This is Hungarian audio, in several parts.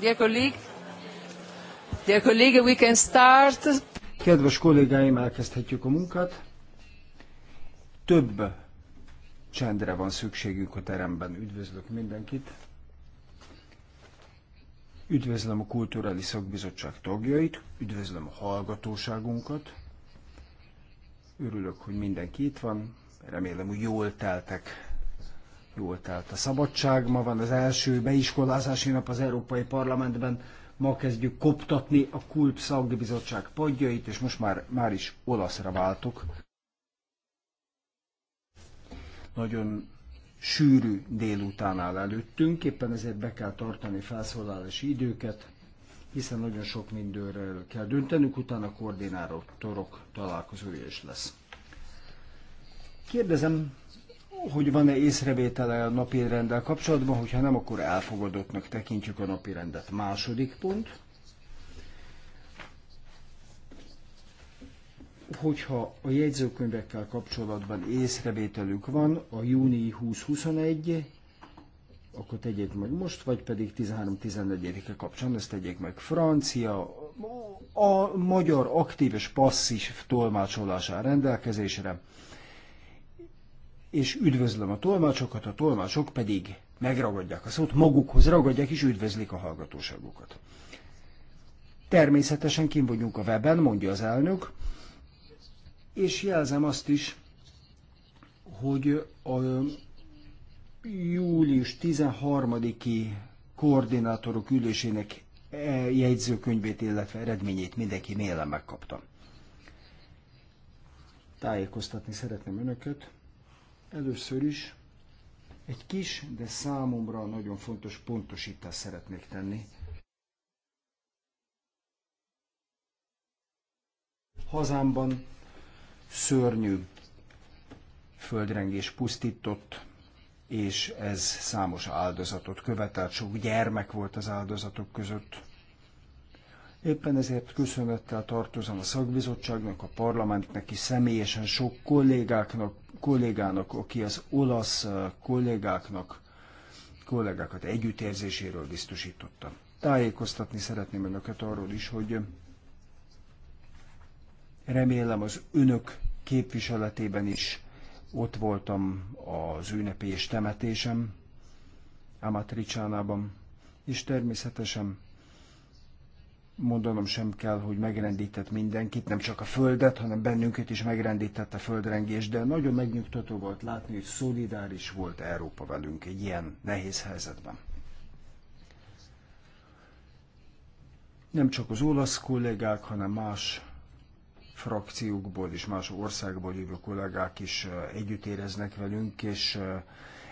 Dear colleague, dear colleague, we can start. Kedves kollégáim, elkezdhetjük a munkát. Több csendre van szükségünk a teremben. Üdvözlök mindenkit. Üdvözlöm a Kulturális Szakbizottság tagjait, üdvözlöm a hallgatóságunkat. Örülök, hogy mindenki itt van. Remélem, hogy jól teltek Jól telt a szabadság, ma van az első beiskolázási nap az Európai Parlamentben, ma kezdjük koptatni a Kult Szakbizottság padjait, és most már, már is olaszra váltok. Nagyon sűrű délután áll előttünk, éppen ezért be kell tartani felszólalási időket, hiszen nagyon sok mindőről kell döntenünk, utána koordinátorok találkozója is lesz. Kérdezem hogy van-e észrevétele a napi rendel kapcsolatban, hogyha nem, akkor elfogadottnak tekintjük a napi rendet. Második pont. Hogyha a jegyzőkönyvekkel kapcsolatban észrevételük van, a júni 20-21, akkor tegyék meg most, vagy pedig 13-14-e kapcsán, ezt tegyék meg francia, a magyar aktív és passzív tolmácsolására rendelkezésre és üdvözlöm a tolmácsokat, a tolmácsok pedig megragadják a szót, magukhoz ragadják és üdvözlik a hallgatóságukat. Természetesen kim vagyunk a webben, mondja az elnök, és jelzem azt is, hogy a július 13-i koordinátorok ülésének e jegyzőkönyvét, illetve eredményét mindenki mailen megkaptam. Tájékoztatni szeretném önöket, Először is egy kis, de számomra nagyon fontos pontosítást szeretnék tenni. Hazámban szörnyű földrengés pusztított, és ez számos áldozatot követelt. Sok gyermek volt az áldozatok között. Éppen ezért köszönettel tartozom a szakbizottságnak, a parlamentnek és személyesen sok kollégáknak, kollégának, aki az olasz eh, kollégáknak, kollégákat együttérzéséről biztosította. Tájékoztatni szeretném önöket arról is, hogy remélem az önök képviseletében is ott voltam az ünnepi és temetésem, Amatricsánában, és természetesen mondanom sem kell, hogy megrendített mindenkit, nem csak a Földet, hanem bennünket is megrendített a földrengés, de nagyon megnyugtató volt látni, hogy szolidáris volt Európa velünk egy ilyen nehéz helyzetben. Nem csak az olasz kollégák, hanem más frakciókból és más országból jövő kollégák is együtt éreznek velünk, és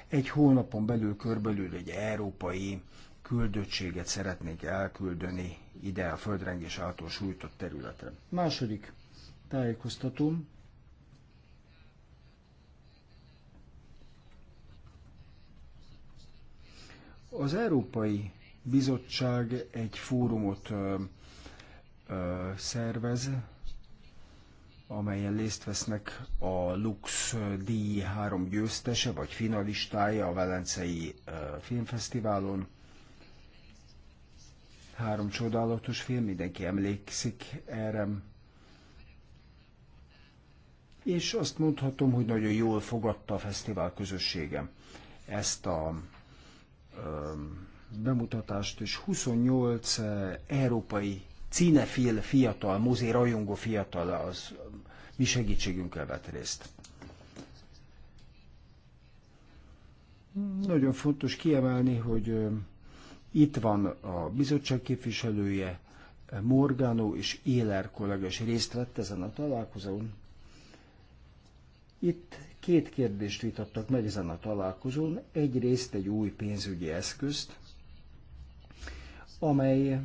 egy hónapon belül körbelül egy európai küldöttséget szeretnék elküldeni ide a földrengés által sújtott területre. Második tájékoztatom. Az Európai Bizottság egy fórumot ö, ö, szervez, amelyen részt vesznek a Lux díj három győztese vagy finalistája a Velencei Filmfesztiválon. Három csodálatos film, mindenki emlékszik erre. És azt mondhatom, hogy nagyon jól fogadta a fesztivál közössége ezt a ö, bemutatást, és 28 európai cinefil fiatal, mozé rajongó fiatal az mi segítségünkkel vett részt. Nagyon fontos kiemelni, hogy itt van a bizottság képviselője, Morgano és Éler kollega is részt vett ezen a találkozón. Itt két kérdést vitattak meg ezen a találkozón. Egyrészt egy új pénzügyi eszközt, amely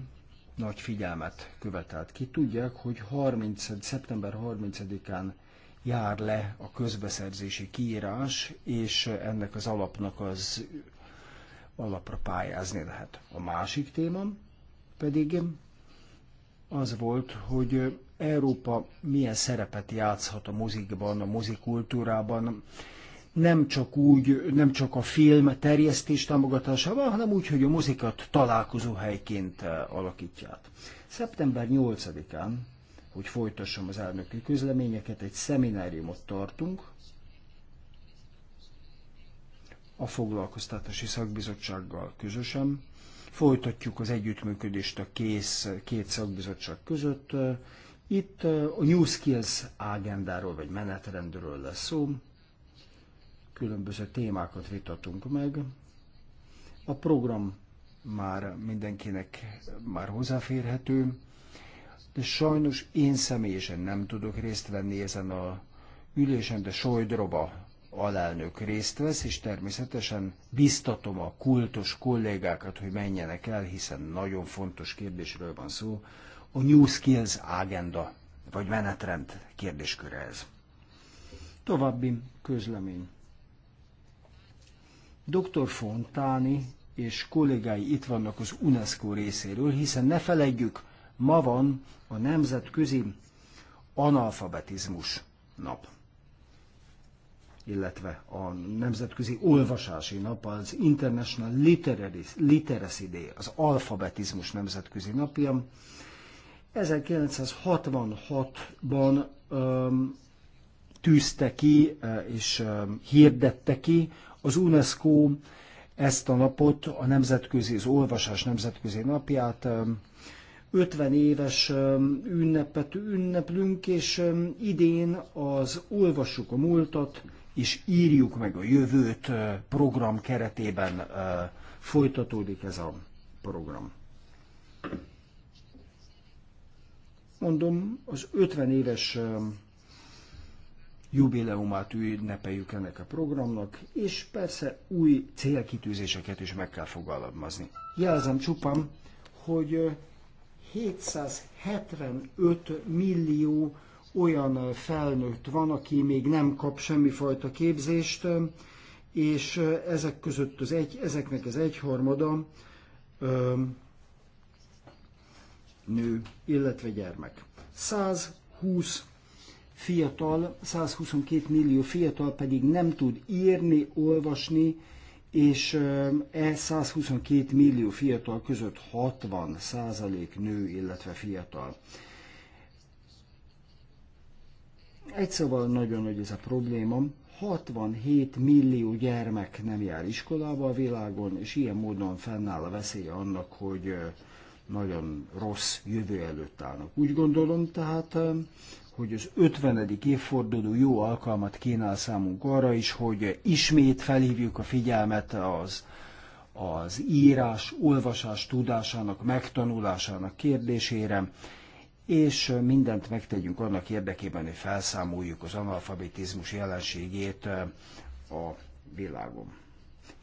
nagy figyelmet követelt. Ki tudják, hogy 30, szeptember 30-án jár le a közbeszerzési kiírás, és ennek az alapnak az alapra pályázni lehet. A másik témám pedig az volt, hogy Európa milyen szerepet játszhat a mozikban, a mozikultúrában, nem csak úgy, nem csak a film terjesztés támogatásával, hanem úgy, hogy a mozikat találkozóhelyként eh, alakítják. Szeptember 8-án, hogy folytassam az elnöki közleményeket, egy szemináriumot tartunk, a foglalkoztatási szakbizottsággal közösen. Folytatjuk az együttműködést a kész, két szakbizottság között. Itt a New Skills ágendáról vagy menetrendről lesz szó. Különböző témákat vitatunk meg. A program már mindenkinek már hozzáférhető, de sajnos én személyesen nem tudok részt venni ezen a ülésen, de Sojdroba alelnök részt vesz, és természetesen biztatom a kultos kollégákat, hogy menjenek el, hiszen nagyon fontos kérdésről van szó. A New Skills Agenda, vagy menetrend kérdésköre ez. További közlemény. Dr. Fontáni és kollégái itt vannak az UNESCO részéről, hiszen ne felejtjük, ma van a nemzetközi analfabetizmus nap illetve a Nemzetközi Olvasási Nap, az International Literary, Literacy Day, az Alfabetizmus Nemzetközi Napja. 1966-ban um, tűzte ki és um, hirdette ki az UNESCO ezt a napot, a nemzetközi, az olvasás nemzetközi napját. 50 éves ünnepet ünneplünk, és idén az Olvassuk a múltat és írjuk meg a jövőt program keretében folytatódik ez a program. Mondom, az 50 éves jubileumát ünnepeljük ennek a programnak, és persze új célkitűzéseket is meg kell fogalmazni. Jelzem csupán, hogy 775 millió olyan felnőtt van, aki még nem kap semmifajta képzést, és ezek között az egy, ezeknek az egyharmada ö, nő, illetve gyermek. 120 fiatal, 122 millió fiatal pedig nem tud írni, olvasni, és e 122 millió fiatal között 60 százalék nő, illetve fiatal. Egy szóval nagyon nagy ez a probléma. 67 millió gyermek nem jár iskolába a világon, és ilyen módon fennáll a veszélye annak, hogy nagyon rossz jövő előtt állnak. Úgy gondolom tehát, hogy az 50. évforduló jó alkalmat kínál számunk arra is, hogy ismét felhívjuk a figyelmet az, az írás, olvasás tudásának, megtanulásának kérdésére, és mindent megtegyünk annak érdekében, hogy felszámoljuk az analfabetizmus jelenségét a világon.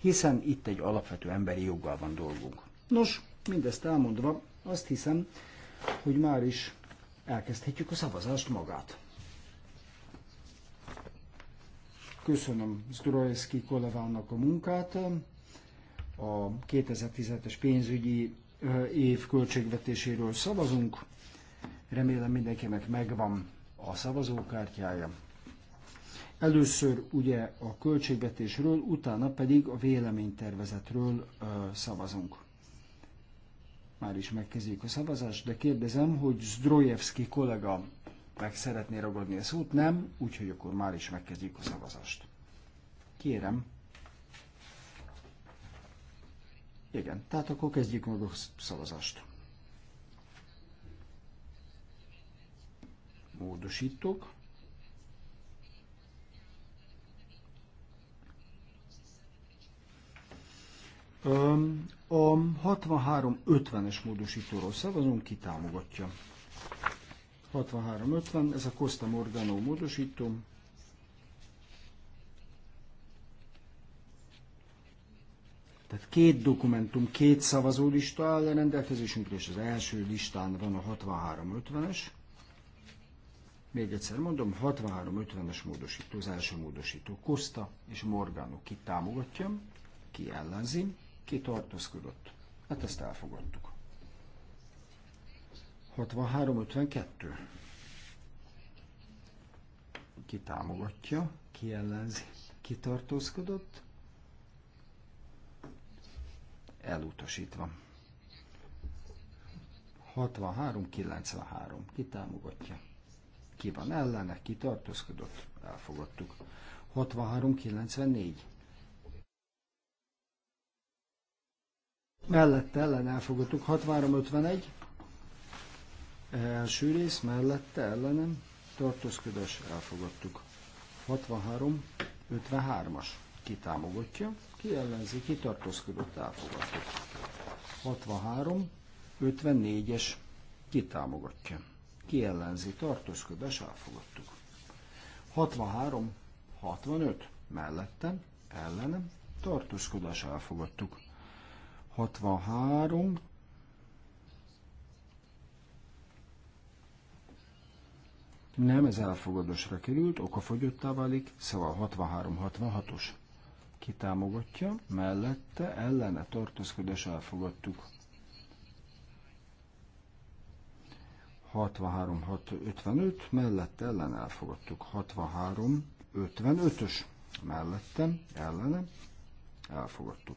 Hiszen itt egy alapvető emberi joggal van dolgunk. Nos, mindezt elmondva, azt hiszem, hogy már is elkezdhetjük a szavazást magát. Köszönöm Zdrojewski kollégának a munkát. A 2010 es pénzügyi év költségvetéséről szavazunk. Remélem mindenkinek megvan a szavazókártyája. Először ugye a költségvetésről, utána pedig a véleménytervezetről ö, szavazunk. Már is megkezdjük a szavazást, de kérdezem, hogy Zdrojevski kollega meg szeretné ragadni a szót? Nem, úgyhogy akkor már is megkezdjük a szavazást. Kérem. Igen, tehát akkor kezdjük meg a szavazást. Módosítok A 63-50-es módosítóról szavazunk, ki támogatja. 63-50, ez a Costa Morgano módosító. Tehát két dokumentum, két szavazólista áll a rendelkezésünkre, és az első listán van a 63-50-es. Még egyszer mondom, 63-50-es módosító, az első módosító, Costa és Morgano ki támogatja, ki ellenzi, ki tartózkodott. Hát ezt elfogadtuk. 63-52. Ki támogatja, ki ellenzi, ki tartózkodott. Elutasítva. 63-93. Ki támogatja? ki van ellene, ki tartózkodott, elfogadtuk. 63-94. Mellette ellen elfogadtuk 6351. Első rész mellette ellenem tartózkodás elfogadtuk. 63-53-as. Ki támogatja, ki ellenzi, ki tartózkodott, elfogadtuk. 63-54-es. Ki támogatja ki ellenzi, és elfogadtuk. 63, 65, mellettem, ellenem, tartózkodás, elfogadtuk. 63, nem, ez elfogadósra került, okafogyottá válik, szóval 63-66-os kitámogatja, mellette ellene tartózkodás elfogadtuk. 63-55 mellette ellen elfogadtuk. 63-55-ös mellettem ellenem elfogadtuk.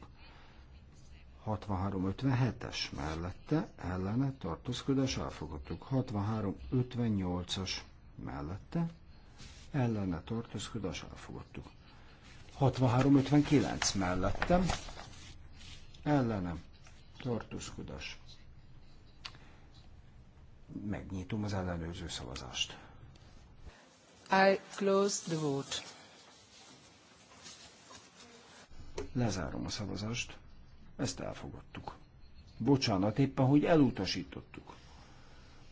63-57-es mellette ellene tartózkodás elfogadtuk. 63-58-as mellette ellene tartózkodás elfogadtuk. 63-59 mellettem ellenem tartózkodás Megnyitom az ellenőrző szavazást. I close the vote. Lezárom a szavazást. Ezt elfogadtuk. Bocsánat, éppen, hogy elutasítottuk.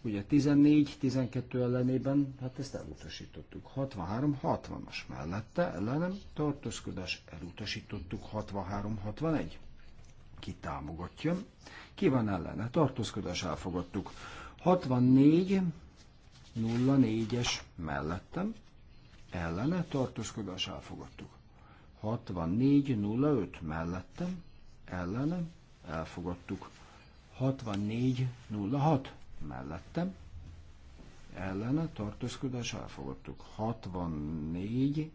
Ugye 14-12 ellenében, hát ezt elutasítottuk. 63-60-as mellette ellenem tartózkodás elutasítottuk. 63-61. Ki támogatja? Ki van ellene? Tartózkodás elfogadtuk. 64 04-es mellettem, ellene tartózkodás elfogadtuk. 64-05 mellettem, ellene elfogadtuk. 64-06 mellettem, ellene tartózkodás elfogadtuk. 64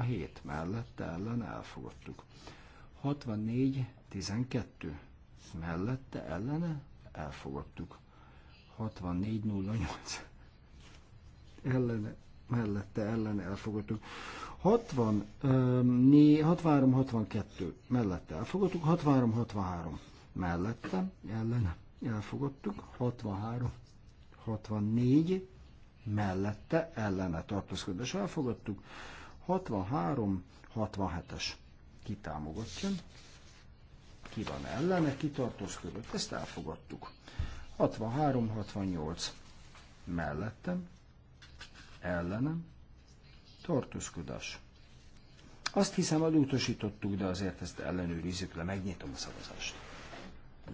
07 mellette ellene elfogadtuk. 64 12 mellette ellene elfogadtuk. 6408 ellene, mellette ellene elfogadtuk. 60, 63-62 mellette elfogadtuk, 63-63 mellette ellene elfogadtuk, 63-64 mellette ellene tartózkodás elfogadtuk, 63-67-es kitámogatja, ki van ellene, kitartózkodott, ezt elfogadtuk. 63-68 mellettem, ellenem, tortuszkodás. Azt hiszem, elutasítottuk, de azért ezt ellenőrizzük le, megnyitom a szavazást.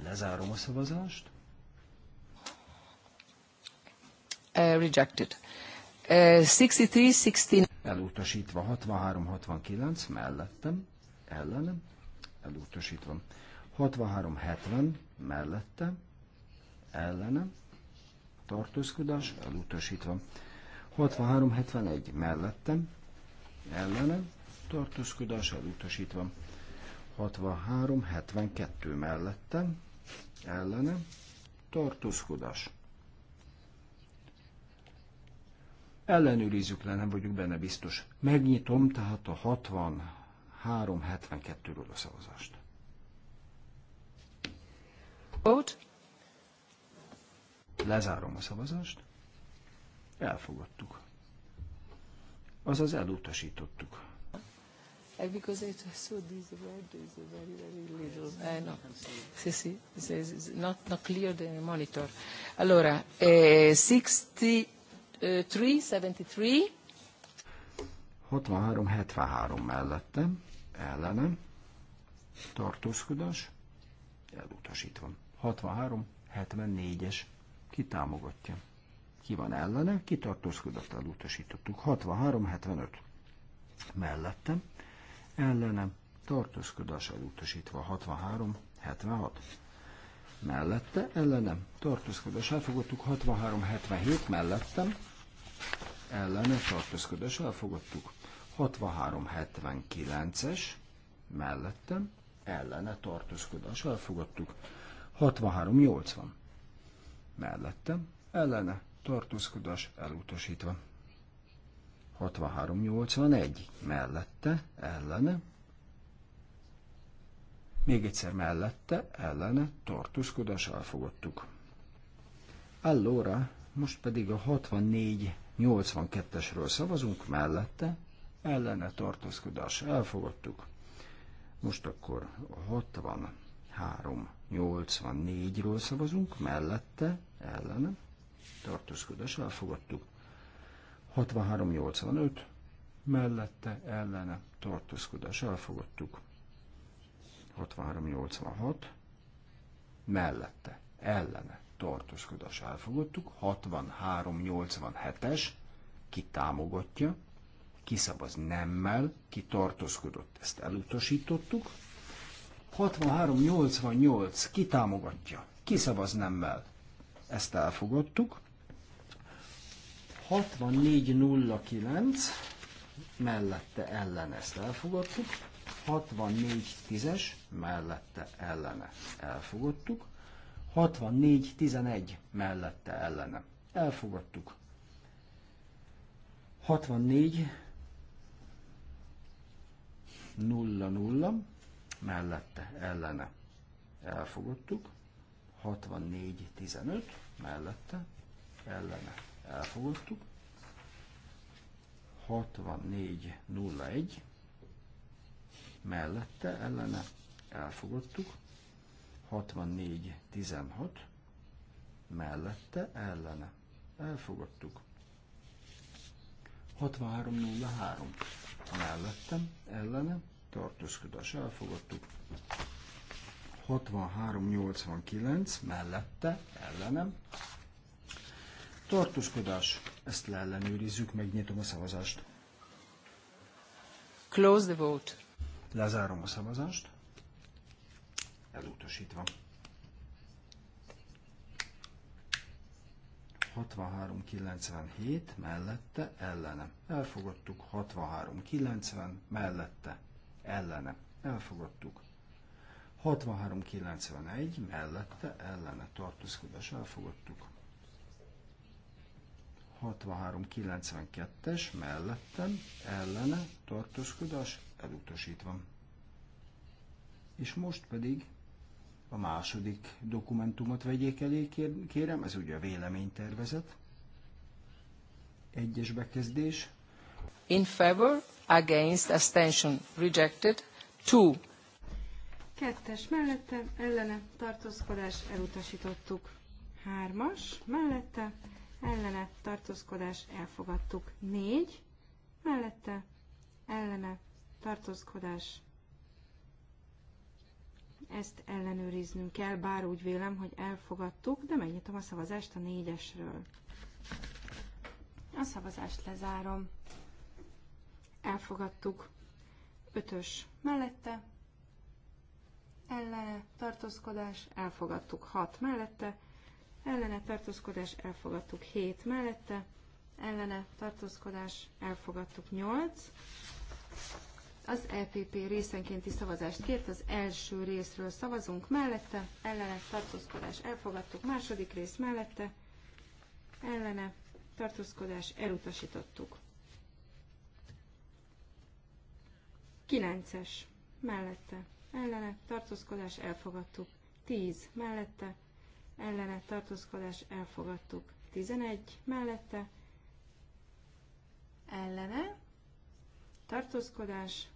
Lezárom a szavazást. Uh, rejected. Uh, 63 69 Elutasítva 63-69 mellettem, ellenem, elutasítva. 63-70 mellettem, ellenem, tartózkodás elutasítva. 6371 mellettem, ellenem, tartózkodás elutasítva. 6372 mellettem, ellenem, tartózkodás. Ellenőrizzük le, nem vagyok benne biztos. Megnyitom tehát a 6372-ről a szavazást. Vote. Lezárom a szavazást. Elfogadtuk. Azaz elutasítottuk. And because it was so disavowed, it's very, very little. Eh, no. Sì, sì, it's not, not clear the monitor. Allora, eh, 63, 73. 63-73 mellettem, ellenem, tartózkodás, elutasítva. 63-74-es ki támogatja, ki van ellene, ki tartózkodott, elutasítottuk. 63-75 mellettem, ellenem, tartózkodás elutasítva 63-76. Mellette, ellenem, tartózkodás elfogadtuk 63-77, mellettem, ellene, tartózkodás elfogadtuk 63-79-es, mellettem, ellene, tartózkodás elfogadtuk 63-80 mellettem, ellene, tartózkodás elutasítva. 6381 mellette, ellene, még egyszer mellette, ellene, tartózkodás elfogadtuk. Allora, most pedig a 64-82-esről szavazunk, mellette, ellene tartózkodás elfogadtuk. Most akkor a 60 384-ről szavazunk, mellette, ellene, tartózkodás, elfogadtuk. 6385, mellette, ellene, tartózkodás, elfogadtuk. 6386, mellette, ellene, tartózkodás, elfogadtuk. 6387-es, ki támogatja, ki szavaz nemmel, ki tartózkodott, ezt elutasítottuk. 63-88, ki támogatja? Ki szavaz nemmel? Ezt elfogadtuk. 64-09, mellette ellen ezt elfogadtuk. 64-10-es, mellette ellene elfogadtuk. 64-11, mellette ellene elfogadtuk. 64 0 0 mellette ellene elfogadtuk, 64-15 mellette ellene elfogadtuk, 64-01 mellette ellene elfogadtuk, 64-16 mellette ellene elfogadtuk. 63-03 mellettem ellene tartózkodás elfogadtuk. 63-89 mellette, ellenem. Tartózkodás, ezt leellenőrizzük, megnyitom a szavazást. Close the vote. Lezárom a szavazást. Elutasítva. 63-97 mellette, ellenem. Elfogadtuk 63-90 mellette, ellene elfogadtuk. 6391 mellette ellene tartózkodás elfogadtuk. 6392 es mellettem ellene tartózkodás elutasítva. És most pedig a második dokumentumot vegyék elé, kérem, ez ugye a véleménytervezet. Egyes bekezdés. In favor against, abstention, rejected. Two. Kettes mellette, ellene, tartózkodás, elutasítottuk. Hármas, mellette, ellene, tartózkodás, elfogadtuk. Négy, mellette, ellene, tartózkodás. Ezt ellenőriznünk kell, bár úgy vélem, hogy elfogadtuk, de megnyitom a szavazást a négyesről. A szavazást lezárom elfogadtuk. Ötös mellette, ellene tartózkodás, elfogadtuk. Hat mellette, ellene tartózkodás, elfogadtuk. Hét mellette, ellene tartózkodás, elfogadtuk. Nyolc. Az EPP részenkénti szavazást kért, az első részről szavazunk mellette, ellene tartózkodás, elfogadtuk. Második rész mellette, ellene tartózkodás, elutasítottuk. 9-es mellette ellene tartózkodás elfogadtuk. 10 mellette ellene tartózkodás elfogadtuk. 11 mellette ellene tartózkodás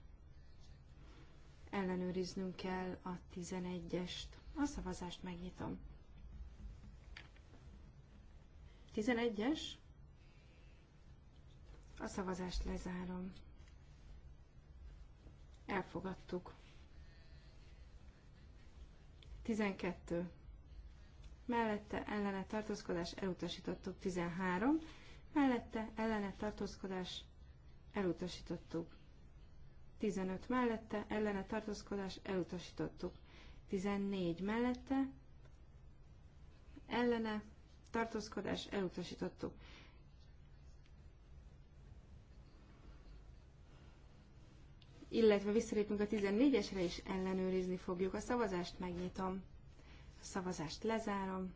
ellenőriznünk kell a 11-est. A szavazást megnyitom. 11-es. A szavazást lezárom. Elfogadtuk. 12. Mellette ellene tartózkodás elutasítottuk. 13. Mellette ellene tartózkodás elutasítottuk. 15 mellette, ellene tartózkodás, elutasítottuk. 14 mellette, ellene tartózkodás, elutasítottuk. illetve visszalépünk a 14-esre, és ellenőrizni fogjuk. A szavazást megnyitom, a szavazást lezárom,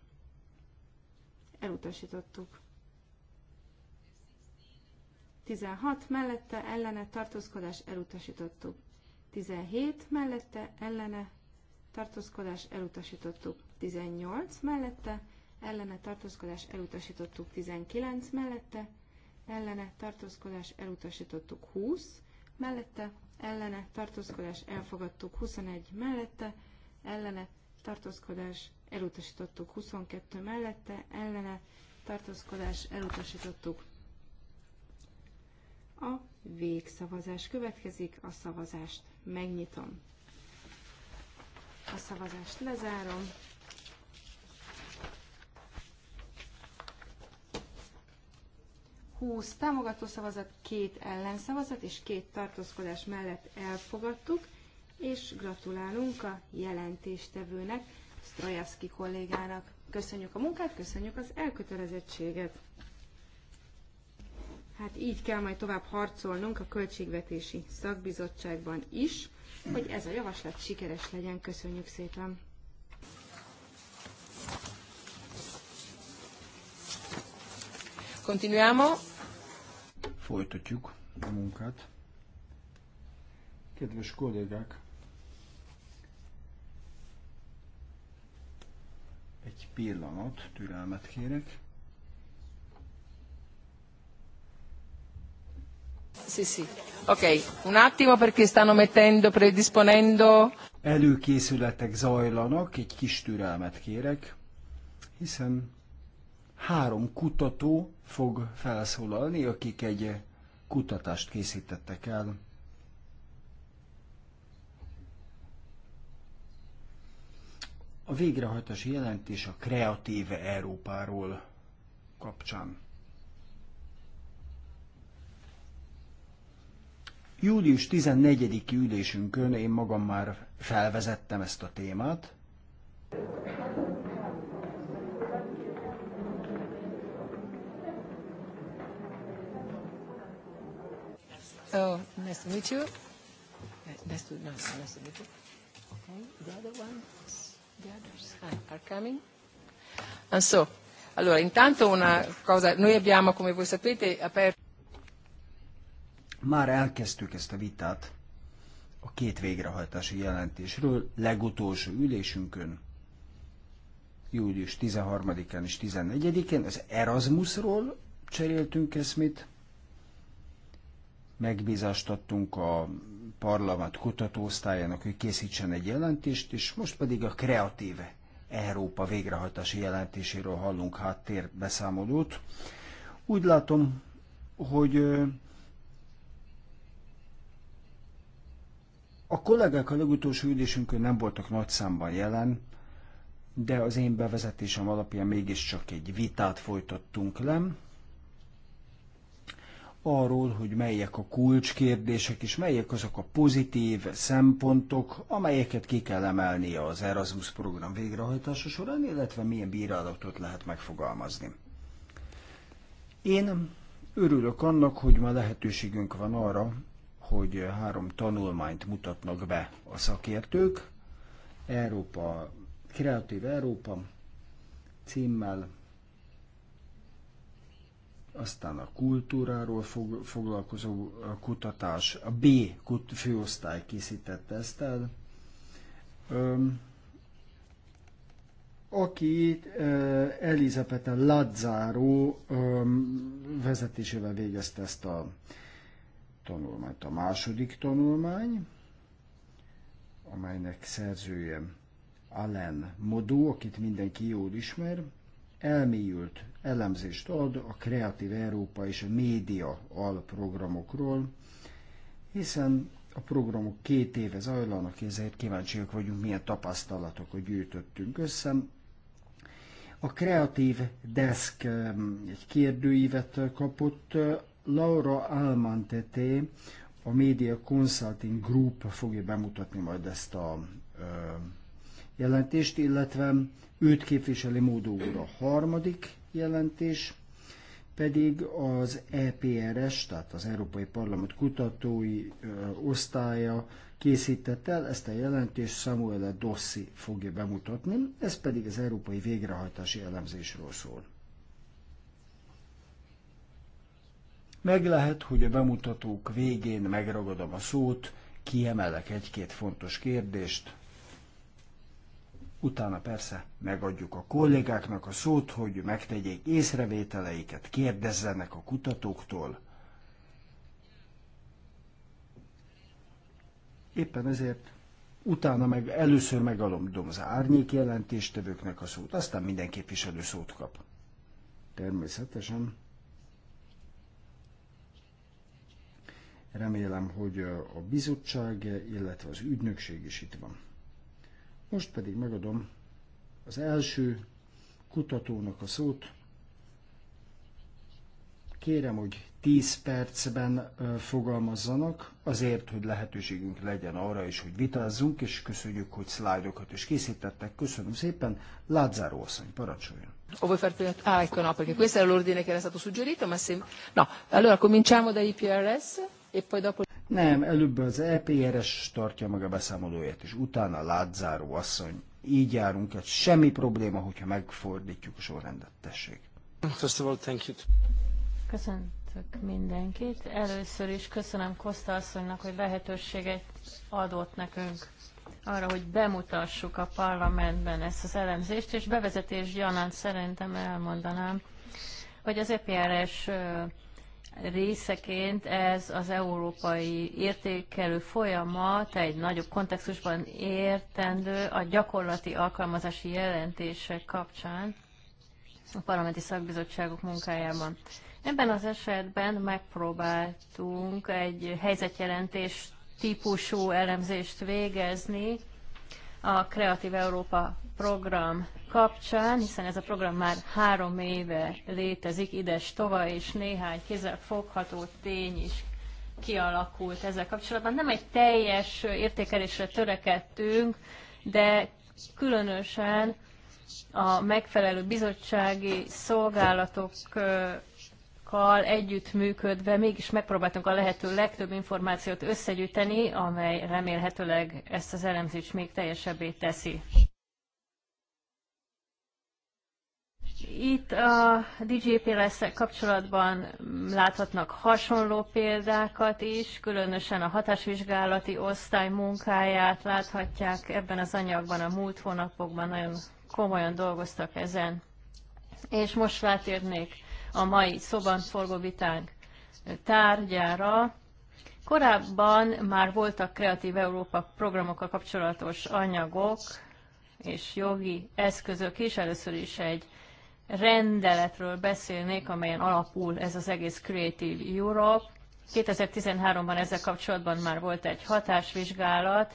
elutasítottuk. 16 mellette ellene tartózkodás elutasítottuk. 17 mellette ellene tartózkodás elutasítottuk. 18 mellette ellene tartózkodás elutasítottuk. 19 mellette ellene tartózkodás elutasítottuk. 20 mellette ellene tartózkodás elfogadtuk 21 mellette, ellene tartózkodás elutasítottuk 22 mellette, ellene tartózkodás elutasítottuk. A végszavazás következik, a szavazást megnyitom. A szavazást lezárom. 20 támogató szavazat, két ellenszavazat és két tartózkodás mellett elfogadtuk, és gratulálunk a jelentéstevőnek, Strojaszki kollégának. Köszönjük a munkát, köszönjük az elkötelezettséget. Hát így kell majd tovább harcolnunk a Költségvetési Szakbizottságban is, hogy ez a javaslat sikeres legyen. Köszönjük szépen! Continuiamo. Folytatjuk a munkát. Kedves kollégák, egy pillanat, türelmet kérek. Sì, sì. Ok, un attimo perché stanno mettendo, predisponendo. Előkészületek zajlanak, egy kis türelmet kérek, hiszen három kutató fog felszólalni, akik egy kutatást készítettek el. A végrehajtási jelentés a kreatíve Európáról kapcsán. Július 14-i ülésünkön én magam már felvezettem ezt a témát. Oh, nice to meet you. Eh, nice to, nice, nice to meet you. Okay, the other ones, the others ah, are coming. And so, allora, intanto una cosa, noi abbiamo, come voi sapete, aperto... Már elkezdtük ezt a vitát a két végrehajtási jelentésről legutolsó ülésünkön, július 13-án és 14-én, az Erasmusról cseréltünk eszmét, megbízást adtunk a parlament kutatóosztályának, hogy készítsen egy jelentést, és most pedig a kreatíve Európa végrehajtási jelentéséről hallunk háttérbeszámolót. Úgy látom, hogy a kollégák a legutolsó ülésünkön nem voltak nagy számban jelen, de az én bevezetésem alapján mégiscsak egy vitát folytattunk le, arról, hogy melyek a kulcskérdések, és melyek azok a pozitív szempontok, amelyeket ki kell emelnie az Erasmus program végrehajtása során, illetve milyen bírálatot lehet megfogalmazni. Én örülök annak, hogy ma lehetőségünk van arra, hogy három tanulmányt mutatnak be a szakértők. Európa, Kreatív Európa címmel, aztán a kultúráról foglalkozó kutatás, a B főosztály készítette ezt el. aki Elizabeth Lazzaro vezetésével végezte ezt a tanulmányt. A második tanulmány, amelynek szerzője Allen Modó, akit mindenki jól ismer, elmélyült elemzést ad a Kreatív Európa és a Média alprogramokról, hiszen a programok két éve zajlanak, ezért kíváncsiak vagyunk, milyen tapasztalatokat gyűjtöttünk össze. A Kreatív Desk egy kérdőívet kapott, Laura Almantete, a Media Consulting Group fogja bemutatni majd ezt a jelentést, illetve őt képviseli Módó úr. A harmadik jelentés pedig az EPRS, tehát az Európai Parlament kutatói ö, osztálya készített el, ezt a jelentést Samuel Dossi fogja bemutatni, ez pedig az európai végrehajtási elemzésről szól. Meg lehet, hogy a bemutatók végén megragadom a szót, kiemelek egy-két fontos kérdést, Utána persze megadjuk a kollégáknak a szót, hogy megtegyék észrevételeiket, kérdezzenek a kutatóktól. Éppen ezért utána meg először megalomdom az árnyék jelentéstevőknek a szót, aztán minden képviselő szót kap. Természetesen. Remélem, hogy a bizottság, illetve az ügynökség is itt van. Most pedig megadom az első kutatónak a szót. Kérem, hogy 10 percben fogalmazzanak, azért, hogy lehetőségünk legyen arra is, hogy vitázzunk, és köszönjük, hogy szlájdokat is készítettek. Köszönöm szépen. Lázáró asszony, parancsoljon. O vuoi far prima? Ah, ecco no, perché questo era l'ordine che era stato suggerito, ma se... No, allora cominciamo da IPRS e poi dopo... Nem, előbb az EPRS tartja meg a beszámolóját, és utána Ládzáró asszony. Így járunk, hát semmi probléma, hogyha megfordítjuk a sorrendet, tessék. First of all, thank you. Köszöntök mindenkit. Először is köszönöm Koszta asszonynak, hogy lehetőséget adott nekünk arra, hogy bemutassuk a parlamentben ezt az elemzést, és bevezetés gyanánt szerintem elmondanám, hogy az EPRS részeként ez az európai értékelő folyamat egy nagyobb kontextusban értendő a gyakorlati alkalmazási jelentések kapcsán a parlamenti szakbizottságok munkájában. Ebben az esetben megpróbáltunk egy helyzetjelentés típusú elemzést végezni a Kreatív Európa program kapcsán, hiszen ez a program már három éve létezik, ides tova, és néhány kézzel fogható tény is kialakult ezzel kapcsolatban. Nem egy teljes értékelésre törekedtünk, de különösen a megfelelő bizottsági szolgálatokkal együttműködve mégis megpróbáltunk a lehető legtöbb információt összegyűjteni, amely remélhetőleg ezt az elemzést még teljesebbé teszi. Itt a DJP lesz kapcsolatban láthatnak hasonló példákat is, különösen a hatásvizsgálati osztály munkáját láthatják ebben az anyagban a múlt hónapokban, nagyon komolyan dolgoztak ezen. És most rátérnék a mai szoban forgó vitánk tárgyára. Korábban már voltak Kreatív Európa programokkal kapcsolatos anyagok és jogi eszközök is. Először is egy rendeletről beszélnék, amelyen alapul ez az egész Creative Europe. 2013-ban ezzel kapcsolatban már volt egy hatásvizsgálat,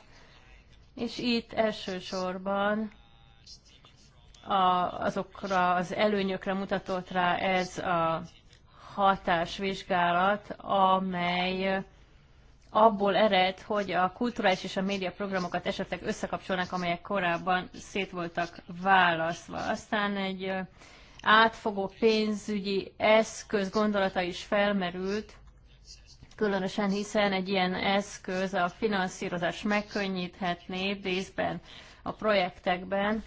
és itt elsősorban a, azokra az előnyökre mutatott rá ez a hatásvizsgálat, amely abból ered, hogy a kulturális és a média programokat esetleg összekapcsolnak, amelyek korábban szét voltak választva. Aztán egy átfogó pénzügyi eszköz gondolata is felmerült, különösen hiszen egy ilyen eszköz a finanszírozás megkönnyíthetné részben a projektekben,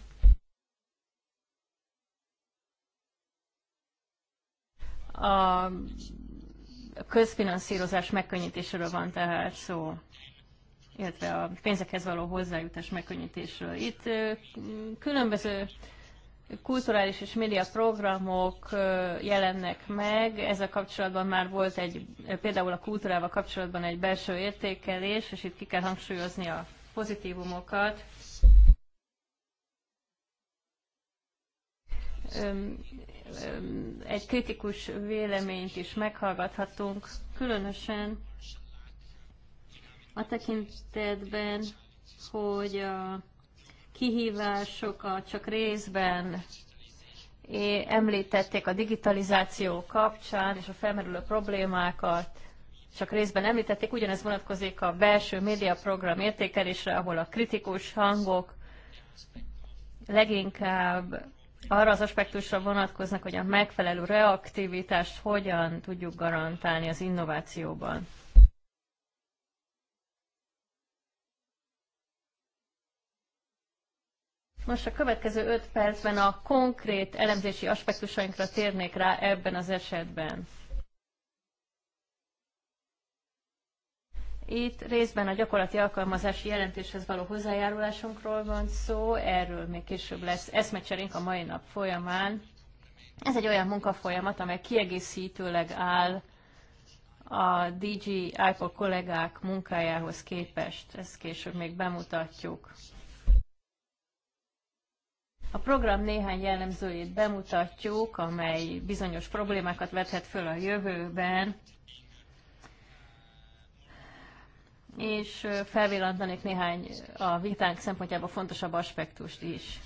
a közfinanszírozás megkönnyítéséről van tehát szó, illetve a pénzekhez való hozzájutás megkönnyítésről. Itt különböző kulturális és média programok jelennek meg. Ezzel kapcsolatban már volt egy, például a kultúrával kapcsolatban egy belső értékelés, és itt ki kell hangsúlyozni a pozitívumokat. Egy kritikus véleményt is meghallgathatunk, különösen a tekintetben, hogy a kihívásokat csak részben említették a digitalizáció kapcsán és a felmerülő problémákat, csak részben említették, ugyanez vonatkozik a belső médiaprogram értékelésre, ahol a kritikus hangok leginkább arra az aspektusra vonatkoznak, hogy a megfelelő reaktivitást hogyan tudjuk garantálni az innovációban. Most a következő öt percben a konkrét elemzési aspektusainkra térnék rá ebben az esetben. Itt részben a gyakorlati alkalmazási jelentéshez való hozzájárulásunkról van szó, erről még később lesz eszmecserénk a mai nap folyamán. Ez egy olyan munkafolyamat, amely kiegészítőleg áll a DG IPO kollégák munkájához képest. Ezt később még bemutatjuk. A program néhány jellemzőjét bemutatjuk, amely bizonyos problémákat vethet föl a jövőben, és felvillantanék néhány a vitánk szempontjából fontosabb aspektust is.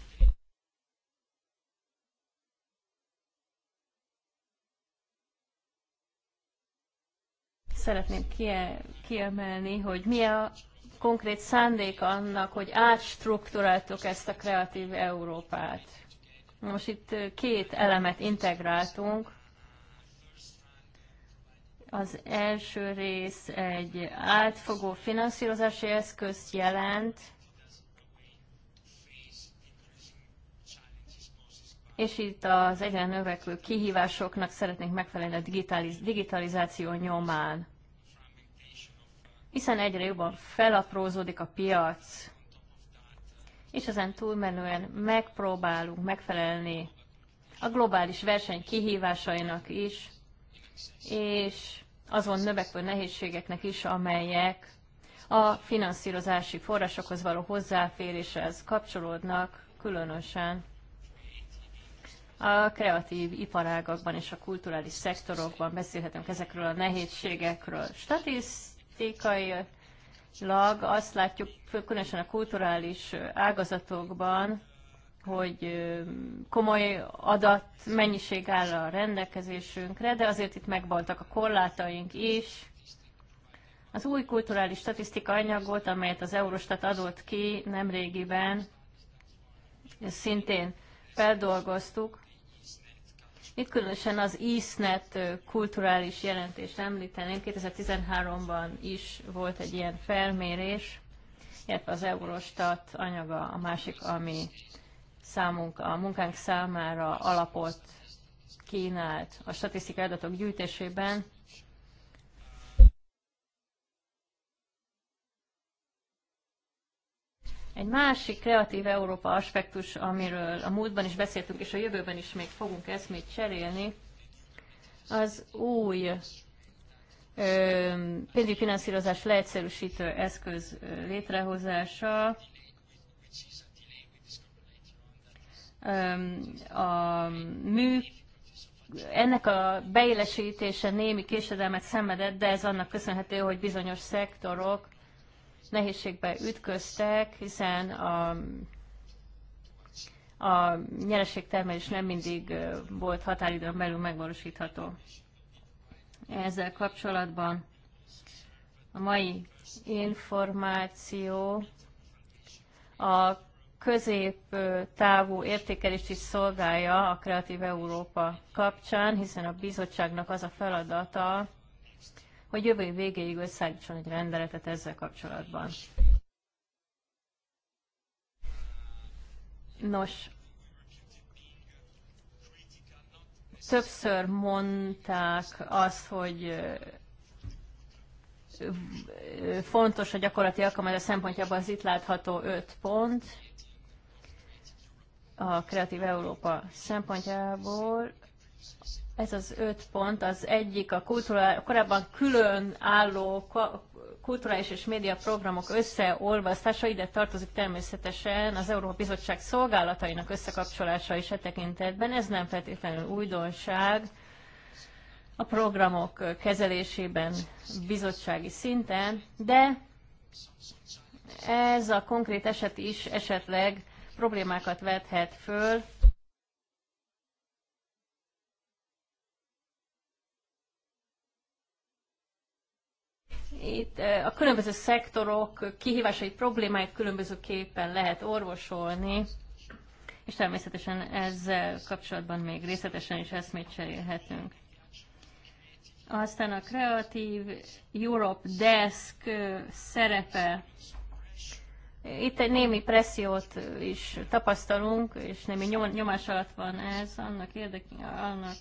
Szeretném kiemelni, hogy mi a konkrét szándék annak, hogy átstruktúráltuk ezt a kreatív Európát. Most itt két elemet integráltunk. Az első rész egy átfogó finanszírozási eszközt jelent, és itt az egyre növekvő kihívásoknak szeretnénk megfelelni a digitaliz digitalizáció nyomán hiszen egyre jobban felaprózódik a piac, és ezen túlmenően megpróbálunk megfelelni a globális verseny kihívásainak is, és azon növekvő nehézségeknek is, amelyek a finanszírozási forrásokhoz való hozzáféréshez kapcsolódnak, különösen a kreatív iparágakban és a kulturális szektorokban beszélhetünk ezekről a nehézségekről. Statiszt statisztikailag azt látjuk, különösen a kulturális ágazatokban, hogy komoly adat mennyiség áll a rendelkezésünkre, de azért itt megvoltak a korlátaink is. Az új kulturális statisztika anyagot, amelyet az Eurostat adott ki nemrégiben, szintén feldolgoztuk, itt különösen az ISZNET kulturális jelentést említeném. 2013-ban is volt egy ilyen felmérés, illetve az Eurostat anyaga a másik, ami számunk, a munkánk számára alapot kínált a statisztikai adatok gyűjtésében. Egy másik kreatív Európa aspektus, amiről a múltban is beszéltünk, és a jövőben is még fogunk eszmét cserélni, az új pénzügyi finanszírozás leegyszerűsítő eszköz létrehozása, a mű, ennek a beélesítése némi késedelmet szenvedett, de ez annak köszönhető, hogy bizonyos szektorok nehézségbe ütköztek, hiszen a a nyereségtermelés nem mindig volt határidőn belül megvalósítható. Ezzel kapcsolatban a mai információ a középtávú értékelést is szolgálja a Kreatív Európa kapcsán, hiszen a bizottságnak az a feladata, hogy jövő végéig összeállítson egy rendeletet ezzel kapcsolatban. Nos, többször mondták azt, hogy fontos a gyakorlati alkalmazás szempontjából az itt látható öt pont a Kreatív Európa szempontjából ez az öt pont, az egyik a kultúra, korábban külön álló kulturális és média programok összeolvasztása, ide tartozik természetesen az Európa Bizottság szolgálatainak összekapcsolása is e tekintetben. Ez nem feltétlenül újdonság a programok kezelésében bizottsági szinten, de ez a konkrét eset is esetleg problémákat vethet föl, Itt a különböző szektorok kihívásait, problémáit különbözőképpen lehet orvosolni, és természetesen ezzel kapcsolatban még részletesen is eszmét cserélhetünk. Aztán a Kreatív Europe Desk szerepe. Itt egy némi pressziót is tapasztalunk, és némi nyomás alatt van ez, annak, érdek, annak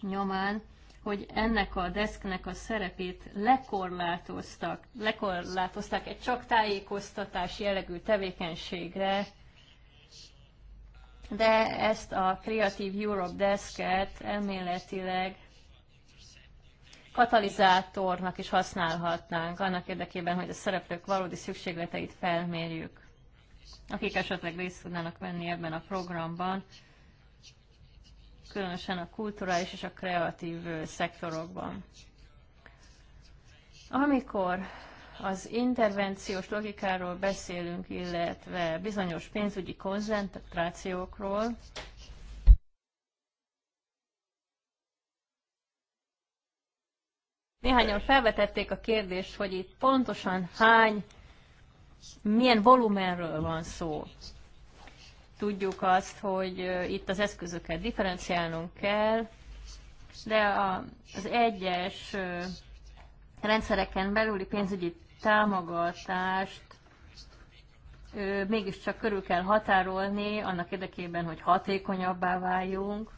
nyomán, hogy ennek a deszknek a szerepét lekorlátoztak, lekorlátozták egy csak tájékoztatás jellegű tevékenységre, de ezt a Creative Europe desket elméletileg katalizátornak is használhatnánk annak érdekében, hogy a szereplők valódi szükségleteit felmérjük, akik esetleg részt tudnának venni ebben a programban különösen a kulturális és a kreatív szektorokban. Amikor az intervenciós logikáról beszélünk, illetve bizonyos pénzügyi koncentrációkról, Néhányan felvetették a kérdést, hogy itt pontosan hány, milyen volumenről van szó tudjuk azt, hogy itt az eszközöket differenciálnunk kell, de az egyes rendszereken belüli pénzügyi támogatást mégiscsak körül kell határolni annak érdekében, hogy hatékonyabbá váljunk.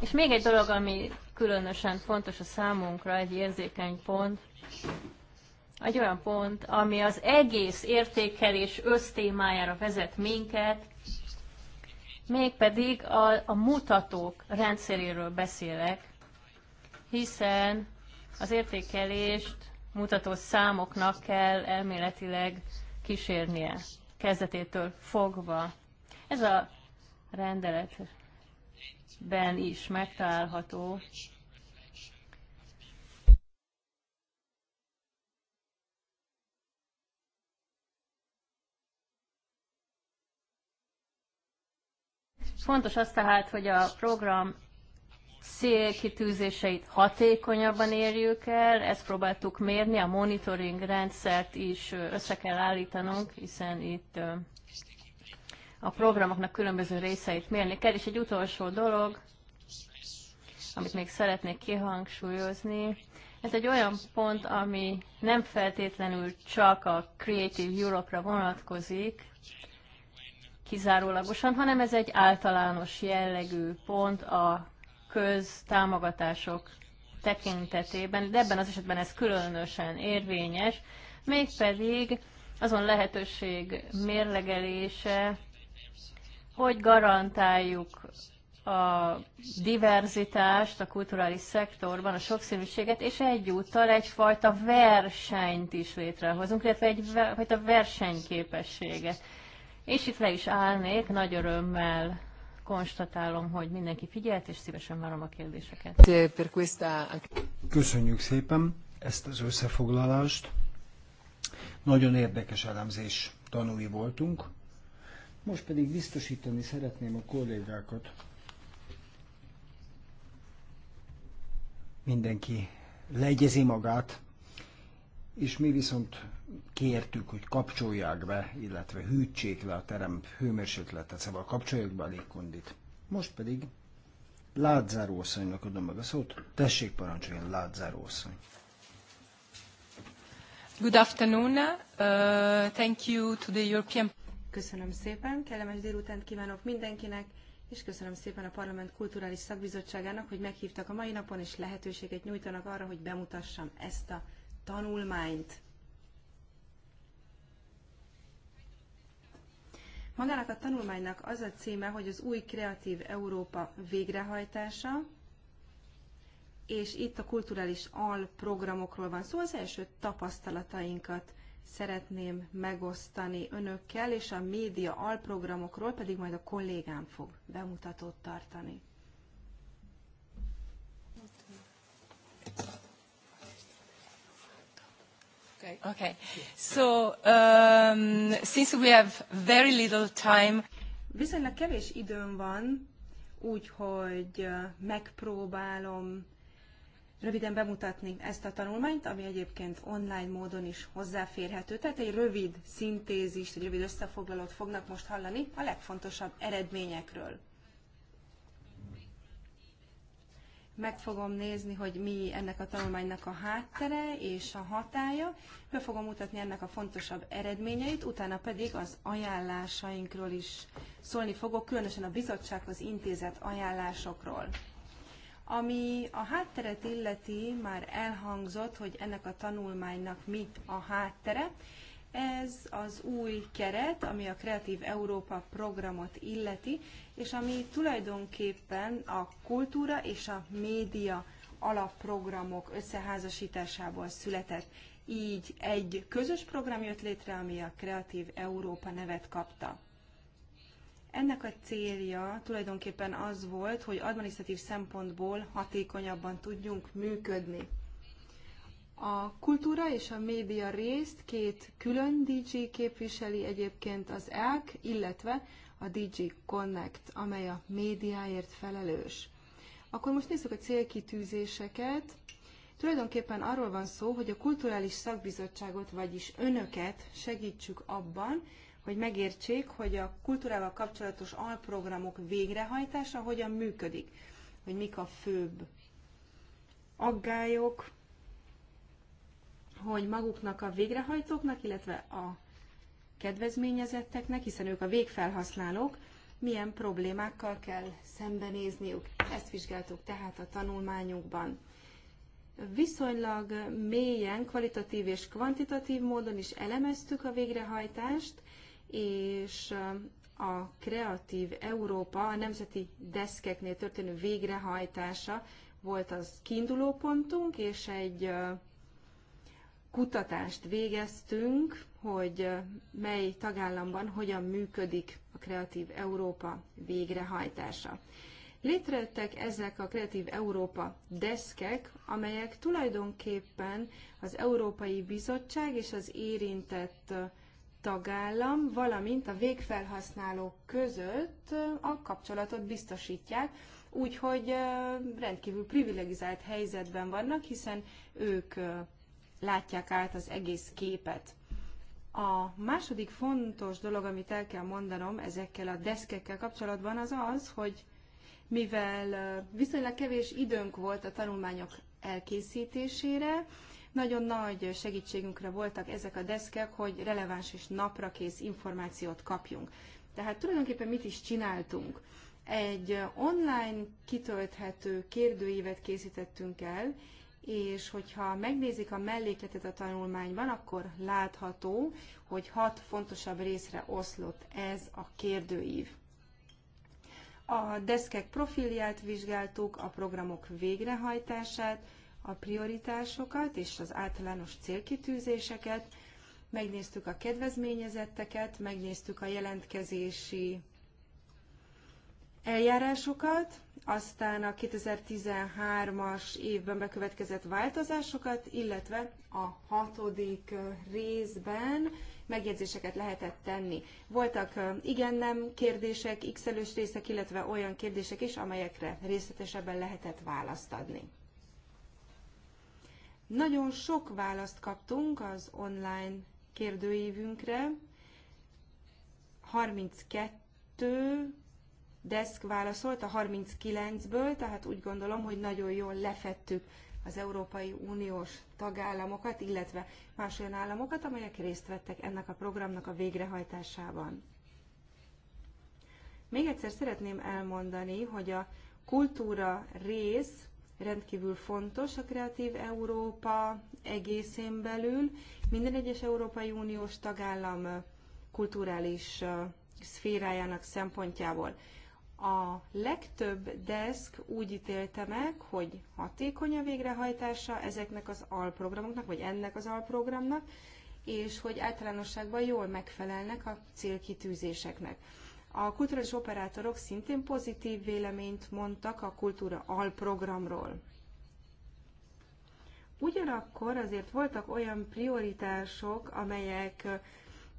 És még egy dolog, ami különösen fontos a számunkra, egy érzékeny pont, egy olyan pont, ami az egész értékelés össztémájára vezet minket, mégpedig a, a mutatók rendszeréről beszélek, hiszen az értékelést mutató számoknak kell elméletileg kísérnie, kezdetétől fogva. Ez a rendeletben is megtalálható, Fontos az tehát, hogy a program célkitűzéseit hatékonyabban érjük el, ezt próbáltuk mérni, a monitoring rendszert is össze kell állítanunk, hiszen itt a programoknak különböző részeit mérni kell, és egy utolsó dolog, amit még szeretnék kihangsúlyozni, ez egy olyan pont, ami nem feltétlenül csak a Creative Europe-ra vonatkozik, kizárólagosan, hanem ez egy általános jellegű pont a köztámogatások tekintetében, de ebben az esetben ez különösen érvényes, mégpedig azon lehetőség mérlegelése, hogy garantáljuk a diverzitást a kulturális szektorban, a sokszínűséget, és egyúttal egyfajta versenyt is létrehozunk, illetve egyfajta versenyképességet. És itt le is állnék, nagy örömmel konstatálom, hogy mindenki figyelt, és szívesen várom a kérdéseket. Köszönjük szépen ezt az összefoglalást. Nagyon érdekes elemzés tanúi voltunk. Most pedig biztosítani szeretném a kollégákat. Mindenki leegyezi magát, és mi viszont kértük, hogy kapcsolják be, illetve hűtsék le a terem hőmérsékletet, szóval kapcsolják be a légkondit. Most pedig Lázáró asszonynak adom meg a szót. Tessék parancsoljon, Lázáró asszony. Good afternoon. Uh, thank you to the European... Köszönöm szépen, kellemes délutánt kívánok mindenkinek, és köszönöm szépen a Parlament Kulturális Szakbizottságának, hogy meghívtak a mai napon, és lehetőséget nyújtanak arra, hogy bemutassam ezt a tanulmányt. Magának a tanulmánynak az a címe, hogy az új kreatív Európa végrehajtása, és itt a kulturális alprogramokról van szó. Szóval az első tapasztalatainkat szeretném megosztani önökkel, és a média alprogramokról pedig majd a kollégám fog bemutatót tartani. Okay. okay. So, um, since we have very little time... Viszonylag kevés időm van, úgyhogy uh, megpróbálom röviden bemutatni ezt a tanulmányt, ami egyébként online módon is hozzáférhető. Tehát egy rövid szintézist, egy rövid összefoglalót fognak most hallani a legfontosabb eredményekről. meg fogom nézni, hogy mi ennek a tanulmánynak a háttere és a hatája, be fogom mutatni ennek a fontosabb eredményeit, utána pedig az ajánlásainkról is szólni fogok, különösen a bizottsághoz intézett ajánlásokról. Ami a hátteret illeti, már elhangzott, hogy ennek a tanulmánynak mi a háttere. Ez az új keret, ami a Kreatív Európa programot illeti, és ami tulajdonképpen a kultúra és a média alapprogramok összeházasításából született. Így egy közös program jött létre, ami a Kreatív Európa nevet kapta. Ennek a célja tulajdonképpen az volt, hogy administratív szempontból hatékonyabban tudjunk működni. A kultúra és a média részt két külön DJ képviseli egyébként az ELK, illetve a DG Connect, amely a médiáért felelős. Akkor most nézzük a célkitűzéseket. Tulajdonképpen arról van szó, hogy a kulturális szakbizottságot, vagyis önöket segítsük abban, hogy megértsék, hogy a kultúrával kapcsolatos alprogramok végrehajtása hogyan működik, hogy mik a főbb aggályok, hogy maguknak a végrehajtóknak, illetve a kedvezményezetteknek, hiszen ők a végfelhasználók, milyen problémákkal kell szembenézniük. Ezt vizsgáltuk tehát a tanulmányunkban. Viszonylag mélyen, kvalitatív és kvantitatív módon is elemeztük a végrehajtást, és a Kreatív Európa, a nemzeti deszkeknél történő végrehajtása volt az kiindulópontunk, és egy kutatást végeztünk, hogy mely tagállamban hogyan működik a Kreatív Európa végrehajtása. Létrejöttek ezek a Kreatív Európa deszkek, amelyek tulajdonképpen az Európai Bizottság és az érintett tagállam, valamint a végfelhasználók között a kapcsolatot biztosítják, úgyhogy rendkívül privilegizált helyzetben vannak, hiszen ők látják át az egész képet. A második fontos dolog, amit el kell mondanom ezekkel a deszkekkel kapcsolatban, az az, hogy mivel viszonylag kevés időnk volt a tanulmányok elkészítésére, nagyon nagy segítségünkre voltak ezek a deszkek, hogy releváns és naprakész információt kapjunk. Tehát tulajdonképpen mit is csináltunk? Egy online kitölthető kérdőívet készítettünk el, és hogyha megnézik a mellékletet a tanulmányban, akkor látható, hogy hat fontosabb részre oszlott ez a kérdőív. A deszkek profilját vizsgáltuk, a programok végrehajtását, a prioritásokat és az általános célkitűzéseket, megnéztük a kedvezményezetteket, megnéztük a jelentkezési eljárásokat, aztán a 2013-as évben bekövetkezett változásokat, illetve a hatodik részben megjegyzéseket lehetett tenni. Voltak igen-nem kérdések, x részek, illetve olyan kérdések is, amelyekre részletesebben lehetett választ adni. Nagyon sok választ kaptunk az online kérdőívünkre, 32 Deszk válaszolt a 39-ből, tehát úgy gondolom, hogy nagyon jól lefettük az Európai Uniós tagállamokat, illetve más olyan államokat, amelyek részt vettek ennek a programnak a végrehajtásában. Még egyszer szeretném elmondani, hogy a kultúra rész rendkívül fontos a Kreatív Európa egészén belül. Minden egyes Európai Uniós tagállam kulturális szférájának szempontjából. A legtöbb desk úgy ítélte meg, hogy hatékony a végrehajtása ezeknek az alprogramoknak, vagy ennek az alprogramnak, és hogy általánosságban jól megfelelnek a célkitűzéseknek. A kulturális operátorok szintén pozitív véleményt mondtak a kultúra alprogramról. Ugyanakkor azért voltak olyan prioritások, amelyek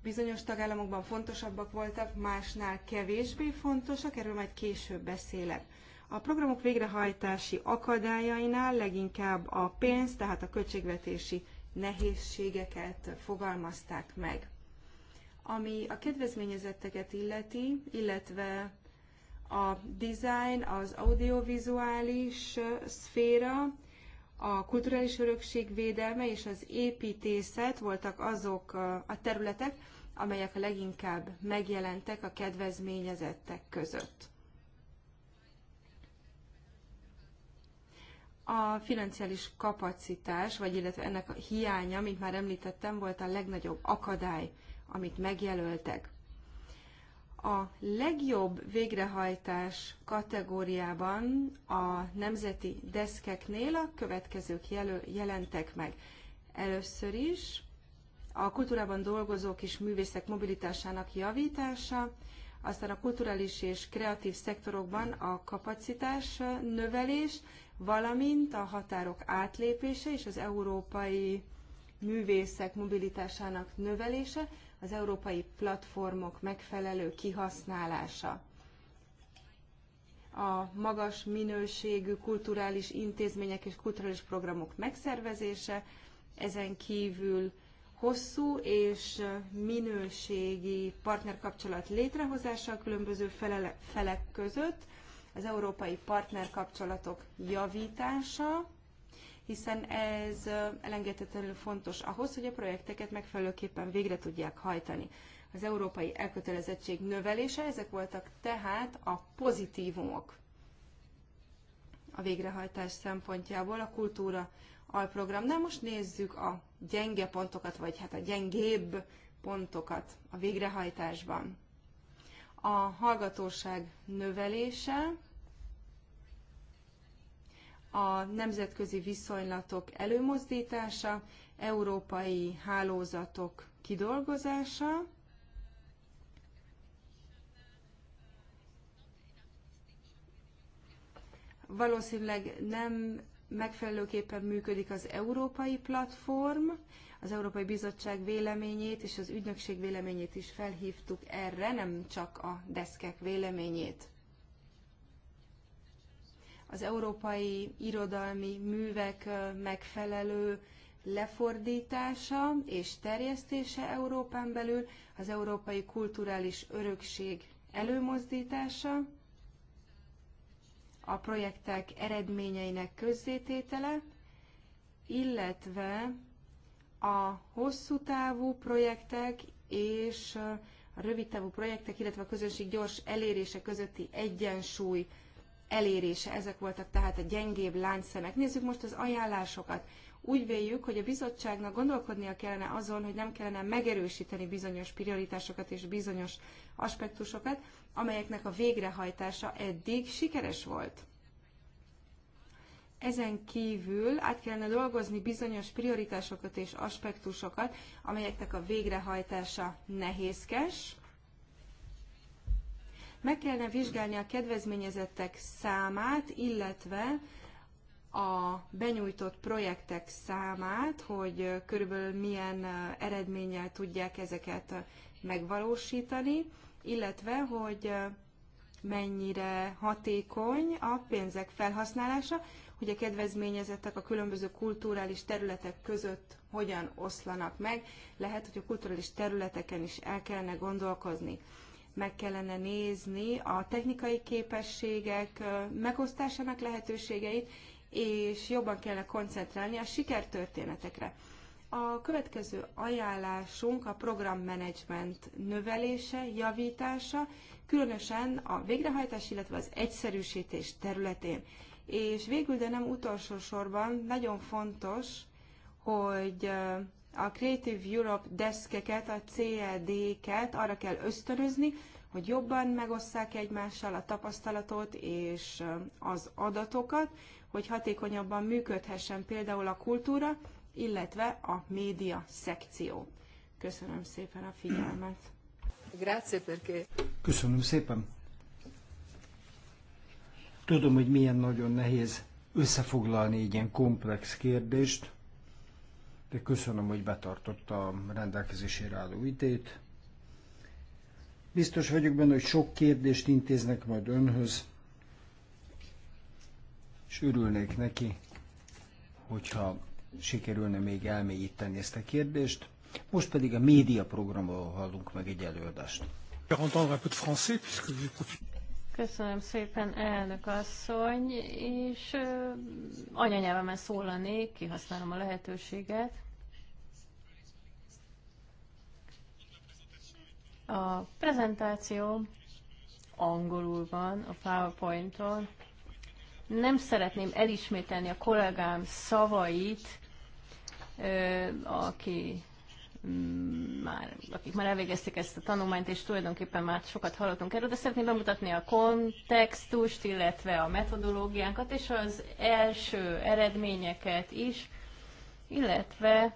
bizonyos tagállamokban fontosabbak voltak, másnál kevésbé fontosak, erről majd később beszélek. A programok végrehajtási akadályainál leginkább a pénz, tehát a költségvetési nehézségeket fogalmazták meg. Ami a kedvezményezetteket illeti, illetve a design, az audiovizuális szféra, a kulturális örökség védelme és az építészet voltak azok a területek, amelyek a leginkább megjelentek a kedvezményezettek között. A financiális kapacitás, vagy illetve ennek a hiánya, mint már említettem, volt a legnagyobb akadály, amit megjelöltek a legjobb végrehajtás kategóriában a nemzeti deszkeknél a következők jelentek meg. Először is a kultúrában dolgozók és művészek mobilitásának javítása, aztán a kulturális és kreatív szektorokban a kapacitás növelés, valamint a határok átlépése és az európai művészek mobilitásának növelése, az európai platformok megfelelő kihasználása a magas minőségű kulturális intézmények és kulturális programok megszervezése, ezen kívül hosszú és minőségi partnerkapcsolat létrehozása a különböző felele, felek között, az európai partnerkapcsolatok javítása, hiszen ez elengedhetetlenül fontos ahhoz, hogy a projekteket megfelelőképpen végre tudják hajtani. Az európai elkötelezettség növelése, ezek voltak tehát a pozitívumok a végrehajtás szempontjából a kultúra alprogramnál. Most nézzük a gyenge pontokat, vagy hát a gyengébb pontokat a végrehajtásban. A hallgatóság növelése, a nemzetközi viszonylatok előmozdítása, európai hálózatok kidolgozása, valószínűleg nem megfelelőképpen működik az európai platform, az Európai Bizottság véleményét és az ügynökség véleményét is felhívtuk erre, nem csak a deszkek véleményét az európai irodalmi művek megfelelő lefordítása és terjesztése Európán belül, az európai kulturális örökség előmozdítása, a projektek eredményeinek közzététele, illetve a hosszú távú projektek és a rövid távú projektek, illetve a közönség gyors elérése közötti egyensúly elérése. Ezek voltak tehát a gyengébb láncszemek. Nézzük most az ajánlásokat. Úgy véljük, hogy a bizottságnak gondolkodnia kellene azon, hogy nem kellene megerősíteni bizonyos prioritásokat és bizonyos aspektusokat, amelyeknek a végrehajtása eddig sikeres volt. Ezen kívül át kellene dolgozni bizonyos prioritásokat és aspektusokat, amelyeknek a végrehajtása nehézkes, meg kellene vizsgálni a kedvezményezettek számát, illetve a benyújtott projektek számát, hogy körülbelül milyen eredménnyel tudják ezeket megvalósítani, illetve hogy mennyire hatékony a pénzek felhasználása, hogy a kedvezményezettek a különböző kulturális területek között hogyan oszlanak meg. Lehet, hogy a kulturális területeken is el kellene gondolkozni meg kellene nézni a technikai képességek megosztásának lehetőségeit, és jobban kellene koncentrálni a sikertörténetekre. A következő ajánlásunk a programmenedzsment növelése, javítása, különösen a végrehajtás, illetve az egyszerűsítés területén. És végül, de nem utolsó sorban, nagyon fontos, hogy a Creative Europe deszkeket, a CLD-ket e arra kell ösztönözni, hogy jobban megosszák egymással a tapasztalatot és az adatokat, hogy hatékonyabban működhessen például a kultúra, illetve a média szekció. Köszönöm szépen a figyelmet. Grazie perché. Köszönöm szépen. Tudom, hogy milyen nagyon nehéz összefoglalni egy ilyen komplex kérdést, de köszönöm, hogy betartotta a rendelkezésére álló idét. Biztos vagyok benne, hogy sok kérdést intéznek majd önhöz, és örülnék neki, hogyha sikerülne még elmélyíteni ezt a kérdést. Most pedig a média programról hallunk meg egy előadást. Köszönöm szépen, elnök asszony, és anyanyelvemen szólanék, kihasználom a lehetőséget. A prezentáció angolul van a PowerPointon. Nem szeretném elismételni a kollégám szavait, aki Mm, már, akik már elvégezték ezt a tanulmányt, és tulajdonképpen már sokat hallottunk erről, de szeretném bemutatni a kontextust, illetve a metodológiánkat, és az első eredményeket is, illetve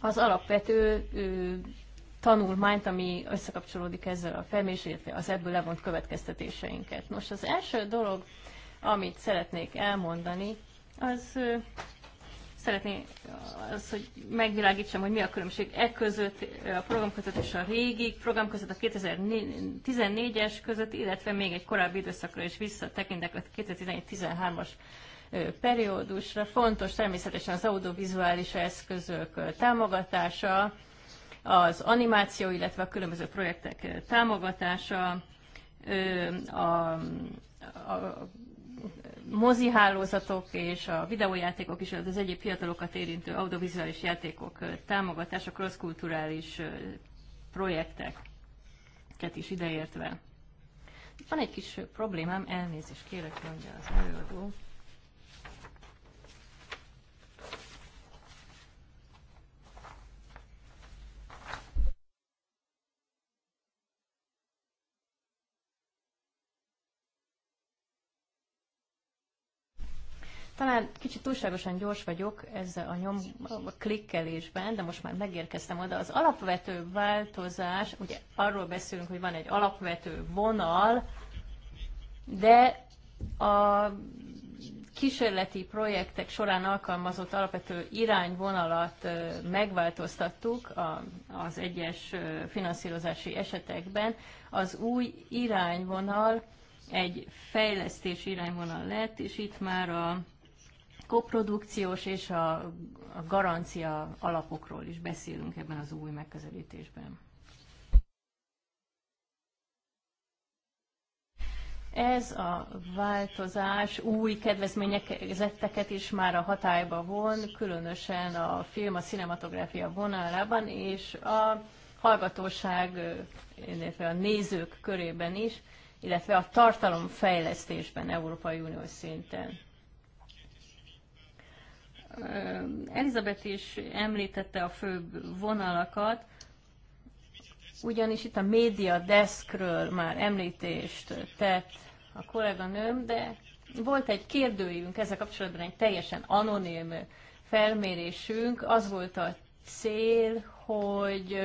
az alapvető ő, tanulmányt, ami összekapcsolódik ezzel a felmérés, illetve az ebből levont következtetéseinket. Most az első dolog, amit szeretnék elmondani, az Szeretné az, hogy megvilágítsam, hogy mi a különbség e között, a program között és a régi program között, a 2014-es között, illetve még egy korábbi időszakra is visszatekintek a 2013 as periódusra. Fontos természetesen az audiovizuális eszközök támogatása, az animáció, illetve a különböző projektek támogatása, a, a, a mozi hálózatok és a videójátékok is, az egyéb fiatalokat érintő audiovizuális játékok támogatása, cross-kulturális projekteket is ideértve. Van egy kis problémám, elnézést kérek, mondja az előadó. Talán kicsit túlságosan gyors vagyok ezzel a nyom a klikkelésben, de most már megérkeztem oda. Az alapvető változás, ugye arról beszélünk, hogy van egy alapvető vonal, de a kísérleti projektek során alkalmazott alapvető irányvonalat megváltoztattuk az egyes finanszírozási esetekben. Az új irányvonal egy fejlesztés irányvonal lett, és itt már a koprodukciós és a, a garancia alapokról is beszélünk ebben az új megközelítésben. Ez a változás új kedvezményezetteket is már a hatályba von, különösen a film, a cinematográfia vonalában, és a hallgatóság, illetve a nézők körében is, illetve a tartalomfejlesztésben Európai Unió szinten. Elizabeth is említette a fő vonalakat, ugyanis itt a média deskről már említést tett a kolléganőm, de volt egy kérdőjünk ezzel kapcsolatban, egy teljesen anonim felmérésünk. Az volt a cél, hogy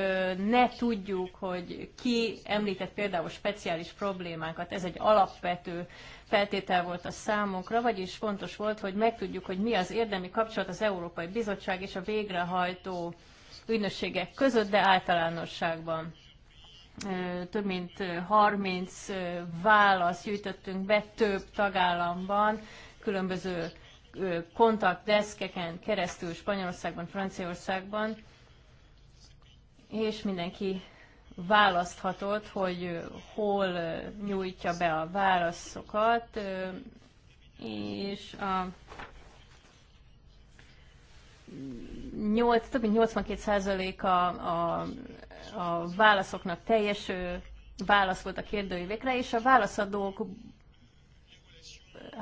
ne tudjuk, hogy ki említett például speciális problémákat, ez egy alapvető feltétel volt a számunkra, vagyis fontos volt, hogy megtudjuk, hogy mi az érdemi kapcsolat az Európai Bizottság és a végrehajtó ügynösségek között, de általánosságban több mint 30 választ gyűjtöttünk be több tagállamban, különböző kontaktdeszkeken keresztül Spanyolországban, Franciaországban, és mindenki választhatott, hogy hol nyújtja be a válaszokat, és a 8, több mint 82% a, a, a válaszoknak teljes válasz volt a kérdőívekre, és a válaszadók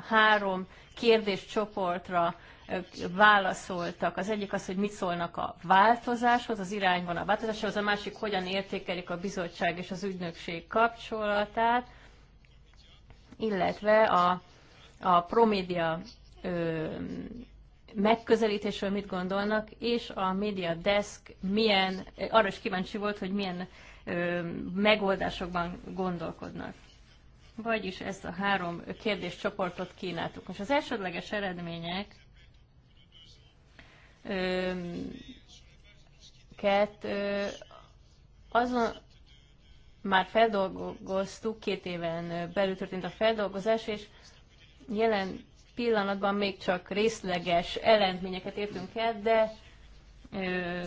három kérdéscsoportra válaszoltak. Az egyik az, hogy mit szólnak a változáshoz, az irányban a változáshoz, a másik hogyan értékelik a bizottság és az ügynökség kapcsolatát, illetve a, a Promédia ö, megközelítésről mit gondolnak, és a Media Desk milyen, arra is kíváncsi volt, hogy milyen ö, megoldásokban gondolkodnak. Vagyis ezt a három kérdéscsoportot kínáltuk. Most az elsődleges eredmények ket azon már feldolgoztuk, két éven belül történt a feldolgozás, és jelen pillanatban még csak részleges ellentményeket értünk el, de ö,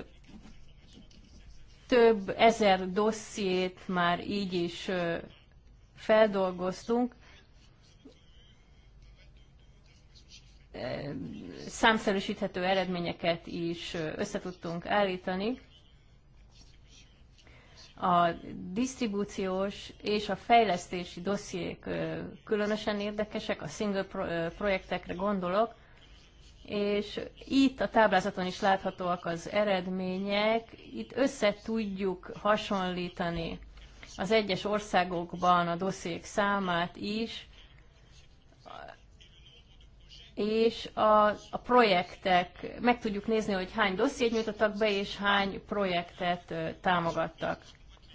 több ezer dossziét már így is ö, feldolgoztunk, számszerűsíthető eredményeket is összetudtunk állítani. A disztribúciós és a fejlesztési dossziék különösen érdekesek, a single projektekre gondolok, és itt a táblázaton is láthatóak az eredmények, itt össze tudjuk hasonlítani az egyes országokban a dossziék számát is, és a, a projektek, meg tudjuk nézni, hogy hány dossziét nyújtottak be, és hány projektet támogattak.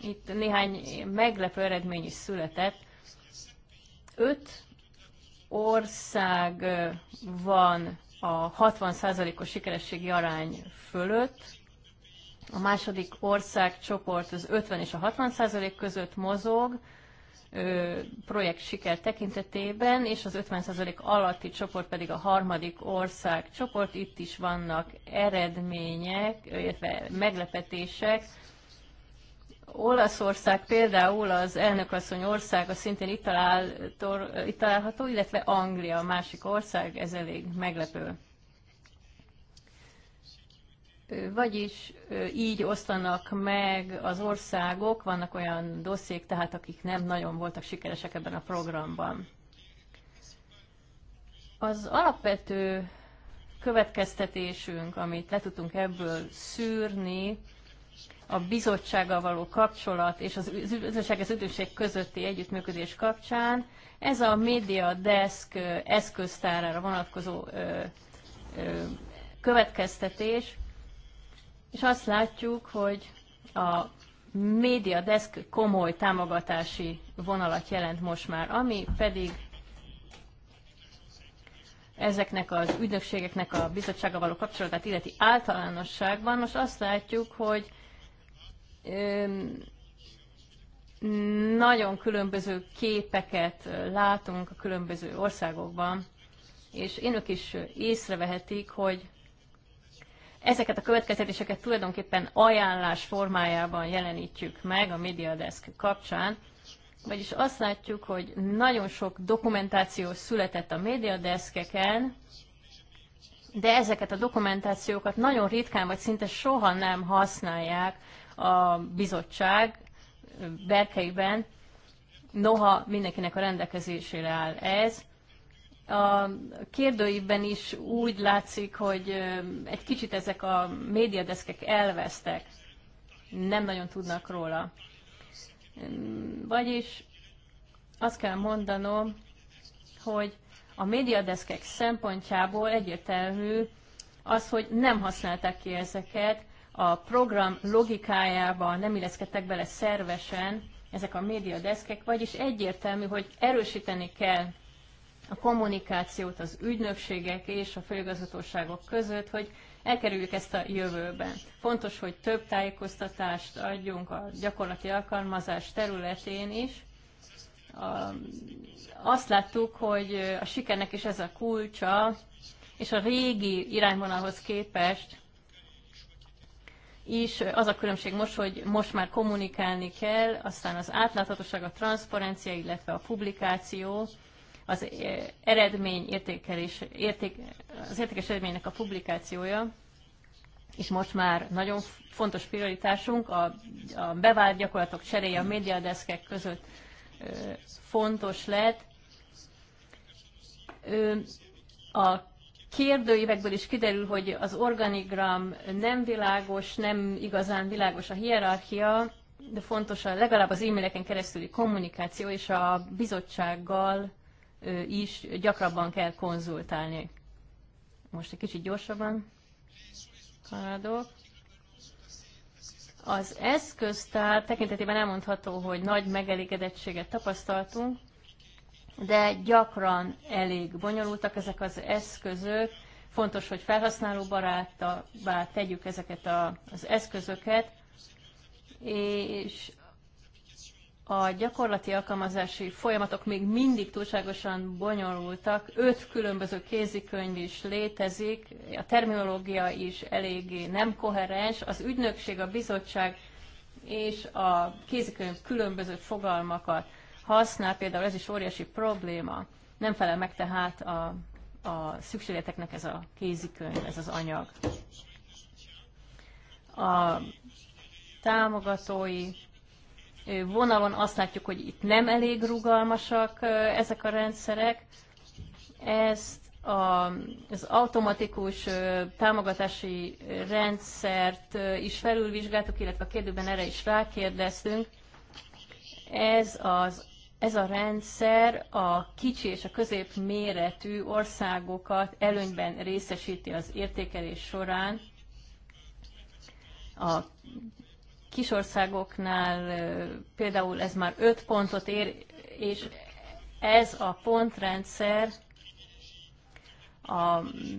Itt néhány meglepő eredmény is született. Öt ország van a 60%-os sikerességi arány fölött, a második ország csoport az 50 és a 60% között mozog, projekt siker tekintetében, és az 50% alatti csoport pedig a harmadik ország csoport. Itt is vannak eredmények, illetve meglepetések. Olaszország például az elnökasszony országa szintén itt, talál, itt található, illetve Anglia a másik ország, ez elég meglepő. Vagyis így osztanak meg az országok, vannak olyan dosszék, tehát akik nem nagyon voltak sikeresek ebben a programban. Az alapvető következtetésünk, amit le tudtunk ebből szűrni, a bizottsággal való kapcsolat és az üzletek az üdvösség közötti együttműködés kapcsán. Ez a Media Desk eszköztárára vonatkozó következtetés és azt látjuk, hogy a média desk komoly támogatási vonalat jelent most már, ami pedig ezeknek az ügynökségeknek a bizottsága való kapcsolatát illeti általánosságban. Most azt látjuk, hogy nagyon különböző képeket látunk a különböző országokban, és önök is észrevehetik, hogy Ezeket a következtetéseket tulajdonképpen ajánlás formájában jelenítjük meg a MediaDesk kapcsán, vagyis azt látjuk, hogy nagyon sok dokumentáció született a MediaDeskeken, de ezeket a dokumentációkat nagyon ritkán vagy szinte soha nem használják a bizottság berkeiben, noha mindenkinek a rendelkezésére áll ez a kérdőívben is úgy látszik, hogy egy kicsit ezek a médiadeszkek elvesztek, nem nagyon tudnak róla. Vagyis azt kell mondanom, hogy a médiadeszkek szempontjából egyértelmű az, hogy nem használták ki ezeket, a program logikájába nem illeszkedtek bele szervesen ezek a médiadeszkek, vagyis egyértelmű, hogy erősíteni kell a kommunikációt az ügynökségek és a főigazgatóságok között, hogy elkerüljük ezt a jövőben. Fontos, hogy több tájékoztatást adjunk a gyakorlati alkalmazás területén is. A, azt láttuk, hogy a sikernek is ez a kulcsa, és a régi irányvonalhoz képest is az a különbség most, hogy most már kommunikálni kell, aztán az átláthatóság, a transzparencia, illetve a publikáció, az eh, eredmény értékelés, érték, az értékes eredménynek a publikációja, és most már nagyon fontos prioritásunk a, a bevált gyakorlatok cseréje a médiadeszkek között ö, eh, fontos lett. Ö, a kérdőívekből is kiderül, hogy az organigram nem világos, nem igazán világos a hierarchia, de fontos a legalább az e-maileken keresztüli kommunikáció és a bizottsággal is gyakrabban kell konzultálni. Most egy kicsit gyorsabban haladok. Az eszköztár tekintetében elmondható, hogy nagy megelégedettséget tapasztaltunk, de gyakran elég bonyolultak ezek az eszközök. Fontos, hogy felhasználóbarátá tegyük ezeket a, az eszközöket, és a gyakorlati alkalmazási folyamatok még mindig túlságosan bonyolultak, öt különböző kézikönyv is létezik, a terminológia is eléggé nem koherens, az ügynökség, a bizottság és a kézikönyv különböző fogalmakat használ, például ez is óriási probléma. Nem felel meg tehát a, a szükségleteknek ez a kézikönyv, ez az anyag. A támogatói vonalon azt látjuk, hogy itt nem elég rugalmasak ezek a rendszerek. Ezt a, az automatikus támogatási rendszert is felülvizsgáltuk, illetve a kérdőben erre is rákérdeztünk. Ez, az, ez a rendszer a kicsi és a középméretű országokat előnyben részesíti az értékelés során a kisországoknál például ez már öt pontot ér, és ez a pontrendszer a média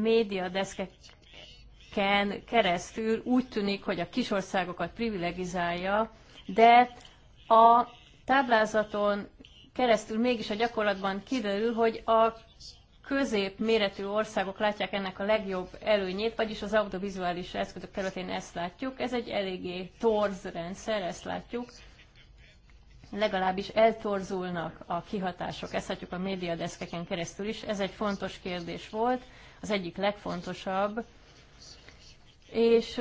médiadeszkeken keresztül úgy tűnik, hogy a kisországokat privilegizálja, de a táblázaton keresztül mégis a gyakorlatban kiderül, hogy a középméretű országok látják ennek a legjobb előnyét, vagyis az audiovizuális eszközök területén ezt látjuk. Ez egy eléggé torz rendszer, ezt látjuk. Legalábbis eltorzulnak a kihatások, ezt látjuk a médiadeszkeken keresztül is. Ez egy fontos kérdés volt, az egyik legfontosabb. És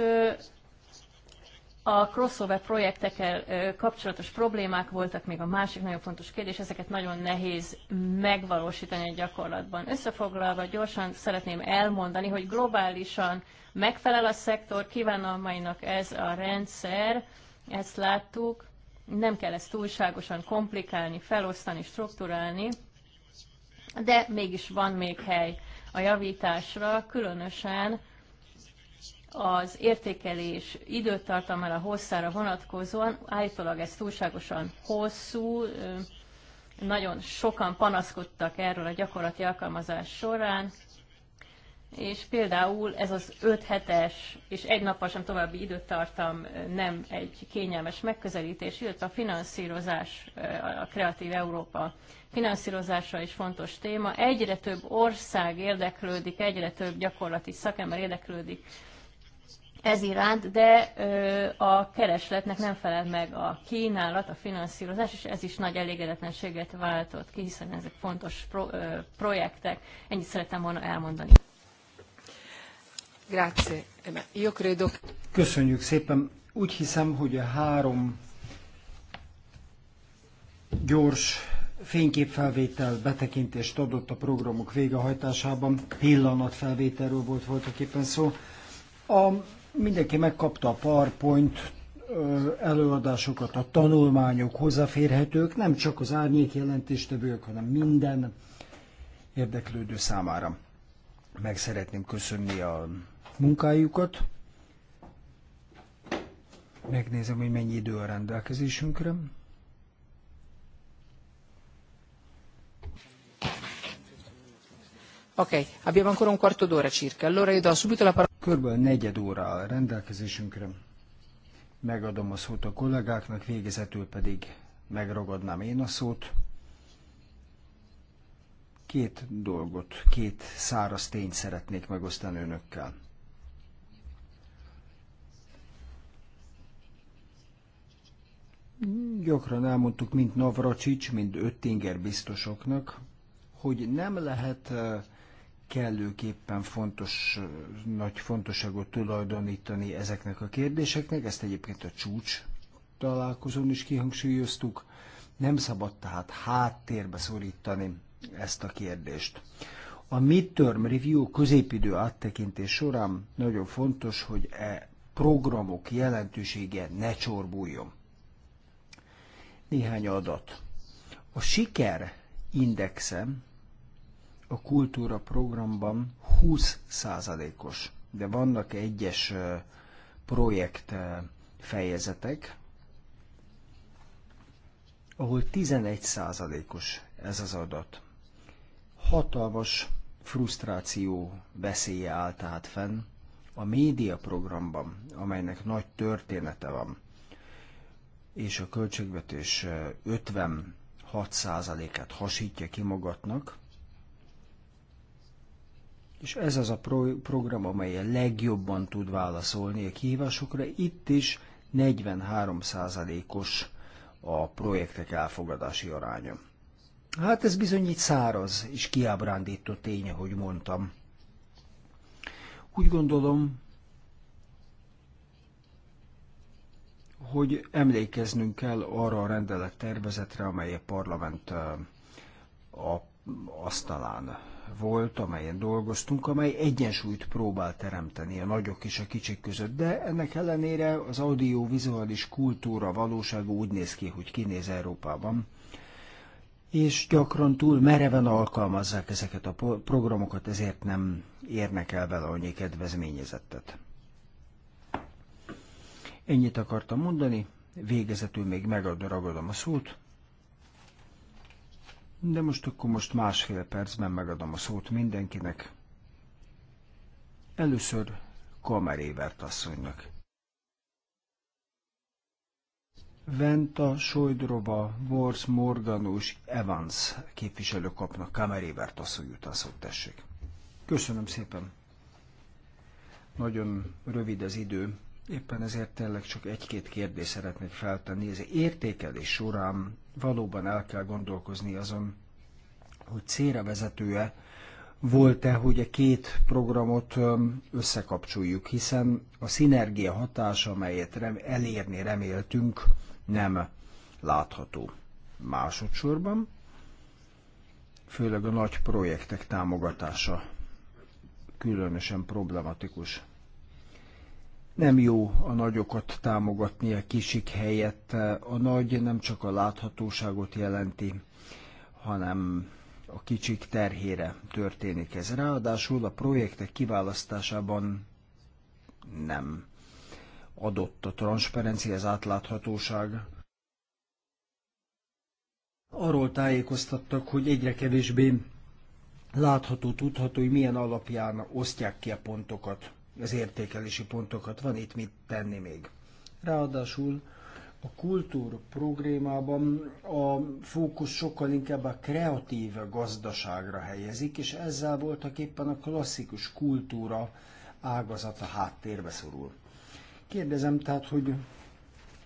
a crossover projektekkel kapcsolatos problémák voltak még a másik nagyon fontos kérdés, ezeket nagyon nehéz megvalósítani a gyakorlatban. Összefoglalva gyorsan szeretném elmondani, hogy globálisan megfelel a szektor kívánalmainak ez a rendszer, ezt láttuk, nem kell ezt túlságosan komplikálni, felosztani, strukturálni, de mégis van még hely a javításra, különösen az értékelés időtartamára, hosszára vonatkozóan állítólag ez túlságosan hosszú, nagyon sokan panaszkodtak erről a gyakorlati alkalmazás során, és például ez az 5 hetes és egy nappal sem további időtartam nem egy kényelmes megközelítés, illetve a finanszírozás, a Kreatív Európa finanszírozása is fontos téma. Egyre több ország érdeklődik, egyre több gyakorlati szakember érdeklődik ez iránt, de ö, a keresletnek nem felel meg a kínálat, a finanszírozás, és ez is nagy elégedetlenséget váltott ki, hiszen ezek fontos pro, ö, projektek. Ennyit szerettem volna elmondani. Grazie. Io credo... Köszönjük szépen. Úgy hiszem, hogy a három gyors fényképfelvétel betekintést adott a programok végrehajtásában. Pillanatfelvételről volt voltaképpen szó. A Mindenki megkapta a PowerPoint előadásokat, a tanulmányok hozzáférhetők, nem csak az árnyék jelentéstevők, hanem minden érdeklődő számára. Meg szeretném köszönni a munkájukat. Megnézem, hogy mennyi idő a rendelkezésünkre. Ok, abbiamo ancora un quarto d'ora circa. Allora io do subito la parola. Körülbelül negyed óra a rendelkezésünkre. Megadom a szót a kollégáknak, végezetül pedig megragadnám én a szót. Két dolgot, két száraz tényt szeretnék megosztani önökkel. gyakran elmondtuk, mint Navracsics, mint Öttinger biztosoknak, hogy nem lehet eh, kellőképpen fontos, nagy fontosságot tulajdonítani ezeknek a kérdéseknek, ezt egyébként a csúcs találkozón is kihangsúlyoztuk, nem szabad tehát háttérbe szorítani ezt a kérdést. A midterm review középidő áttekintés során nagyon fontos, hogy e programok jelentősége ne csorbuljon. Néhány adat. A siker indexem a kultúra programban 20 százalékos, de vannak egyes projekt fejezetek, ahol 11 százalékos ez az adat. Hatalmas frusztráció veszélye áll tehát fenn a média programban, amelynek nagy története van, és a költségvetés 56%-át hasítja ki magatnak, és ez az a pro- program, amely a legjobban tud válaszolni a kihívásokra. Itt is 43%-os a projektek elfogadási aránya. Hát ez bizony így száraz és kiábrándító tény, ahogy mondtam. Úgy gondolom, hogy emlékeznünk kell arra a rendelettervezetre, amely a parlament a, asztalán volt, amelyen dolgoztunk, amely egyensúlyt próbál teremteni a nagyok és a kicsik között, de ennek ellenére az audiovizuális kultúra valósága úgy néz ki, hogy kinéz Európában és gyakran túl mereven alkalmazzák ezeket a programokat, ezért nem érnek el vele annyi kedvezményezettet. Ennyit akartam mondani, végezetül még megadom a szót de most akkor most másfél percben megadom a szót mindenkinek. Először Évert asszonynak. Venta, Sojdrova, Borsz, Morganus, Evans képviselő kapnak Évert asszony után szót tessék. Köszönöm szépen. Nagyon rövid az idő, éppen ezért tényleg csak egy-két kérdést szeretnék feltenni. Ez értékelés során valóban el kell gondolkozni azon, hogy célra vezetője volt-e, hogy a két programot összekapcsoljuk, hiszen a szinergia hatása, amelyet elérni reméltünk, nem látható. Másodszorban főleg a nagy projektek támogatása különösen problematikus. Nem jó a nagyokat támogatni a kisik helyett. A nagy nem csak a láthatóságot jelenti, hanem a kicsik terhére történik ez. Ráadásul a projektek kiválasztásában nem adott a transzparencia, az átláthatóság. Arról tájékoztattak, hogy egyre kevésbé látható, tudható, hogy milyen alapján osztják ki a pontokat az értékelési pontokat. Van itt mit tenni még. Ráadásul a kultúr problémában a fókusz sokkal inkább a kreatív gazdaságra helyezik, és ezzel voltak éppen a klasszikus kultúra ágazata háttérbe szorul. Kérdezem tehát, hogy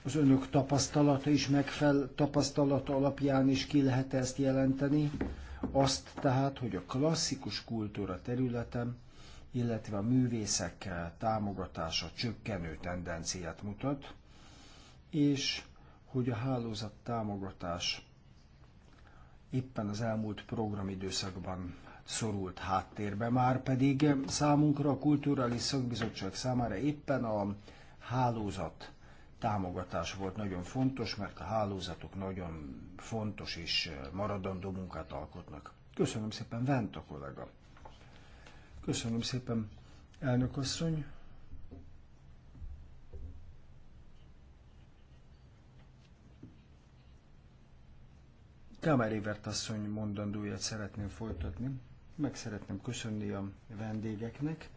az önök tapasztalata is megfel tapasztalata alapján is ki lehet ezt jelenteni, azt tehát, hogy a klasszikus kultúra területen illetve a művészek eh, támogatása csökkenő tendenciát mutat, és hogy a hálózat támogatás éppen az elmúlt programidőszakban szorult háttérbe, már pedig számunkra, a Kulturális Szakbizottság számára éppen a hálózat támogatás volt nagyon fontos, mert a hálózatok nagyon fontos és eh, maradandó munkát alkotnak. Köszönöm szépen, Venta kollega! Köszönöm szépen, elnök asszony. Kámár Évert asszony mondandóját szeretném folytatni. Meg szeretném köszönni a vendégeknek,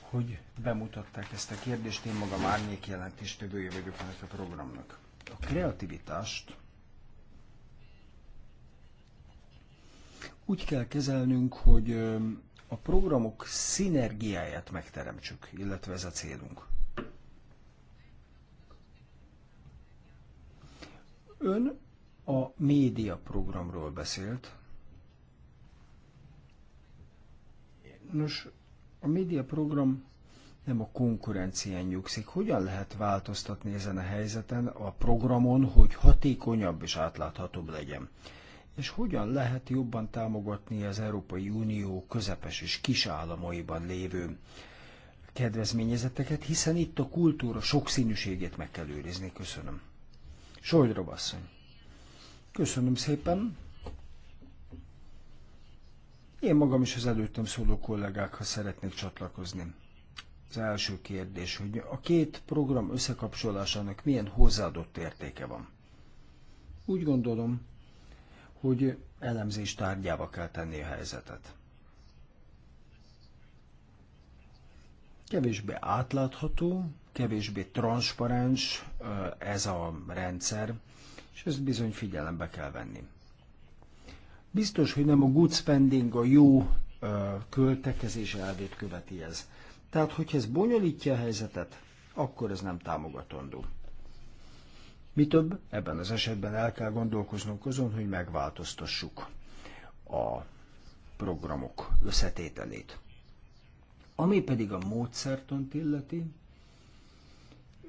hogy bemutatták ezt a kérdést. Én magam árnyék jelentéstevője vagyok ennek a programnak. A kreativitást Úgy kell kezelnünk, hogy a programok szinergiáját megteremtsük, illetve ez a célunk. Ön a média programról beszélt. Nos, a média program nem a konkurencián nyugszik. Hogyan lehet változtatni ezen a helyzeten, a programon, hogy hatékonyabb és átláthatóbb legyen? és hogyan lehet jobban támogatni az Európai Unió közepes és kis államaiban lévő kedvezményezeteket, hiszen itt a kultúra sokszínűségét meg kell őrizni. Köszönöm. Sojdra basszony. Köszönöm szépen. Én magam is az előttem szóló kollégákhoz szeretnék csatlakozni. Az első kérdés, hogy a két program összekapcsolásának milyen hozzáadott értéke van. Úgy gondolom, hogy elemzés tárgyába kell tenni a helyzetet. Kevésbé átlátható, kevésbé transzparens ez a rendszer, és ezt bizony figyelembe kell venni. Biztos, hogy nem a good spending, a jó költekezés elvét követi ez. Tehát, hogyha ez bonyolítja a helyzetet, akkor ez nem támogatandó. Mi több, ebben az esetben el kell gondolkoznunk azon, hogy megváltoztassuk a programok összetételét. Ami pedig a módszertont illeti,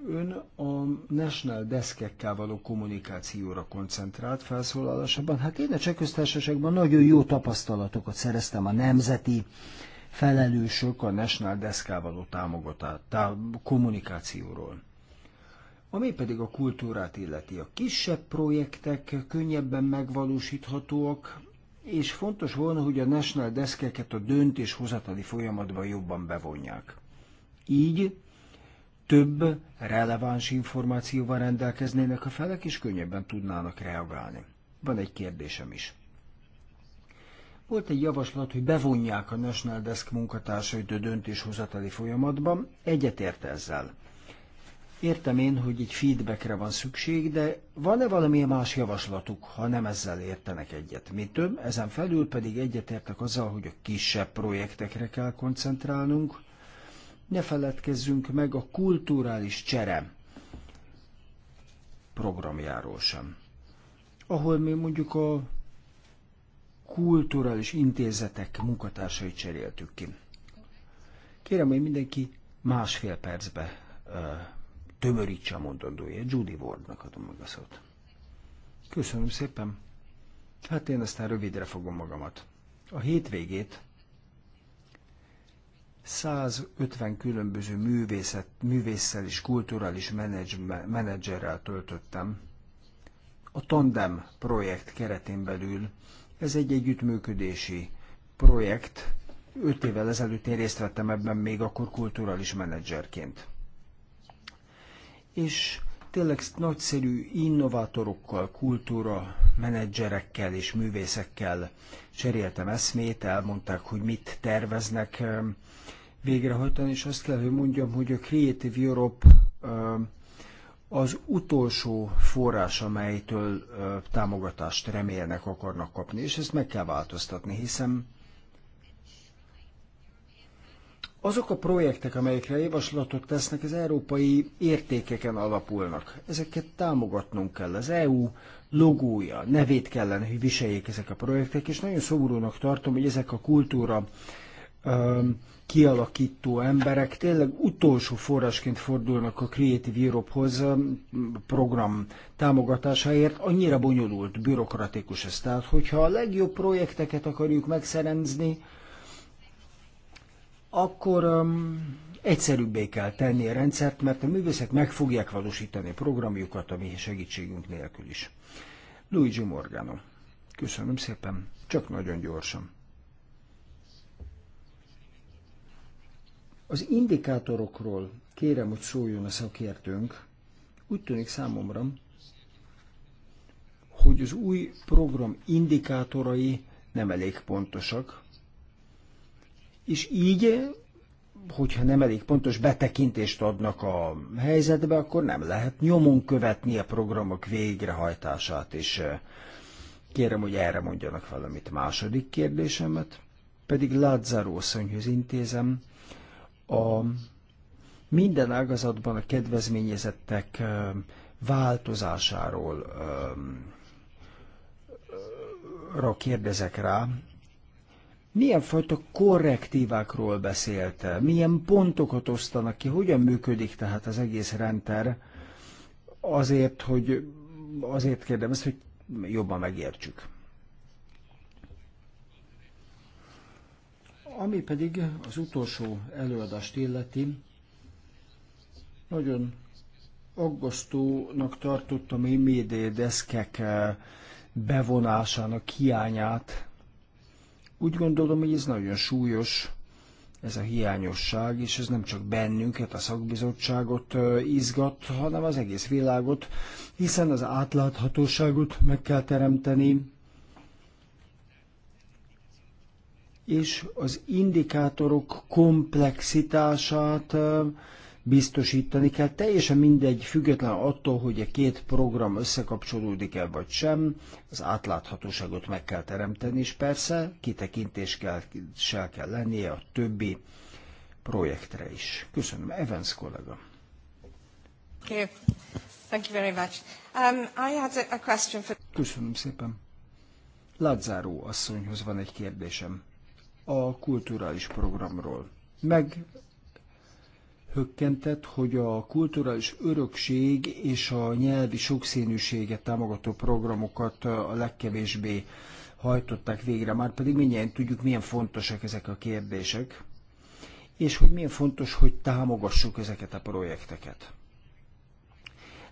ön a National Deskekkel való kommunikációra koncentrált felszólalásában. Hát én a Csehköztársaságban nagyon jó tapasztalatokat szereztem a nemzeti felelősök a National Deskkel való támogatá, tá, kommunikációról. Ami pedig a kultúrát illeti, a kisebb projektek könnyebben megvalósíthatóak, és fontos volna, hogy a National deszkeket a döntéshozatali folyamatban jobban bevonják. Így több releváns információval rendelkeznének a felek, és könnyebben tudnának reagálni. Van egy kérdésem is. Volt egy javaslat, hogy bevonják a National Desk munkatársait a döntéshozatali folyamatban, egyetért ezzel. Értem én, hogy egy feedbackre van szükség, de van-e valami más javaslatuk, ha nem ezzel értenek egyet? Mi több, ezen felül pedig egyetértek azzal, hogy a kisebb projektekre kell koncentrálnunk. Ne feledkezzünk meg a kulturális csere programjáról sem, ahol mi mondjuk a kulturális intézetek munkatársait cseréltük ki. Kérem, hogy mindenki másfél percbe tömörítse a mondandója. Judy Wardnak adom meg a szót. Köszönöm szépen. Hát én aztán rövidre fogom magamat. A hétvégét 150 különböző művészet, művészszel és kulturális menedzserrel töltöttem. A Tandem projekt keretén belül ez egy együttműködési projekt. Öt évvel ezelőtt én részt vettem ebben még akkor kulturális menedzserként és tényleg nagyszerű innovátorokkal, kultúra menedzserekkel és művészekkel cseréltem eszmét, elmondták, hogy mit terveznek ehm, végrehajtani, és azt kell, hogy mondjam, hogy a Creative Europe ehm, az utolsó forrás, amelytől ehm, támogatást remélnek akarnak kapni, és ezt meg kell változtatni, hiszen Azok a projektek, amelyekre javaslatot tesznek, az európai értékeken alapulnak. Ezeket támogatnunk kell. Az EU logója, nevét kellene, hogy viseljék ezek a projektek, és nagyon szomorúnak tartom, hogy ezek a kultúra um, kialakító emberek tényleg utolsó forrásként fordulnak a Creative Europe-hoz program támogatásáért. Annyira bonyolult, bürokratikus ez. Tehát, hogyha a legjobb projekteket akarjuk megszerezni, akkor um, egyszerűbbé kell tenni a rendszert, mert a művészek meg fogják valósítani a programjukat a mi segítségünk nélkül is. Luigi Morgano. Köszönöm szépen, csak nagyon gyorsan. Az indikátorokról kérem, hogy szóljon a szakértőnk. Úgy tűnik számomra, hogy az új program indikátorai nem elég pontosak, és így, hogyha nem elég pontos betekintést adnak a helyzetbe, akkor nem lehet nyomon követni a programok végrehajtását, és eh, kérem, hogy erre mondjanak valamit. Második kérdésemet pedig Lázaro szönyhöz intézem. A minden ágazatban a kedvezményezettek eh, változásáról eh, kérdezek rá milyen fajta korrektívákról beszélt, milyen pontokat osztanak ki, hogyan működik tehát az egész rendszer, azért, hogy azért kérdem ezt, hogy jobban megértsük. Ami pedig az utolsó előadást illeti, nagyon aggasztónak tartottam én médiadeszkek eh, bevonásának hiányát úgy gondolom, hogy ez nagyon súlyos, ez a hiányosság, és ez nem csak bennünket, a szakbizottságot izgat, hanem az egész világot, hiszen az átláthatóságot meg kell teremteni, és az indikátorok komplexitását biztosítani kell, teljesen mindegy, független attól, hogy a két program összekapcsolódik-e vagy sem, az átláthatóságot meg kell teremteni, és persze kitekintéssel kell, kell lennie a többi projektre is. Köszönöm, Evans kollega. Um, Köszönöm szépen. Lázáró asszonyhoz van egy kérdésem a kulturális programról. Meg hökkentett, hogy a kulturális örökség és a nyelvi sokszínűséget támogató programokat a legkevésbé hajtották végre, már pedig mindjárt tudjuk, milyen fontosak ezek a kérdések, és hogy milyen fontos, hogy támogassuk ezeket a projekteket.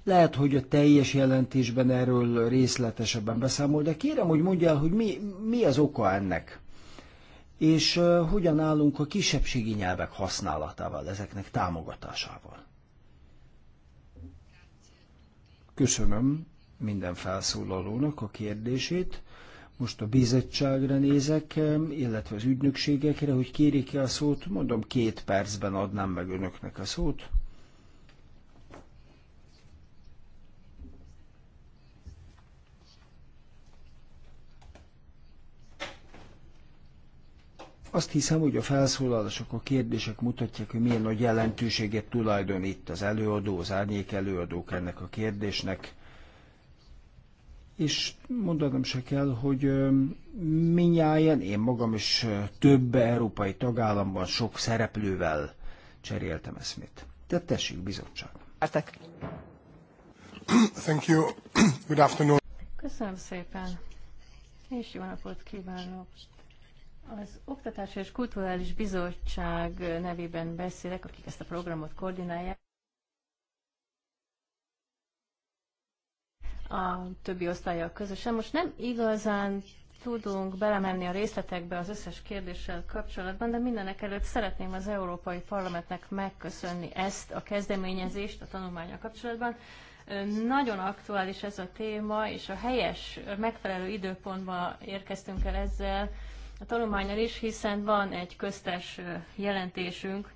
Lehet, hogy a teljes jelentésben erről részletesebben beszámol, de kérem, hogy mondjál, hogy mi, mi az oka ennek és hogyan állunk a kisebbségi nyelvek használatával, ezeknek támogatásával. Köszönöm minden felszólalónak a kérdését. Most a bizottságra nézek, illetve az ügynökségekre, hogy kérik-e a szót. Mondom, két percben adnám meg önöknek a szót. Azt hiszem, hogy a felszólalások, a kérdések mutatják, hogy milyen nagy jelentőséget tulajdonít az előadó, az árnyék előadók ennek a kérdésnek. És mondanom se kell, hogy minnyáján én magam is több európai tagállamban sok szereplővel cseréltem eszmét. Tehát tessék, bizottság. Értek. Thank you. Good afternoon. Köszönöm szépen. És jó napot kívánok. Az Oktatás és Kulturális Bizottság nevében beszélek, akik ezt a programot koordinálják. A többi osztályjal közösen. Most nem igazán tudunk belemenni a részletekbe az összes kérdéssel kapcsolatban, de mindenek előtt szeretném az Európai Parlamentnek megköszönni ezt a kezdeményezést a tanulmányal kapcsolatban. Nagyon aktuális ez a téma, és a helyes, megfelelő időpontban érkeztünk el ezzel, a tanulmányal is, hiszen van egy köztes jelentésünk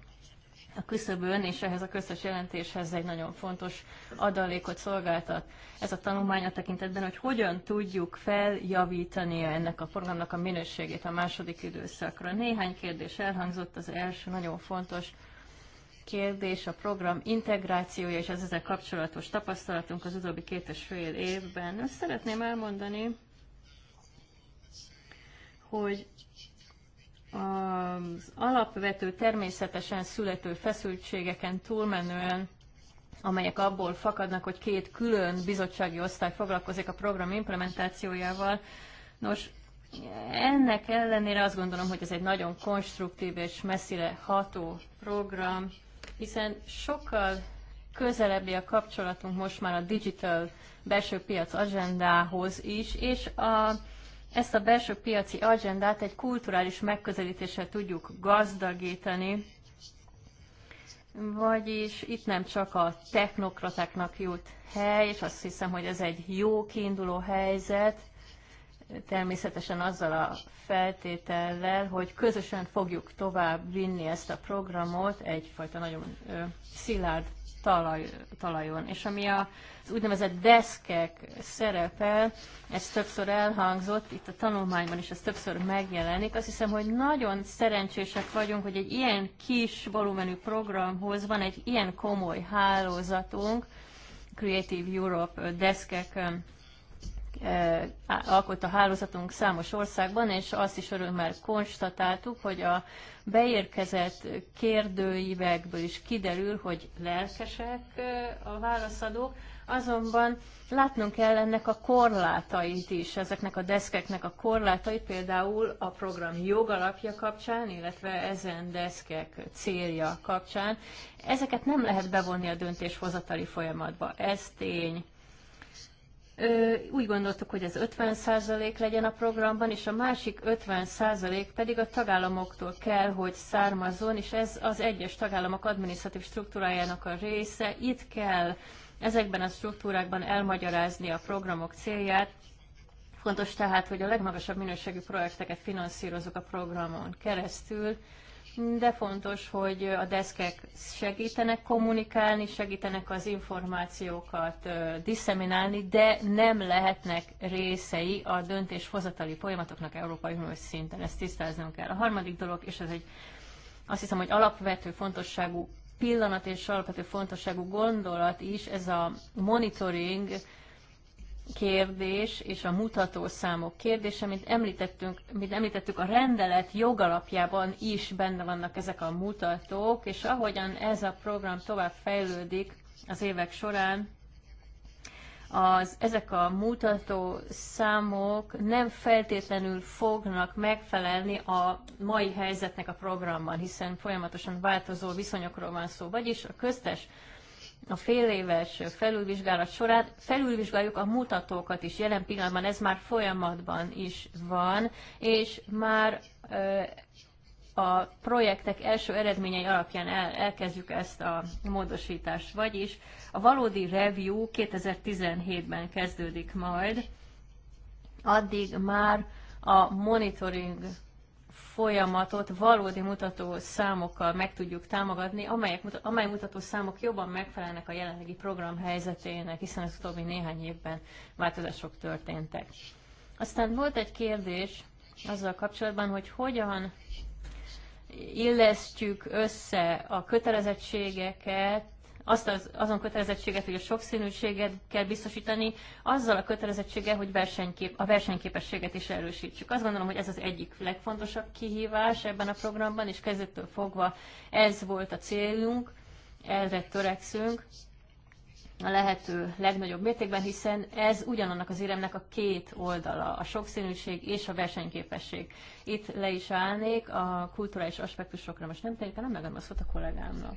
a küszöbön, és ehhez a köztes jelentéshez egy nagyon fontos adalékot szolgáltat ez a tanulmány a tekintetben, hogy hogyan tudjuk feljavítani ennek a programnak a minőségét a második időszakra. Néhány kérdés elhangzott, az első nagyon fontos kérdés a program integrációja és az ezzel kapcsolatos tapasztalatunk az utóbbi két és fél évben. Ezt szeretném elmondani, hogy az alapvető természetesen születő feszültségeken túlmenően amelyek abból fakadnak, hogy két külön bizottsági osztály foglalkozik a program implementációjával. Nos, ennek ellenére azt gondolom, hogy ez egy nagyon konstruktív és messzire ható program, hiszen sokkal közelebbi a kapcsolatunk most már a digital belső piac agendához is, és a ezt a belső piaci agendát egy kulturális megközelítéssel tudjuk gazdagítani, vagyis itt nem csak a technokratáknak jut hely, és azt hiszem, hogy ez egy jó kiinduló helyzet, természetesen azzal a feltétellel, hogy közösen fogjuk tovább vinni ezt a programot egyfajta nagyon ö, szilárd talaj, talajon. És ami a, az úgynevezett deszkek szerepel, ez többször elhangzott, itt a tanulmányban is ez többször megjelenik. Azt hiszem, hogy nagyon szerencsések vagyunk, hogy egy ilyen kis volumenű programhoz van egy ilyen komoly hálózatunk, Creative Europe deszkek um, alkott a hálózatunk számos országban, és azt is örömmel konstatáltuk, hogy a beérkezett kérdőívekből is kiderül, hogy lelkesek a válaszadók, azonban látnunk kell ennek a korlátait is, ezeknek a deszkeknek a korlátait, például a program jogalapja kapcsán, illetve ezen deszkek célja kapcsán. Ezeket nem lehet bevonni a döntéshozatali folyamatba, ez tény úgy gondoltuk, hogy ez 50% legyen a programban, és a másik 50% pedig a tagállamoktól kell, hogy származzon, és ez az egyes tagállamok adminisztratív struktúrájának a része. Itt kell ezekben a struktúrákban elmagyarázni a programok célját. Fontos tehát, hogy a legmagasabb minőségű projekteket finanszírozunk a programon keresztül, de fontos, hogy a deszkek segítenek kommunikálni, segítenek az információkat diszeminálni, de nem lehetnek részei a döntéshozatali folyamatoknak Európai Uniós szinten. Ezt tisztáznunk kell. A harmadik dolog, és ez egy azt hiszem, hogy alapvető fontosságú pillanat és alapvető fontosságú gondolat is, ez a monitoring kérdés és a mutatószámok kérdése, mint, említettünk, mint említettük, a rendelet jogalapjában is benne vannak ezek a mutatók, és ahogyan ez a program tovább fejlődik az évek során, az, ezek a mutató számok nem feltétlenül fognak megfelelni a mai helyzetnek a programban, hiszen folyamatosan változó viszonyokról van szó. Vagyis a köztes a fél éves felülvizsgálat során felülvizsgáljuk a mutatókat is. Jelen pillanatban ez már folyamatban is van, és már a projektek első eredményei alapján el, elkezdjük ezt a módosítást. Vagyis a valódi review 2017-ben kezdődik majd, addig már a monitoring folyamatot valódi mutató számokkal meg tudjuk támogatni, amelyek, amely mutató számok jobban megfelelnek a jelenlegi program helyzetének, hiszen az utóbbi néhány évben változások történtek. Aztán volt egy kérdés azzal kapcsolatban, hogy hogyan illesztjük össze a kötelezettségeket azt az, azon kötelezettséget, hogy a sokszínűséget kell biztosítani, azzal a kötelezettséggel, hogy versenykép, a versenyképességet is erősítsük. Azt gondolom, hogy ez az egyik legfontosabb kihívás ebben a programban, és kezdettől fogva ez volt a célunk, erre törekszünk a lehető legnagyobb mértékben, hiszen ez ugyanannak az éremnek a két oldala, a sokszínűség és a versenyképesség. Itt le is állnék, a kulturális aspektusokra most nem tényleg, nem megadom a szót a kollégámnak.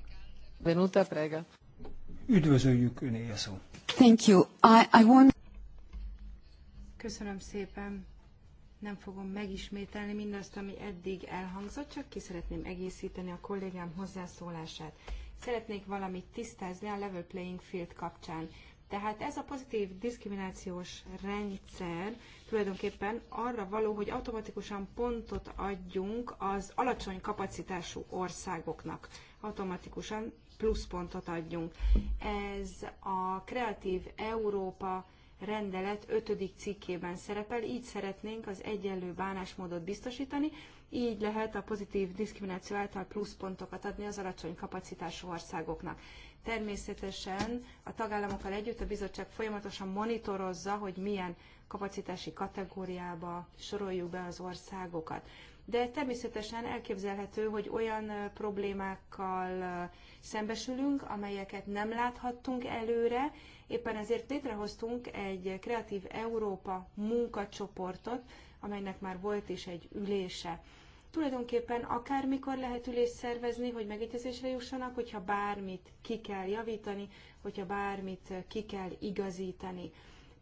Benuta Prega. Üdvözöljük Ön, a Thank you. I, I want... Köszönöm szépen. Nem fogom megismételni mindazt, ami eddig elhangzott, csak ki szeretném egészíteni a kollégám hozzászólását. Szeretnék valamit tisztázni a level playing field kapcsán. Tehát ez a pozitív diszkriminációs rendszer tulajdonképpen arra való, hogy automatikusan pontot adjunk az alacsony kapacitású országoknak. Automatikusan pluszpontot adjunk. Ez a Kreatív Európa rendelet 5. cikkében szerepel, így szeretnénk az egyenlő bánásmódot biztosítani, így lehet a pozitív diszkrimináció által pluszpontokat adni az alacsony kapacitású országoknak. Természetesen a tagállamokkal együtt a bizottság folyamatosan monitorozza, hogy milyen kapacitási kategóriába soroljuk be az országokat de természetesen elképzelhető, hogy olyan problémákkal szembesülünk, amelyeket nem láthattunk előre, éppen ezért létrehoztunk egy Kreatív Európa munkacsoportot, amelynek már volt is egy ülése. Tulajdonképpen akármikor lehet ülést szervezni, hogy megegyezésre jussanak, hogyha bármit ki kell javítani, hogyha bármit ki kell igazítani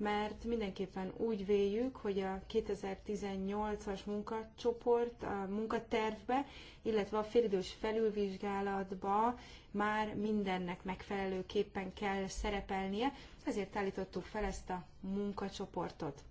mert mindenképpen úgy véljük, hogy a 2018-as munkacsoport, a munkatervbe, illetve a félidős felülvizsgálatba már mindennek megfelelőképpen kell szerepelnie, ezért állítottuk fel ezt a munkacsoportot.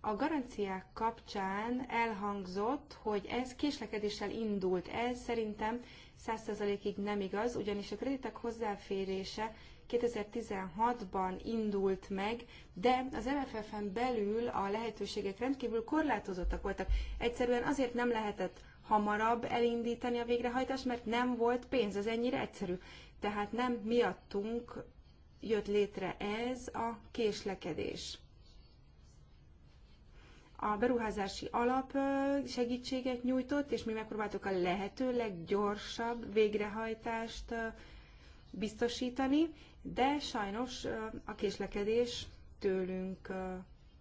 A garanciák kapcsán elhangzott, hogy ez késlekedéssel indult. Ez szerintem 100%-ig nem igaz, ugyanis a kreditek hozzáférése 2016-ban indult meg, de az MFF-en belül a lehetőségek rendkívül korlátozottak voltak. Egyszerűen azért nem lehetett hamarabb elindítani a végrehajtást, mert nem volt pénz, ez ennyire egyszerű. Tehát nem miattunk jött létre ez a késlekedés. A beruházási alap segítséget nyújtott, és mi megpróbáltuk a lehető leggyorsabb végrehajtást biztosítani, de sajnos a késlekedés tőlünk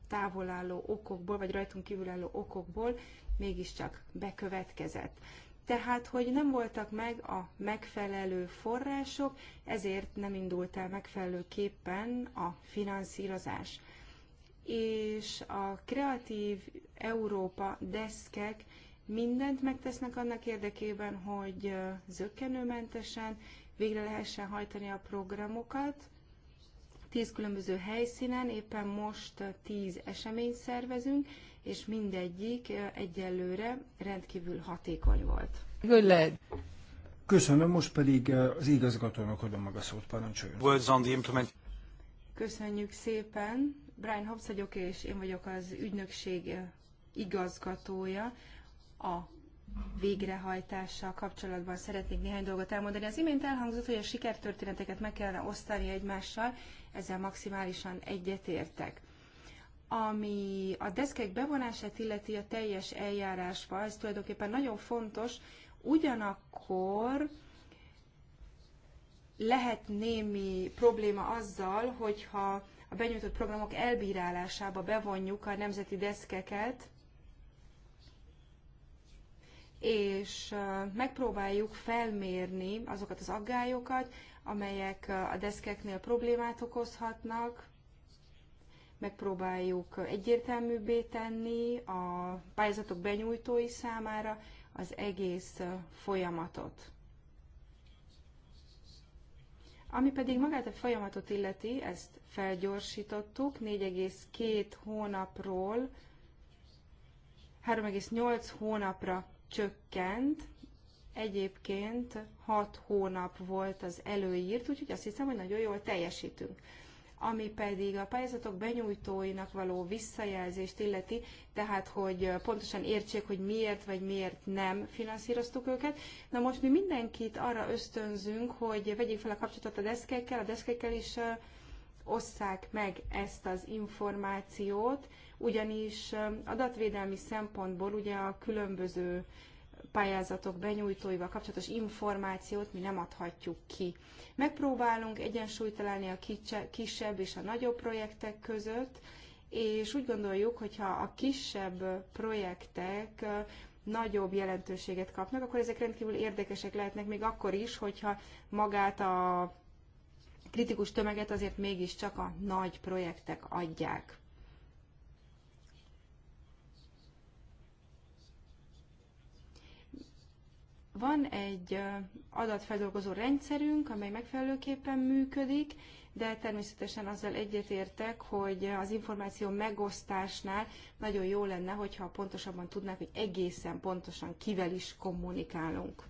távolálló okokból, vagy rajtunk kívülálló okokból mégiscsak bekövetkezett. Tehát, hogy nem voltak meg a megfelelő források, ezért nem indult el megfelelőképpen a finanszírozás. És a kreatív Európa deszkek mindent megtesznek annak érdekében, hogy zöggenőmentesen végre lehessen hajtani a programokat. Tíz különböző helyszínen éppen most tíz eseményt szervezünk, és mindegyik egyelőre rendkívül hatékony volt. Good Köszönöm, most pedig az igazgatónak adom meg a szót, parancsoljon. Words on the implement. Köszönjük szépen. Brian Hobbs vagyok, és én vagyok az ügynökség igazgatója. A végrehajtással kapcsolatban szeretnék néhány dolgot elmondani. Az imént elhangzott, hogy a sikertörténeteket meg kellene osztani egymással, ezzel maximálisan egyetértek. Ami a deszkek bevonását illeti a teljes eljárásba, ez tulajdonképpen nagyon fontos, ugyanakkor lehet némi probléma azzal, hogyha a benyújtott programok elbírálásába bevonjuk a nemzeti deszkeket, és megpróbáljuk felmérni azokat az aggályokat, amelyek a deszkeknél problémát okozhatnak, megpróbáljuk egyértelműbbé tenni a pályázatok benyújtói számára az egész folyamatot. Ami pedig magát a folyamatot illeti, ezt felgyorsítottuk 4,2 hónapról 3,8 hónapra csökkent, egyébként 6 hónap volt az előírt, úgyhogy azt hiszem, hogy nagyon jól teljesítünk. Ami pedig a pályázatok benyújtóinak való visszajelzést illeti, tehát hogy pontosan értsék, hogy miért vagy miért nem finanszíroztuk őket. Na most mi mindenkit arra ösztönzünk, hogy vegyék fel a kapcsolatot a deszkekkel, a deszkekkel is osszák meg ezt az információt, ugyanis adatvédelmi szempontból ugye a különböző pályázatok benyújtóival kapcsolatos információt mi nem adhatjuk ki. Megpróbálunk egyensúlyt találni a kisebb és a nagyobb projektek között, és úgy gondoljuk, hogyha a kisebb projektek nagyobb jelentőséget kapnak, akkor ezek rendkívül érdekesek lehetnek még akkor is, hogyha magát a kritikus tömeget azért mégiscsak a nagy projektek adják. Van egy adatfeldolgozó rendszerünk, amely megfelelőképpen működik, de természetesen azzal egyetértek, hogy az információ megosztásnál nagyon jó lenne, hogyha pontosabban tudnák, hogy egészen pontosan kivel is kommunikálunk.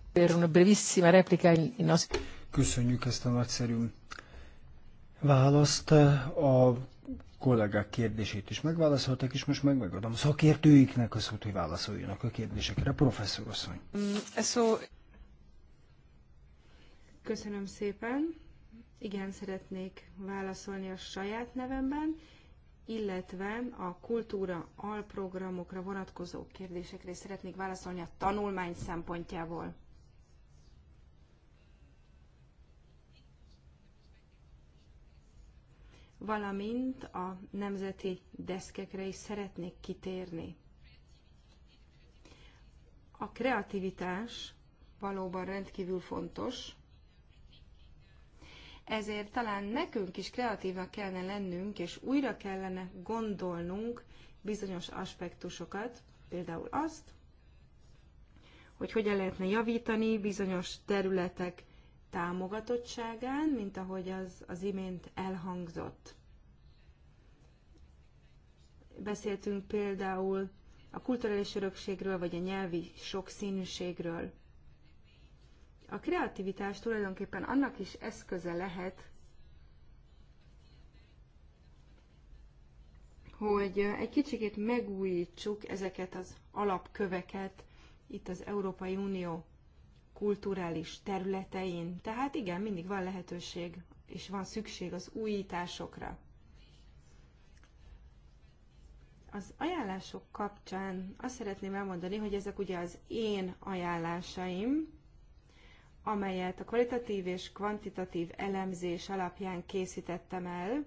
Köszönjük ezt a nagyszerű választ. A kollégák kérdését is megválaszoltak, és most meg megadom a szakértőiknek a szót, hogy válaszoljanak a kérdésekre. Professzor asszony. Mm, Köszönöm szépen. Igen, szeretnék válaszolni a saját nevemben, illetve a kultúra alprogramokra vonatkozó kérdésekre szeretnék válaszolni a tanulmány szempontjából. valamint a nemzeti deszkekre is szeretnék kitérni. A kreativitás valóban rendkívül fontos, ezért talán nekünk is kreatívnak kellene lennünk, és újra kellene gondolnunk bizonyos aspektusokat, például azt, hogy hogyan lehetne javítani bizonyos területek támogatottságán, mint ahogy az, az imént elhangzott. Beszéltünk például a kulturális örökségről, vagy a nyelvi sokszínűségről. A kreativitás tulajdonképpen annak is eszköze lehet, hogy egy kicsikét megújítsuk ezeket az alapköveket itt az Európai Unió kulturális területein. Tehát igen, mindig van lehetőség és van szükség az újításokra. Az ajánlások kapcsán azt szeretném elmondani, hogy ezek ugye az én ajánlásaim, amelyet a kvalitatív és kvantitatív elemzés alapján készítettem el,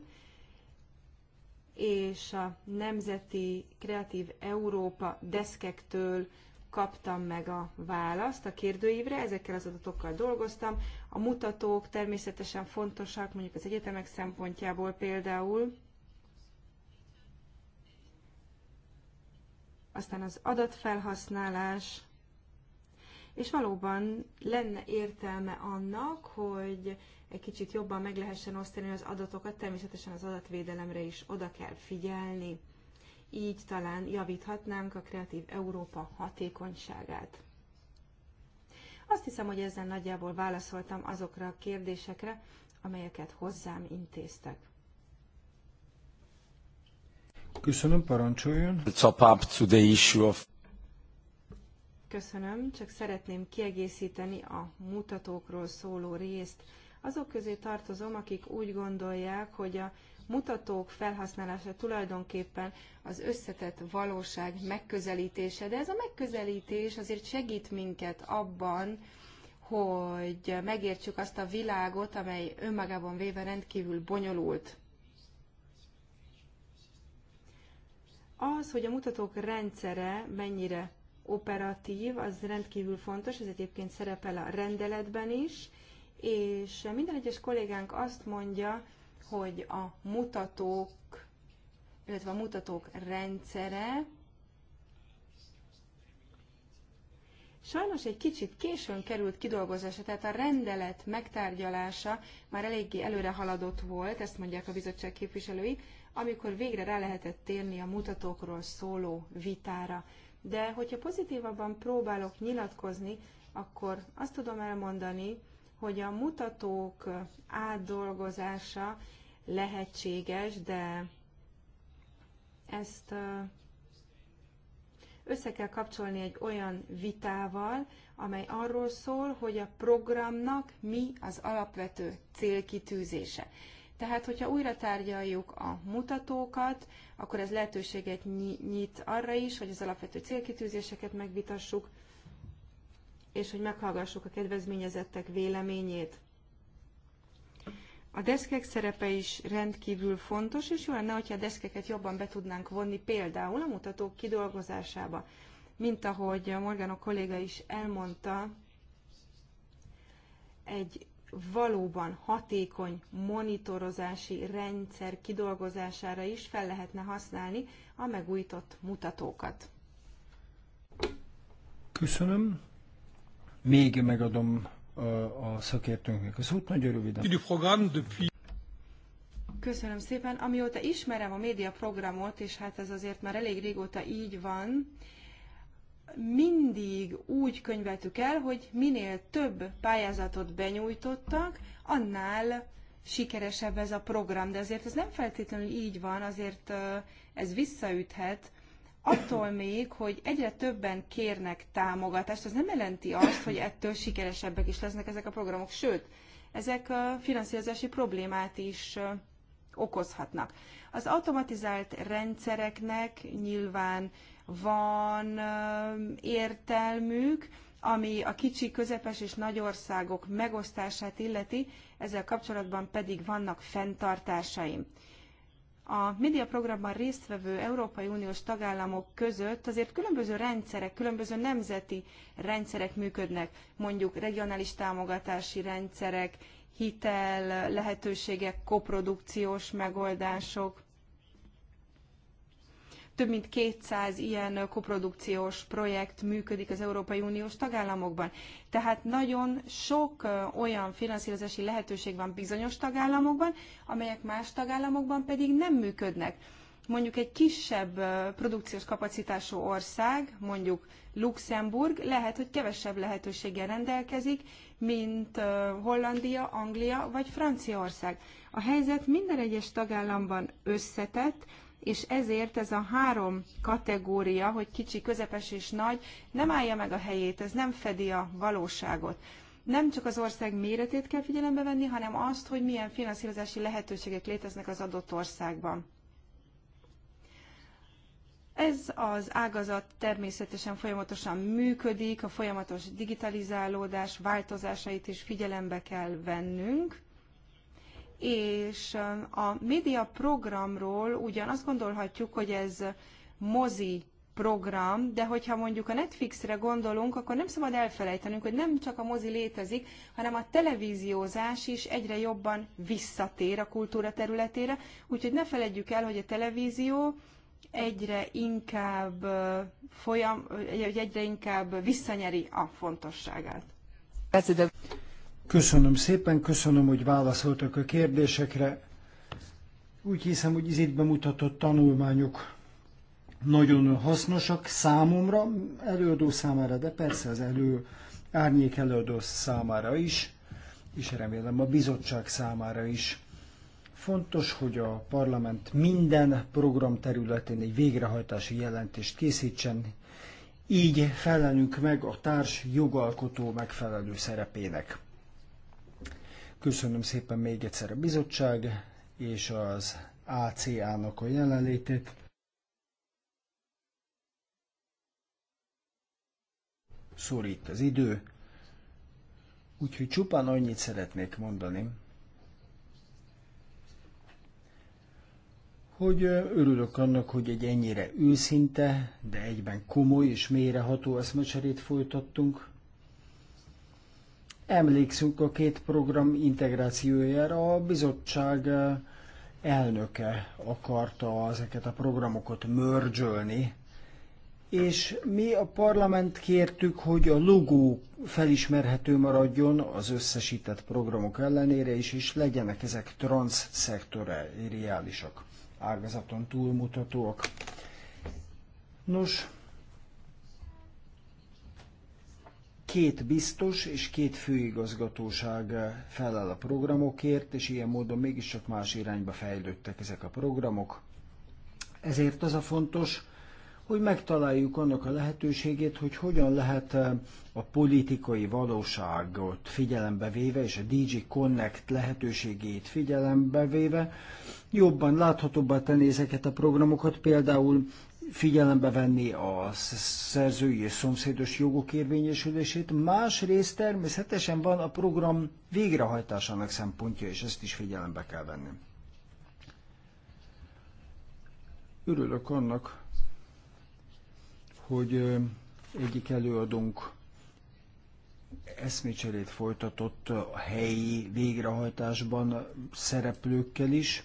és a Nemzeti Kreatív Európa deszkektől kaptam meg a választ a kérdőívre, ezekkel az adatokkal dolgoztam. A mutatók természetesen fontosak, mondjuk az egyetemek szempontjából például. Aztán az adatfelhasználás, és valóban lenne értelme annak, hogy egy kicsit jobban meg lehessen osztani az adatokat, természetesen az adatvédelemre is oda kell figyelni így talán javíthatnánk a Kreatív Európa hatékonyságát. Azt hiszem, hogy ezzel nagyjából válaszoltam azokra a kérdésekre, amelyeket hozzám intéztek. Köszönöm, parancsoljon. Köszönöm, csak szeretném kiegészíteni a mutatókról szóló részt. Azok közé tartozom, akik úgy gondolják, hogy a mutatók felhasználása tulajdonképpen az összetett valóság megközelítése, de ez a megközelítés azért segít minket abban, hogy megértsük azt a világot, amely önmagában véve rendkívül bonyolult. Az, hogy a mutatók rendszere mennyire operatív, az rendkívül fontos, ez egyébként szerepel a rendeletben is, és minden egyes kollégánk azt mondja, hogy a mutatók, illetve a mutatók rendszere sajnos egy kicsit későn került kidolgozása, tehát a rendelet megtárgyalása már eléggé előre haladott volt, ezt mondják a bizottság képviselői, amikor végre rá lehetett térni a mutatókról szóló vitára. De hogyha pozitívabban próbálok nyilatkozni, akkor azt tudom elmondani, hogy a mutatók átdolgozása lehetséges, de ezt össze kell kapcsolni egy olyan vitával, amely arról szól, hogy a programnak mi az alapvető célkitűzése. Tehát, hogyha újra tárgyaljuk a mutatókat, akkor ez lehetőséget nyit arra is, hogy az alapvető célkitűzéseket megvitassuk, és hogy meghallgassuk a kedvezményezettek véleményét. A deszkek szerepe is rendkívül fontos, és jó lenne, hogyha a deszkeket jobban be tudnánk vonni például a mutatók kidolgozásába. Mint ahogy a Morgano kolléga is elmondta, egy valóban hatékony monitorozási rendszer kidolgozására is fel lehetne használni a megújított mutatókat. Köszönöm. Még megadom a szakértőnknek a szót, nagyon röviden. Köszönöm szépen. Amióta ismerem a média programot, és hát ez azért már elég régóta így van, mindig úgy könyveltük el, hogy minél több pályázatot benyújtottak, annál sikeresebb ez a program. De azért ez nem feltétlenül így van, azért ez visszaüthet attól még, hogy egyre többen kérnek támogatást, az nem jelenti azt, hogy ettől sikeresebbek is lesznek ezek a programok, sőt, ezek finanszírozási problémát is okozhatnak. Az automatizált rendszereknek nyilván van értelmük, ami a kicsi, közepes és nagy országok megosztását illeti, ezzel kapcsolatban pedig vannak fenntartásaim a médiaprogramban résztvevő Európai Uniós tagállamok között azért különböző rendszerek, különböző nemzeti rendszerek működnek, mondjuk regionális támogatási rendszerek, hitel lehetőségek, koprodukciós megoldások több mint 200 ilyen koprodukciós projekt működik az Európai Uniós tagállamokban. Tehát nagyon sok olyan finanszírozási lehetőség van bizonyos tagállamokban, amelyek más tagállamokban pedig nem működnek. Mondjuk egy kisebb produkciós kapacitású ország, mondjuk Luxemburg, lehet, hogy kevesebb lehetőséggel rendelkezik, mint Hollandia, Anglia vagy Franciaország. A helyzet minden egyes tagállamban összetett, és ezért ez a három kategória, hogy kicsi, közepes és nagy, nem állja meg a helyét, ez nem fedi a valóságot. Nem csak az ország méretét kell figyelembe venni, hanem azt, hogy milyen finanszírozási lehetőségek léteznek az adott országban. Ez az ágazat természetesen folyamatosan működik, a folyamatos digitalizálódás változásait is figyelembe kell vennünk és um, a média programról ugyan azt gondolhatjuk, hogy ez mozi program, de hogyha mondjuk a Netflixre gondolunk, akkor nem szabad elfelejtenünk, hogy nem csak a mozi létezik, hanem a televíziózás is egyre jobban visszatér a kultúra területére, úgyhogy ne felejtjük el, hogy a televízió egyre inkább uh, folyam, egyre inkább visszanyeri a fontosságát. Köszönöm. Köszönöm szépen, köszönöm, hogy válaszoltak a kérdésekre. Úgy hiszem, hogy itt bemutatott tanulmányok nagyon hasznosak számomra, előadó számára, de persze az elő, árnyék előadó számára is, és remélem a bizottság számára is. Fontos, hogy a parlament minden program területén egy végrehajtási jelentést készítsen, így felelünk meg a társ jogalkotó megfelelő szerepének. Köszönöm szépen még egyszer a bizottság és az ACA-nak a jelenlétét. Szorít az idő, úgyhogy csupán annyit szeretnék mondani, hogy örülök annak, hogy egy ennyire őszinte, de egyben komoly és mélyreható eszmecserét folytattunk. Emlékszünk a két program integrációjára, a bizottság eh, elnöke akarta ezeket a programokat mörzsölni, és mi a parlament kértük, hogy a logó felismerhető maradjon az összesített programok ellenére is, és legyenek ezek transzszektoriálisak, ágazaton túlmutatóak. Nos, két biztos és két főigazgatóság eh, felel a programokért, és ilyen módon mégiscsak más irányba fejlődtek ezek a programok. Ezért az a fontos, hogy megtaláljuk annak a lehetőségét, hogy hogyan lehet eh, a politikai valóságot figyelembe véve, és a DG Connect lehetőségét figyelembe véve, jobban láthatóbbá tenni ezeket a programokat, például figyelembe venni a szerzői és szomszédos jogok érvényesülését, másrészt természetesen van a program végrehajtásának szempontja, és ezt is figyelembe kell venni. Örülök annak, hogy egyik előadónk eszmécserét folytatott a helyi végrehajtásban szereplőkkel is,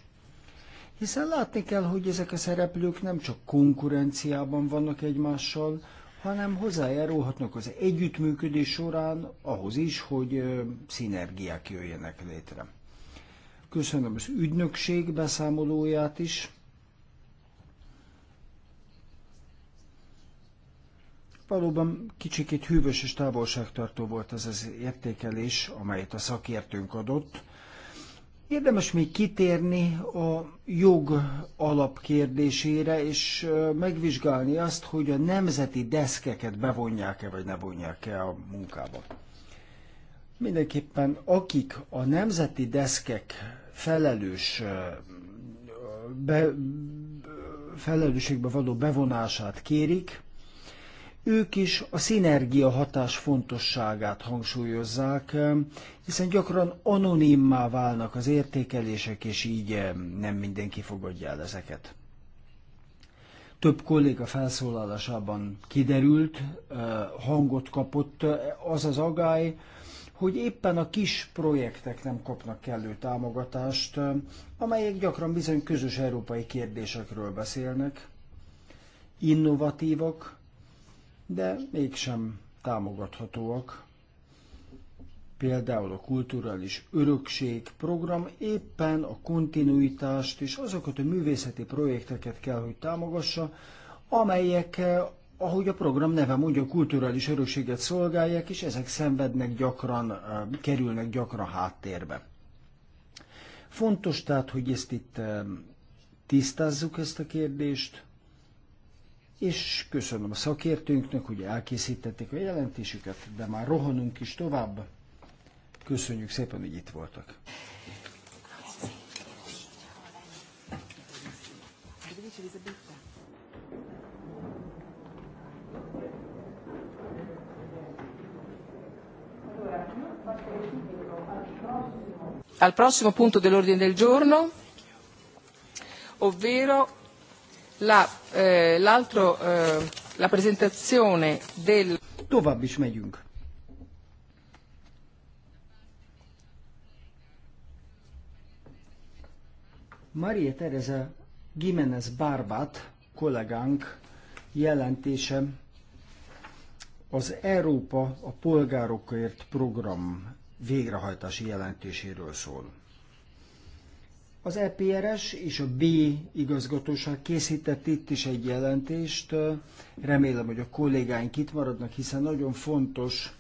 hiszen látni kell, hogy ezek a szereplők nem csak konkurenciában vannak egymással, hanem hozzájárulhatnak az együttműködés során ahhoz is, hogy szinergiák jöjjenek létre. Köszönöm az ügynökség beszámolóját is. Valóban kicsikét hűvös és távolságtartó volt ez az értékelés, amelyet a szakértőnk adott, Érdemes még kitérni a jog alapkérdésére, és megvizsgálni azt, hogy a nemzeti deszkeket bevonják-e, vagy ne vonják-e a munkába. Mindenképpen akik a nemzeti deszkek felelős be, felelősségbe való bevonását kérik, ők is a szinergia hatás fontosságát hangsúlyozzák, hiszen gyakran anonimmá válnak az értékelések, és így eh, nem mindenki fogadja el ezeket. Több kolléga felszólalásában kiderült, eh, hangot kapott eh, az az agály, hogy éppen a kis projektek nem kapnak kellő támogatást, amelyek gyakran bizony közös európai kérdésekről beszélnek, innovatívak, de mégsem támogathatóak. Például a kulturális örökség program éppen a kontinuitást és azokat a művészeti projekteket kell, hogy támogassa, amelyek, eh, ahogy a program neve mondja, kulturális örökséget szolgálják, és ezek szenvednek gyakran, eh, kerülnek gyakran háttérbe. Fontos tehát, hogy ezt itt eh, tisztázzuk ezt a kérdést, és köszönöm a szakértőnknek, hogy elkészítették a jelentésüket, de már rohanunk is tovább. Köszönjük szépen, hogy itt voltak. Al prossimo punto dell'ordine del giorno, ovvero la, eh, l'altro, eh, la presentazione del... Tovább is megyünk. Maria Teresa Gimenez Barbat, kollégánk jelentése az Európa a polgárokért program végrehajtási jelentéséről szól. Az EPRS és a B igazgatóság készített itt is egy jelentést. Remélem, hogy a kollégáink itt maradnak, hiszen nagyon fontos,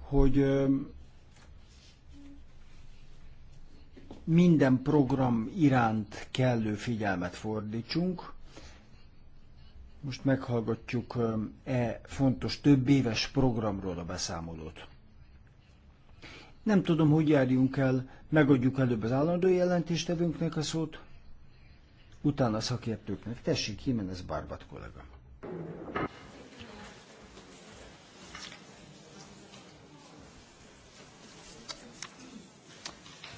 hogy minden program iránt kellő figyelmet fordítsunk. Most meghallgatjuk e fontos több éves programról a beszámolót. Nem tudom, hogy járjunk el. Megadjuk előbb az állandó jelentéstevőnknek a szót, utána a szakértőknek. Tessék, Jimenez Barbat kollega.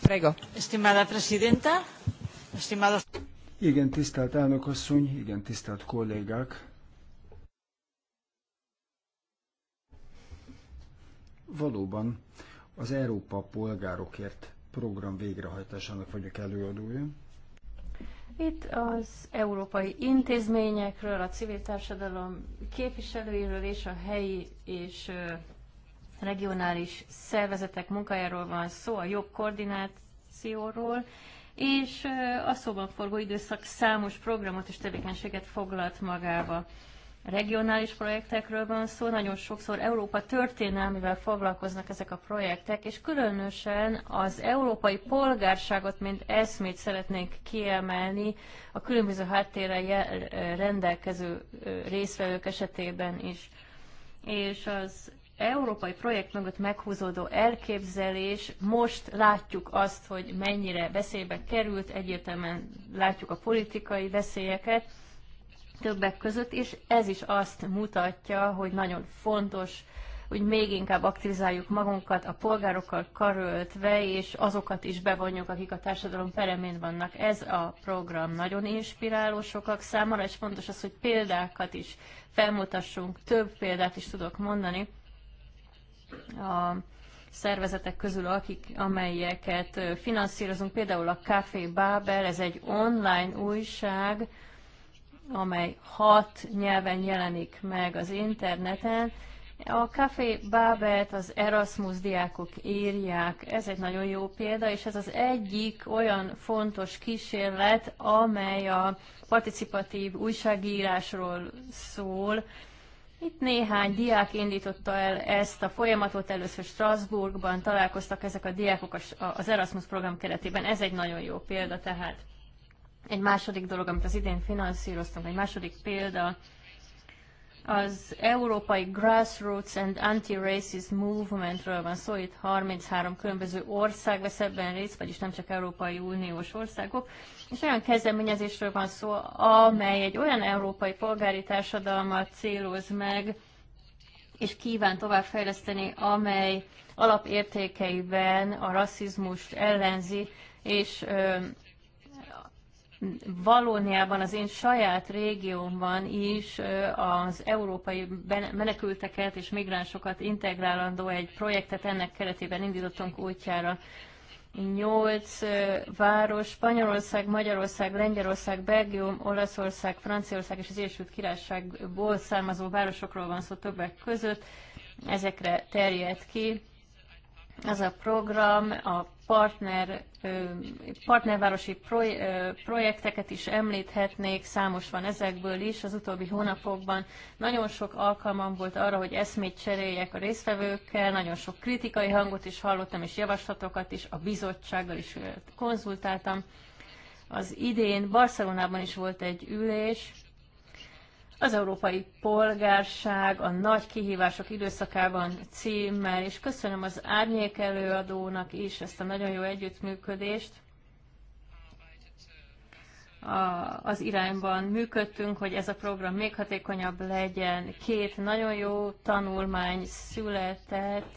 Prego. Estimada presidenta, estimados... Igen, tisztelt elnökasszony, igen, tisztelt kollégák. Valóban az Európa Polgárokért program végrehajtásának vagyok előadója. Itt az európai intézményekről, a civil társadalom képviselőiről és a helyi és regionális szervezetek munkájáról van szó, a jobb koordinációról, és a szóban forgó időszak számos programot és tevékenységet foglalt magába regionális projektekről van szó, nagyon sokszor Európa történelmével foglalkoznak ezek a projektek, és különösen az európai polgárságot, mint eszmét szeretnénk kiemelni a különböző háttérrel rendelkező részvevők esetében is. És az európai projekt mögött meghúzódó elképzelés, most látjuk azt, hogy mennyire veszélybe került, egyértelműen látjuk a politikai veszélyeket, többek között, és ez is azt mutatja, hogy nagyon fontos, hogy még inkább aktivizáljuk magunkat a polgárokkal karöltve, és azokat is bevonjuk, akik a társadalom peremén vannak. Ez a program nagyon inspiráló sokak számára, és fontos az, hogy példákat is felmutassunk, több példát is tudok mondani. A szervezetek közül, akik, amelyeket finanszírozunk, például a Café Babel, ez egy online újság, amely hat nyelven jelenik meg az interneten. A Café Babet az Erasmus diákok írják, ez egy nagyon jó példa, és ez az egyik olyan fontos kísérlet, amely a participatív újságírásról szól. Itt néhány diák indította el ezt a folyamatot, először Strasbourgban találkoztak ezek a diákok az Erasmus program keretében. Ez egy nagyon jó példa tehát. Egy második dolog, amit az idén finanszíroztunk, egy második példa, az Európai Grassroots and Anti-Racist Movementről van szó, itt 33 különböző ország vesz ebben részt, vagyis nem csak Európai Uniós országok, és olyan kezdeményezésről van szó, amely egy olyan európai polgári társadalmat céloz meg, és kíván továbbfejleszteni, amely alapértékeiben a rasszizmust ellenzi, és Valóniában, az én saját régiómban is az európai menekülteket és migránsokat integrálandó egy projektet ennek keretében indítottunk útjára. Nyolc város, Spanyolország, Magyarország, Lengyelország, Belgium, Olaszország, Franciaország és az Egyesült Királyságból származó városokról van szó többek között, ezekre terjed ki ez a program a partner, partnervárosi projekteket is említhetnék, számos van ezekből is. Az utóbbi hónapokban nagyon sok alkalmam volt arra, hogy eszmét cseréljek a résztvevőkkel, nagyon sok kritikai hangot is hallottam, és javaslatokat is, a bizottsággal is konzultáltam. Az idén Barcelonában is volt egy ülés, az Európai Polgárság a nagy kihívások időszakában címmel, és köszönöm az árnyék előadónak is ezt a nagyon jó együttműködést. A, az irányban működtünk, hogy ez a program még hatékonyabb legyen. Két nagyon jó tanulmány született,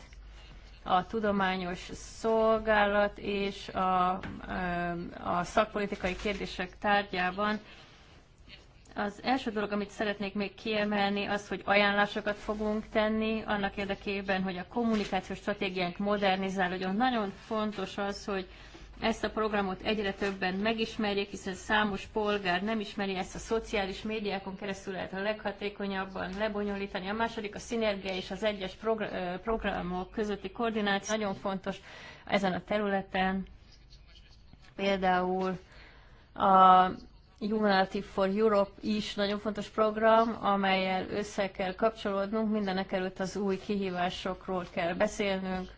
a tudományos szolgálat és a, a szakpolitikai kérdések tárgyában az első dolog, amit szeretnék még kiemelni, az, hogy ajánlásokat fogunk tenni annak érdekében, hogy a kommunikációs stratégiánk modernizálódjon. Nagyon fontos az, hogy ezt a programot egyre többen megismerjék, hiszen számos polgár nem ismeri ezt a szociális médiákon keresztül lehet a leghatékonyabban lebonyolítani. A második a szinergia és az egyes programok közötti koordináció nagyon fontos ezen a területen. Például a Humanity for Europe is nagyon fontos program, amelyel össze kell kapcsolódnunk, mindenek előtt az új kihívásokról kell beszélnünk,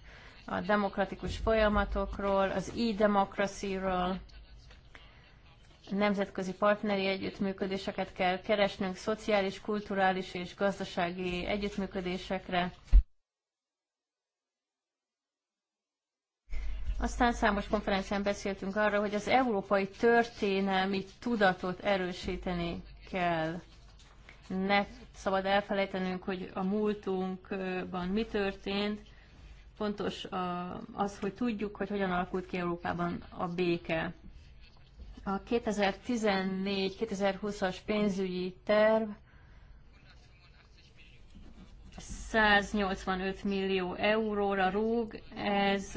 a demokratikus folyamatokról, az e-democracy-ról, nemzetközi partneri együttműködéseket kell keresnünk, szociális, kulturális és gazdasági együttműködésekre. Aztán számos konferencián beszéltünk arra, hogy az európai történelmi tudatot erősíteni kell. Ne szabad elfelejtenünk, hogy a múltunkban mi történt. Fontos az, hogy tudjuk, hogy hogyan alakult ki Európában a béke. A 2014-2020-as pénzügyi terv 185 millió euróra rúg, ez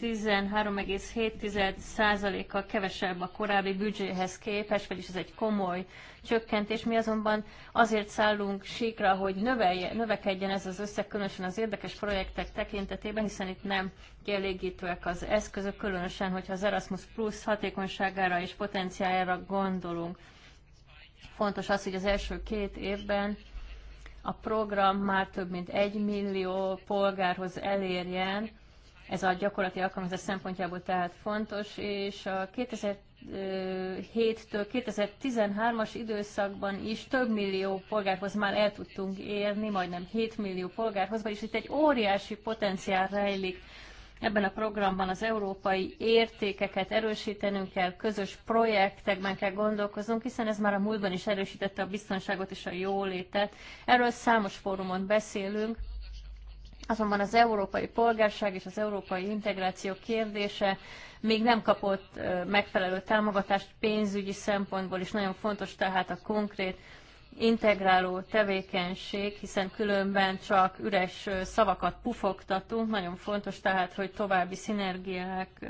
13,7%-kal kevesebb a korábbi büdzséhez képest, vagyis ez egy komoly csökkentés. Mi azonban azért szállunk síkra, hogy növelje, növekedjen ez az összeg, különösen az érdekes projektek tekintetében, hiszen itt nem kielégítőek az eszközök, különösen, hogyha az Erasmus Plus hatékonyságára és potenciájára gondolunk. Fontos az, hogy az első két évben a program már több mint egy millió polgárhoz elérjen, ez a gyakorlati alkalmazás szempontjából tehát fontos, és a 2007-től 2013-as időszakban is több millió polgárhoz már el tudtunk érni, majdnem 7 millió polgárhoz, vagyis itt egy óriási potenciál rejlik Ebben a programban az európai értékeket erősítenünk kell, közös projektekben kell gondolkoznunk, hiszen ez már a múltban is erősítette a biztonságot és a jólétet. Erről számos fórumon beszélünk, Azonban az európai polgárság és az európai integráció kérdése még nem kapott megfelelő támogatást pénzügyi szempontból is. Nagyon fontos tehát a konkrét integráló tevékenység, hiszen különben csak üres szavakat pufogtatunk. Nagyon fontos tehát, hogy további szinergiák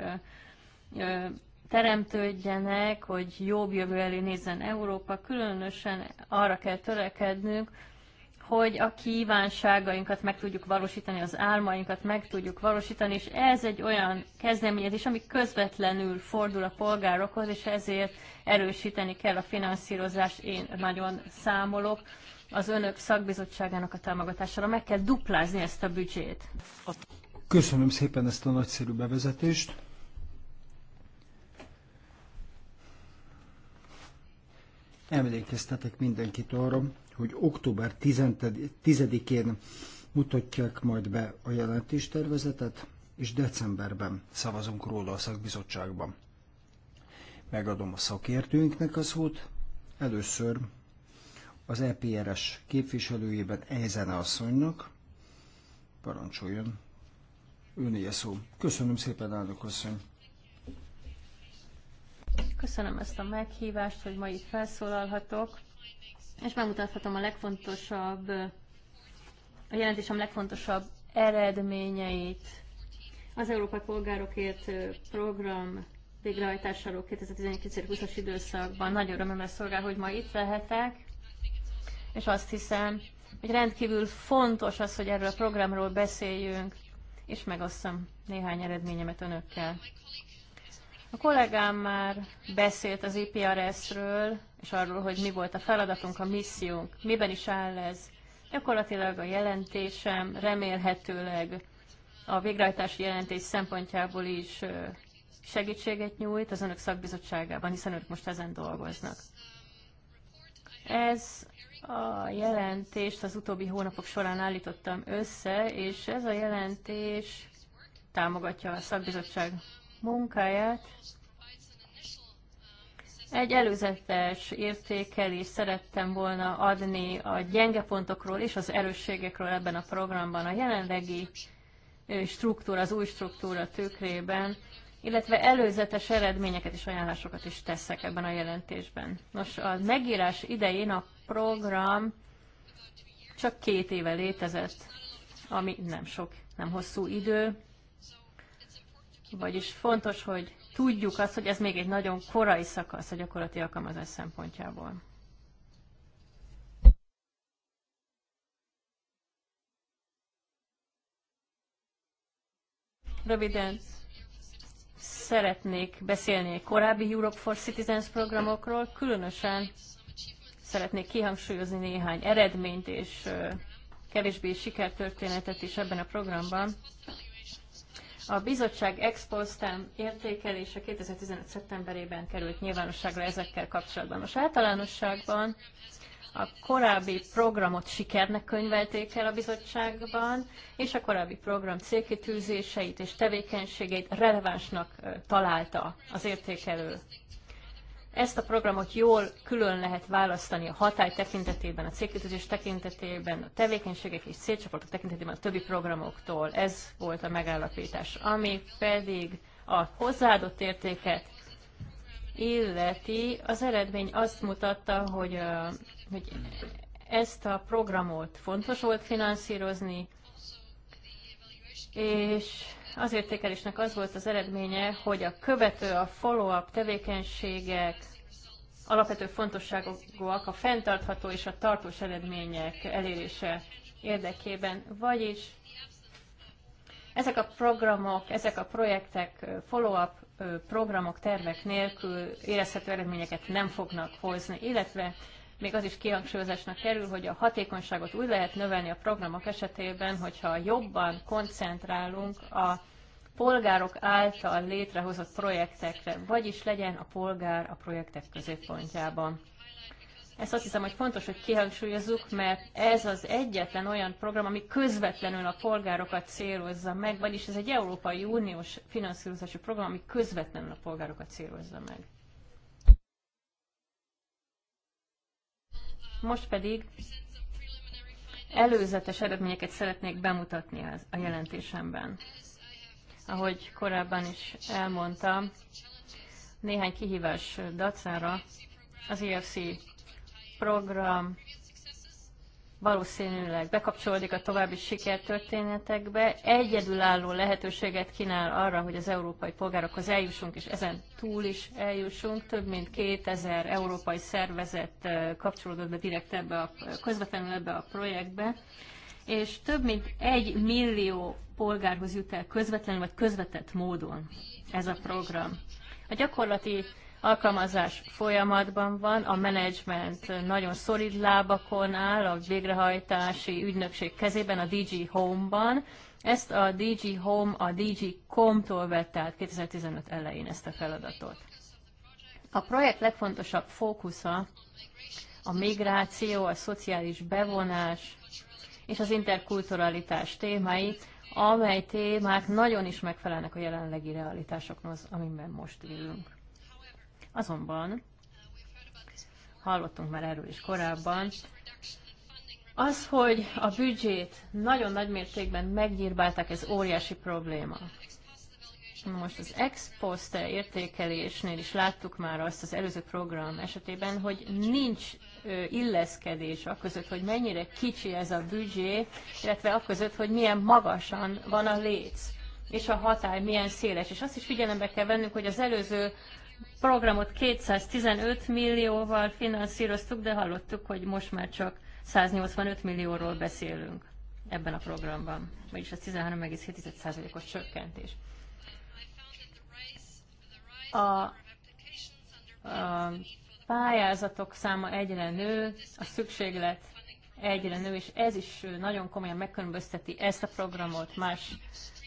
teremtődjenek, hogy jobb jövő elé nézzen Európa. Különösen arra kell törekednünk, hogy a kívánságainkat meg tudjuk valósítani, az álmainkat meg tudjuk valósítani, és ez egy olyan kezdeményezés, ami közvetlenül fordul a polgárokhoz, és ezért erősíteni kell a finanszírozást. Én nagyon számolok az önök szakbizottságának a támogatására. Meg kell duplázni ezt a büdzsét. Köszönöm szépen ezt a nagyszerű bevezetést. Emlékeztetek mindenkit arra, hogy október 10-én mutatják majd be a jelentéstervezetet, és decemberben szavazunk róla a szakbizottságban. Megadom a szakértőinknek a szót. Először az EPRS képviselőjében Ejzene asszonynak. Parancsoljon. a szó. Köszönöm szépen, elnök asszony. Köszönöm ezt a meghívást, hogy ma itt felszólalhatok és bemutathatom a legfontosabb, a jelentésem legfontosabb eredményeit az Európai Polgárokért program végrehajtásáról 2019-20-as időszakban. Nagy örömömre szolgál, hogy ma itt lehetek, és azt hiszem, hogy rendkívül fontos az, hogy erről a programról beszéljünk, és megosztom néhány eredményemet önökkel. A kollégám már beszélt az IPRS-ről, és arról, hogy mi volt a feladatunk, a missziunk, miben is áll ez. Gyakorlatilag a jelentésem remélhetőleg a végrehajtási jelentés szempontjából is segítséget nyújt az önök szakbizottságában, hiszen ők most ezen dolgoznak. Ez a jelentést az utóbbi hónapok során állítottam össze, és ez a jelentés támogatja a szakbizottság munkáját. Egy előzetes értékelést szerettem volna adni a gyenge pontokról és az erősségekről ebben a programban. A jelenlegi struktúra, az új struktúra tükrében, illetve előzetes eredményeket és ajánlásokat is teszek ebben a jelentésben. Nos, a megírás idején a program csak két éve létezett, ami nem sok, nem hosszú idő, vagyis fontos, hogy tudjuk azt, hogy ez még egy nagyon korai szakasz a gyakorlati alkalmazás szempontjából. Röviden szeretnék beszélni egy korábbi Europe for Citizens programokról, különösen szeretnék kihangsúlyozni néhány eredményt és kevésbé sikertörténetet is ebben a programban. A bizottság ex postem értékelése 2015. szeptemberében került nyilvánosságra ezekkel kapcsolatban. Most általánosságban a korábbi programot sikernek könyvelték el a bizottságban, és a korábbi program célkitűzéseit és tevékenységeit relevánsnak találta az értékelő ezt a programot jól külön lehet választani a hatály tekintetében, a célkitűzés tekintetében, a tevékenységek és célcsoportok tekintetében a többi programoktól. Ez volt a megállapítás. Ami pedig a hozzáadott értéket illeti, az eredmény azt mutatta, hogy, hogy ezt a programot fontos volt finanszírozni, és az értékelésnek az volt az eredménye, hogy a követő, a follow-up tevékenységek alapvető fontosságúak a fenntartható és a tartós eredmények elérése érdekében. Vagyis ezek a programok, ezek a projektek, follow-up programok, tervek nélkül érezhető eredményeket nem fognak hozni, illetve még az is kihangsúlyozásnak kerül, hogy a hatékonyságot úgy lehet növelni a programok esetében, hogyha jobban koncentrálunk a polgárok által létrehozott projektekre, vagyis legyen a polgár a projektek középpontjában. Ezt azt hiszem, hogy fontos, hogy kihangsúlyozzuk, mert ez az egyetlen olyan program, ami közvetlenül a polgárokat célozza meg, vagyis ez egy Európai Uniós finanszírozású program, ami közvetlenül a polgárokat célozza meg. Most pedig előzetes eredményeket szeretnék bemutatni az, a jelentésemben. Ahogy korábban is elmondtam, néhány kihívás dacára az IFC e program valószínűleg bekapcsolódik a további sikertörténetekbe, egyedülálló lehetőséget kínál arra, hogy az európai polgárokhoz eljussunk, és ezen túl is eljussunk. Több mint 2000 európai szervezet eh, kapcsolódott be direkt ebbe a, közvetlenül ebbe a projektbe, és több mint egy millió polgárhoz jut el közvetlenül vagy közvetett módon ez a program. A gyakorlati alkalmazás folyamatban van, a menedzsment nagyon szolid lábakon áll, a végrehajtási ügynökség kezében, a DG Home-ban. Ezt a DG Home a DG Com-tól vett át 2015 elején ezt a feladatot. A projekt legfontosabb fókusza a migráció, a szociális bevonás és az interkulturalitás témái, amely témák nagyon is megfelelnek a jelenlegi realitásoknak, amiben most élünk. Azonban hallottunk már erről is korábban, az, hogy a büdzsét nagyon nagy mértékben megnyírbálták, ez óriási probléma. Most az ex post értékelésnél is láttuk már azt az előző program esetében, hogy nincs illeszkedés a között, hogy mennyire kicsi ez a büdzsé, illetve a között, hogy milyen magasan van a léc, és a hatály milyen széles. És azt is figyelembe kell vennünk, hogy az előző programot 215 millióval finanszíroztuk, de hallottuk, hogy most már csak 185 millióról beszélünk ebben a programban, vagyis ez 13,7%-os csökkentés. A, a pályázatok száma egyre nő, a szükséglet egyre nő, és ez is nagyon komolyan megkülönbözteti ezt a programot más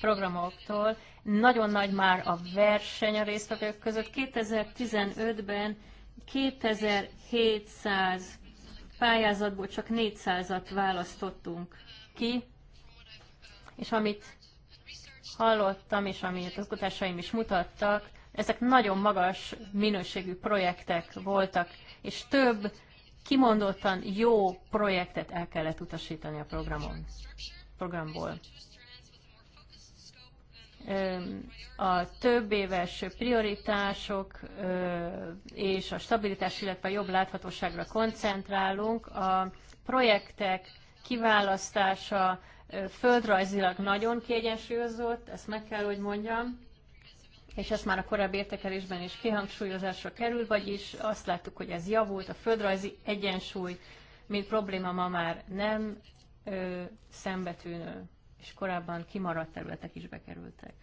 programoktól, nagyon nagy már a verseny a résztvevők között. 2015-ben 2700 pályázatból csak 400-at választottunk ki, és amit hallottam, és amit a kutatásaim is mutattak, ezek nagyon magas minőségű projektek voltak, és több kimondottan jó projektet el kellett utasítani a programon, programból a több éves prioritások és a stabilitás, illetve a jobb láthatóságra koncentrálunk. A projektek kiválasztása földrajzilag nagyon kiegyensúlyozott, ezt meg kell, hogy mondjam, és ezt már a korábbi értekelésben is kihangsúlyozásra kerül, vagyis azt láttuk, hogy ez javult, a földrajzi egyensúly, mint probléma ma már nem ö, szembetűnő és korábban kimaradt területek is bekerültek.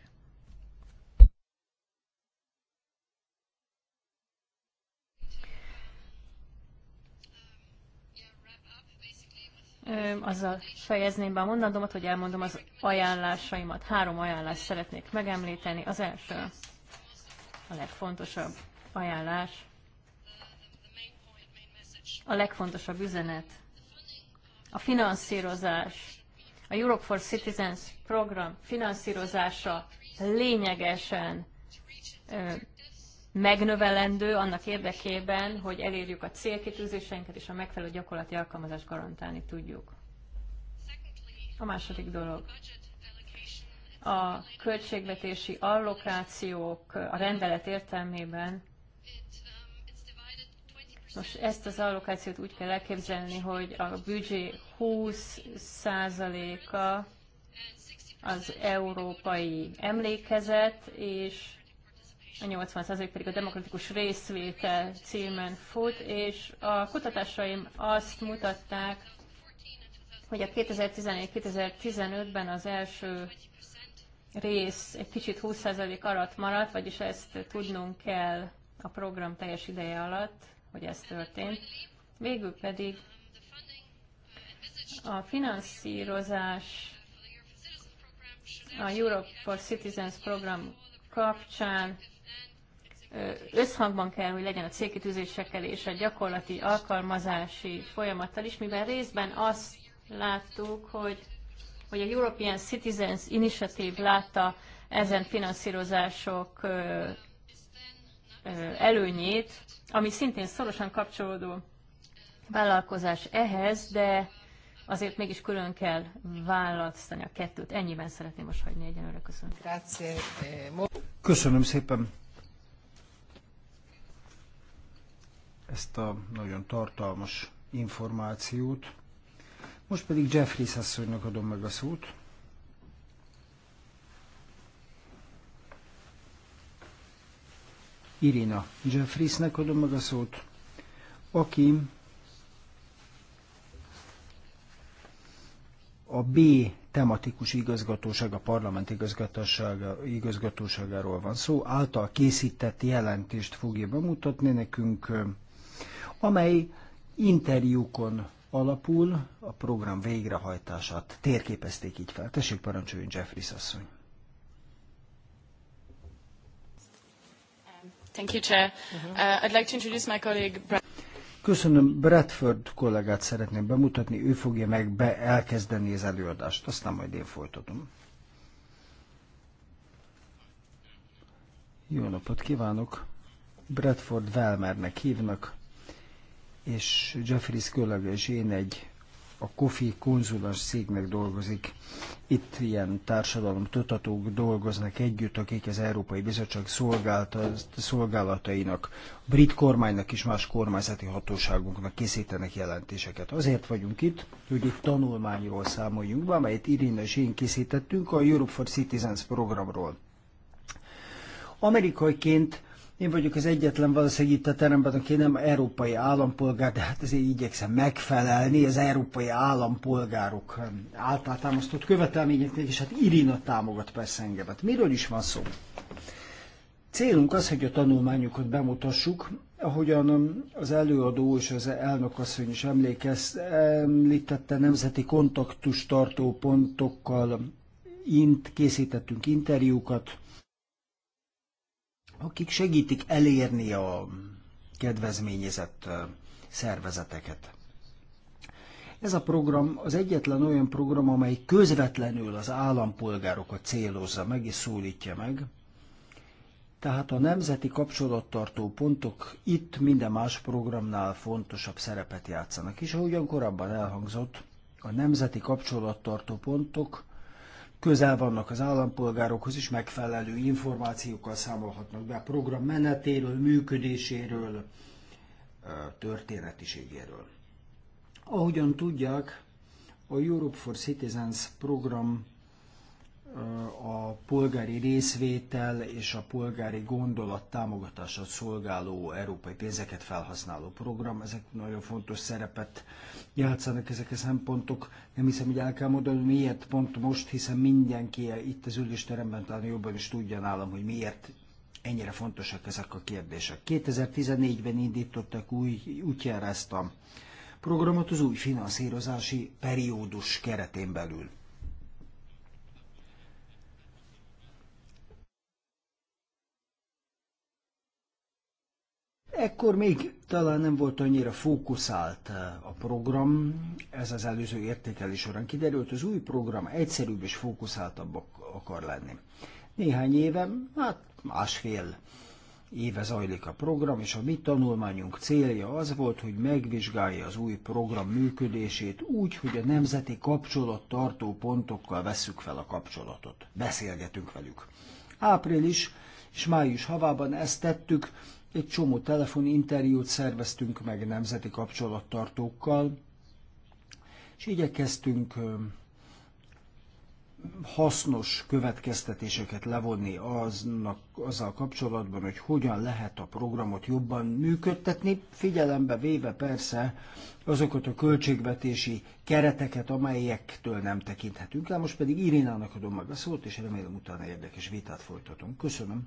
Azzal fejezném be a mondandómat, hogy elmondom az ajánlásaimat. Három ajánlást szeretnék megemlíteni. Az első, a legfontosabb ajánlás, a legfontosabb üzenet, a finanszírozás a Europe for Citizens program finanszírozása lényegesen megnövelendő annak érdekében, hogy elérjük a célkitűzéseinket és a megfelelő gyakorlati alkalmazást garantálni tudjuk. A második dolog. A költségvetési allokációk a rendelet értelmében Nos, ezt az allokációt úgy kell elképzelni, hogy a büdzsé 20%-a az európai emlékezet, és a 80% pedig a demokratikus részvétel címen fut, és a kutatásaim azt mutatták, hogy a 2014-2015-ben az első rész egy kicsit 20% alatt maradt, vagyis ezt tudnunk kell a program teljes ideje alatt, hogy ez történt. Végül pedig a finanszírozás a Europe for Citizens program kapcsán összhangban kell, hogy legyen a célkitűzésekkel és a gyakorlati alkalmazási folyamattal is, mivel részben azt láttuk, hogy, hogy a European Citizens Initiative látta ezen finanszírozások előnyét, ami szintén szorosan kapcsolódó vállalkozás ehhez, de azért mégis külön kell választani a kettőt. Ennyiben szeretném most hagyni egyenlőre. Köszönöm. Eh, Köszönöm szépen ezt a nagyon tartalmas információt. Most pedig Jeffrey asszonynak adom meg a szót. Irina Jeffriesnek adom meg a szót, aki a B tematikus igazgatóság, a parlament igazgatóságáról van szó, által készített jelentést fogja bemutatni nekünk, amely interjúkon alapul a program végrehajtását. Térképezték így fel. Tessék, parancsoljon Jeffries asszony. Thank you, Chair. Uh-huh. Uh, I'd like to introduce my colleague Brad Köszönöm, Bradford kollégát szeretném bemutatni, ő fogja meg be elkezdeni az előadást, aztán majd én folytatom. Jó napot kívánok! Bradford Velmernek hívnak, és Jeffries kollega és én egy a Kofi konzulás szégnek dolgozik. Itt ilyen társadalom tutatók dolgoznak együtt, akik az Európai Bizottság szolgálatainak, a brit kormánynak és más kormányzati hatóságunknak készítenek jelentéseket. Azért vagyunk itt, hogy egy tanulmányról számoljunk be, amelyet Irina és én készítettünk a Europe for Citizens programról. Amerikaiként én vagyok az egyetlen valószínűleg itt a teremben, aki nem európai állampolgár, de hát ezért igyekszem megfelelni az európai állampolgárok eh, által támasztott követelményeknek, és hát Irina támogat persze Hát Miről is van szó? Célunk az, hogy a tanulmányukat bemutassuk, ahogyan eh, az előadó és az elnök asszony is emlékez, említette nemzeti kontaktus tartó pontokkal int, készítettünk interjúkat, akik segítik elérni a kedvezményezett szervezeteket. Ez a program az egyetlen olyan program, amely közvetlenül az állampolgárokat célozza meg és szólítja meg. Tehát a nemzeti kapcsolattartó pontok itt minden más programnál fontosabb szerepet játszanak. És ahogyan korábban elhangzott, a nemzeti kapcsolattartó pontok közel vannak az állampolgárokhoz, és megfelelő információkkal számolhatnak be a program menetéről, működéséről, történetiségéről. Ahogyan tudják, a Europe for Citizens program a polgári részvétel és a polgári gondolat támogatása szolgáló európai pénzeket felhasználó program. Ezek nagyon fontos szerepet játszanak ezek a szempontok. Nem hiszem, hogy el kell mondani, miért pont most, hiszen mindenki itt az ülésteremben talán jobban is tudja nálam, hogy miért ennyire fontosak ezek a kérdések. 2014-ben indítottak új útjára ezt a programot az új finanszírozási periódus keretén belül. Ekkor még talán nem volt annyira fókuszált eh, a program, ez az előző értékelés során kiderült, az új program egyszerűbb és fókuszáltabb akar lenni. Néhány éve, hát másfél éve zajlik a program, és a mi tanulmányunk célja az volt, hogy megvizsgálja az új program működését úgy, hogy a nemzeti kapcsolattartó pontokkal vesszük fel a kapcsolatot. Beszélgetünk velük. Április és május havában ezt tettük, egy csomó telefoninterjút szerveztünk meg nemzeti kapcsolattartókkal, és igyekeztünk hasznos következtetéseket levonni aznak, azzal kapcsolatban, hogy hogyan lehet a programot jobban működtetni, figyelembe véve persze azokat a költségvetési kereteket, amelyektől nem tekinthetünk el. Most pedig Irénának adom meg a szót, és remélem utána érdekes vitát folytatunk. Köszönöm.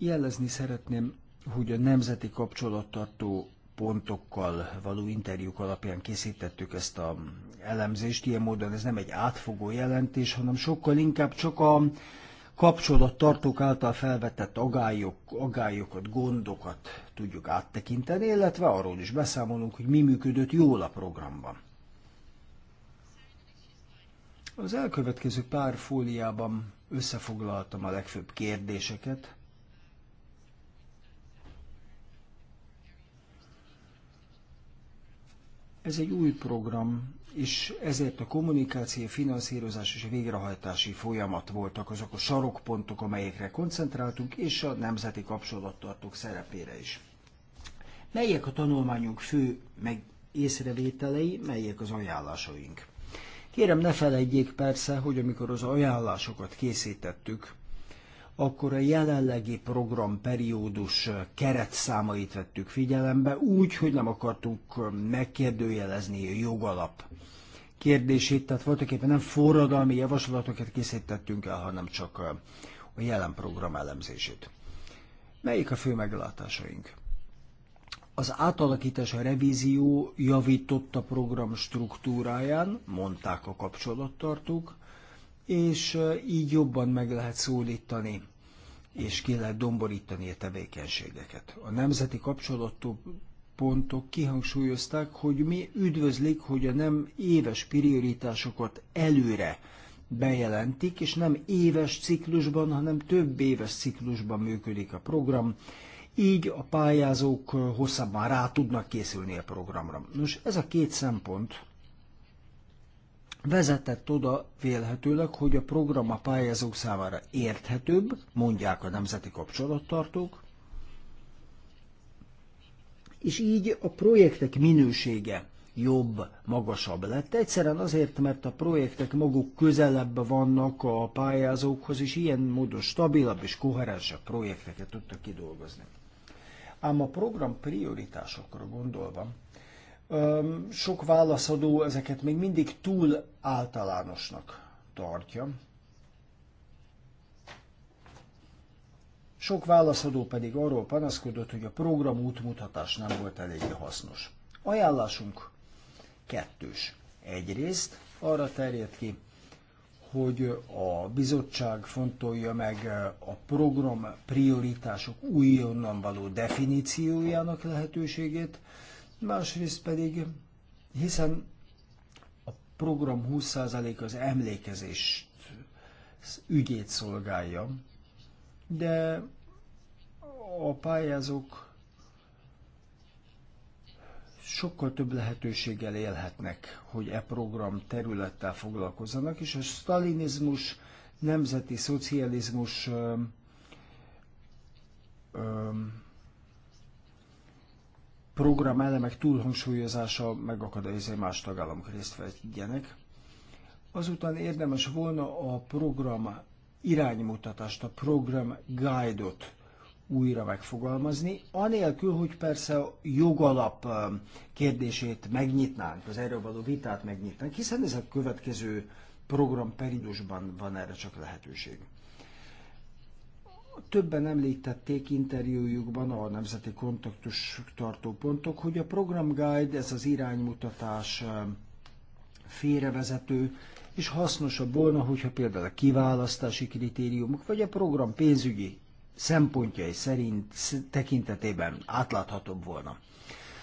Jelezni szeretném, hogy a nemzeti kapcsolattartó pontokkal való interjúk alapján készítettük ezt a elemzést. Ilyen módon ez nem egy átfogó jelentés, hanem sokkal inkább csak a kapcsolattartók által felvetett agályok, agályokat, gondokat tudjuk áttekinteni, illetve arról is beszámolunk, hogy mi működött jól a programban. Az elkövetkező pár fóliában összefoglaltam a legfőbb kérdéseket, Ez egy új program, és ezért a kommunikáció, finanszírozás és a végrehajtási folyamat voltak azok a sarokpontok, amelyekre koncentráltunk, és a nemzeti kapcsolattartók szerepére is. Melyek a tanulmányunk fő meg észrevételei, melyek az ajánlásaink? Kérem, ne felejtjék persze, hogy amikor az ajánlásokat készítettük, akkor a jelenlegi programperiódus keretszámait vettük figyelembe, úgy, hogy nem akartuk megkérdőjelezni a jogalap kérdését, tehát voltak éppen nem forradalmi javaslatokat készítettünk el, hanem csak a jelen program elemzését. Melyik a fő meglátásaink? Az átalakítás, a revízió javított a program struktúráján, mondták a kapcsolattartók, és így jobban meg lehet szólítani és ki lehet domborítani a tevékenységeket. A nemzeti kapcsolatú pontok kihangsúlyozták, hogy mi üdvözlik, hogy a nem éves prioritásokat előre bejelentik, és nem éves ciklusban, hanem több éves ciklusban működik a program, így a pályázók hosszabban rá tudnak készülni a programra. Nos, ez a két szempont, vezetett oda vélhetőleg, hogy a program a pályázók számára érthetőbb, mondják a nemzeti kapcsolattartók, és így a projektek minősége jobb, magasabb lett. Egyszerűen azért, mert a projektek maguk közelebb vannak a pályázókhoz, és ilyen módon stabilabb és koherensebb projekteket tudtak kidolgozni. Ám a program prioritásokra gondolva, sok válaszadó ezeket még mindig túl általánosnak tartja. Sok válaszadó pedig arról panaszkodott, hogy a program útmutatás nem volt eléggé hasznos. Ajánlásunk kettős. Egyrészt arra terjed ki, hogy a bizottság fontolja meg a program prioritások újonnan való definíciójának lehetőségét, másrészt pedig, hiszen a program 20% az emlékezést ügyét szolgálja, de a pályázók sokkal több lehetőséggel élhetnek, hogy e program területtel foglalkozzanak, és a stalinizmus, nemzeti szocializmus program elemek túlhangsúlyozása megakadályozza, más tagállamok részt vegyenek. Azután érdemes volna a program iránymutatást, a program guide-ot újra megfogalmazni, anélkül, hogy persze a jogalap kérdését megnyitnánk, az erről való vitát megnyitnánk, hiszen ez a következő program periódusban van erre csak lehetőség többen említették interjújukban a nemzeti kontaktus tartó pontok, hogy a programguide, ez az iránymutatás félrevezető, és hasznosabb volna, hogyha például a kiválasztási kritériumok, vagy a program pénzügyi szempontjai szerint tekintetében átláthatóbb volna.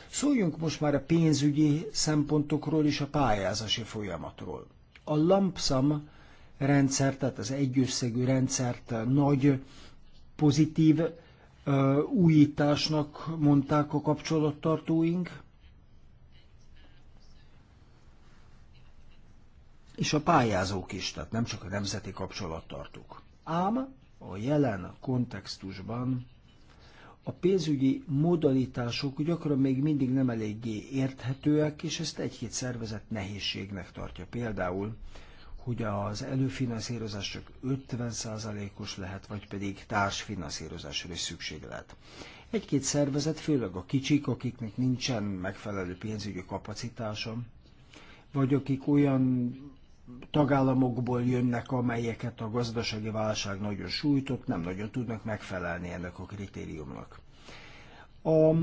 Szóljunk most már a pénzügyi szempontokról és a pályázási folyamatról. A lampszam rendszer, tehát az egyösszegű rendszert nagy pozitív újításnak mondták a kapcsolattartóink. És a pályázók is, tehát nem csak a nemzeti kapcsolattartók. Ám a jelen kontextusban a pénzügyi modalitások gyakran még mindig nem eléggé érthetőek, és ezt egy-két szervezet nehézségnek tartja. Például hogy az előfinanszírozás csak 50%-os lehet, vagy pedig társfinanszírozásra is szükség lehet. Egy-két szervezet, főleg a kicsik, akiknek nincsen megfelelő pénzügyi kapacitása, vagy akik olyan tagállamokból jönnek, amelyeket a gazdasági válság nagyon sújtott, nem nagyon tudnak megfelelni ennek a kritériumnak. A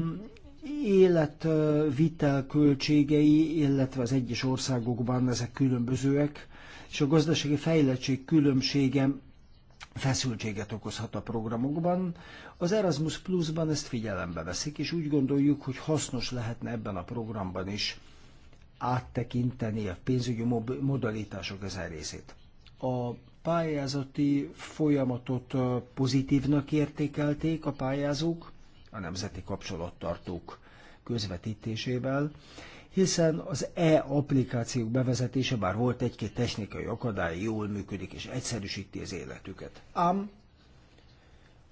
életvitel költségei, illetve az egyes országokban ezek különbözőek, és a gazdasági fejlettség különbsége feszültséget okozhat a programokban. Az Erasmus Plus-ban ezt figyelembe veszik, és úgy gondoljuk, hogy hasznos lehetne ebben a programban is áttekinteni a pénzügyi modalitások ezen részét. A pályázati folyamatot pozitívnak értékelték a pályázók, a nemzeti kapcsolattartók közvetítésével, hiszen az e-applikációk bevezetése, bár volt egy-két technikai akadály, jól működik és egyszerűsíti az életüket. Ám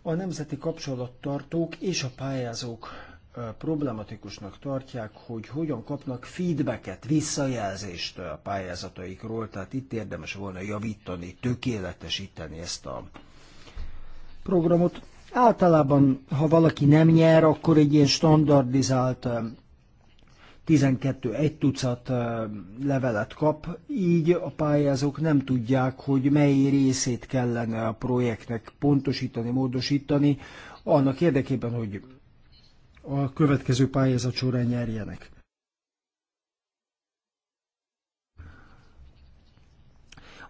a nemzeti kapcsolattartók és a pályázók problematikusnak tartják, hogy hogyan kapnak feedbacket, visszajelzést a pályázataikról, tehát itt érdemes volna javítani, tökéletesíteni ezt a programot. Általában, ha valaki nem nyer, akkor egy ilyen standardizált 12 egy tucat levelet kap, így a pályázók nem tudják, hogy mely részét kellene a projektnek pontosítani, módosítani, annak érdekében, hogy a következő pályázat során nyerjenek.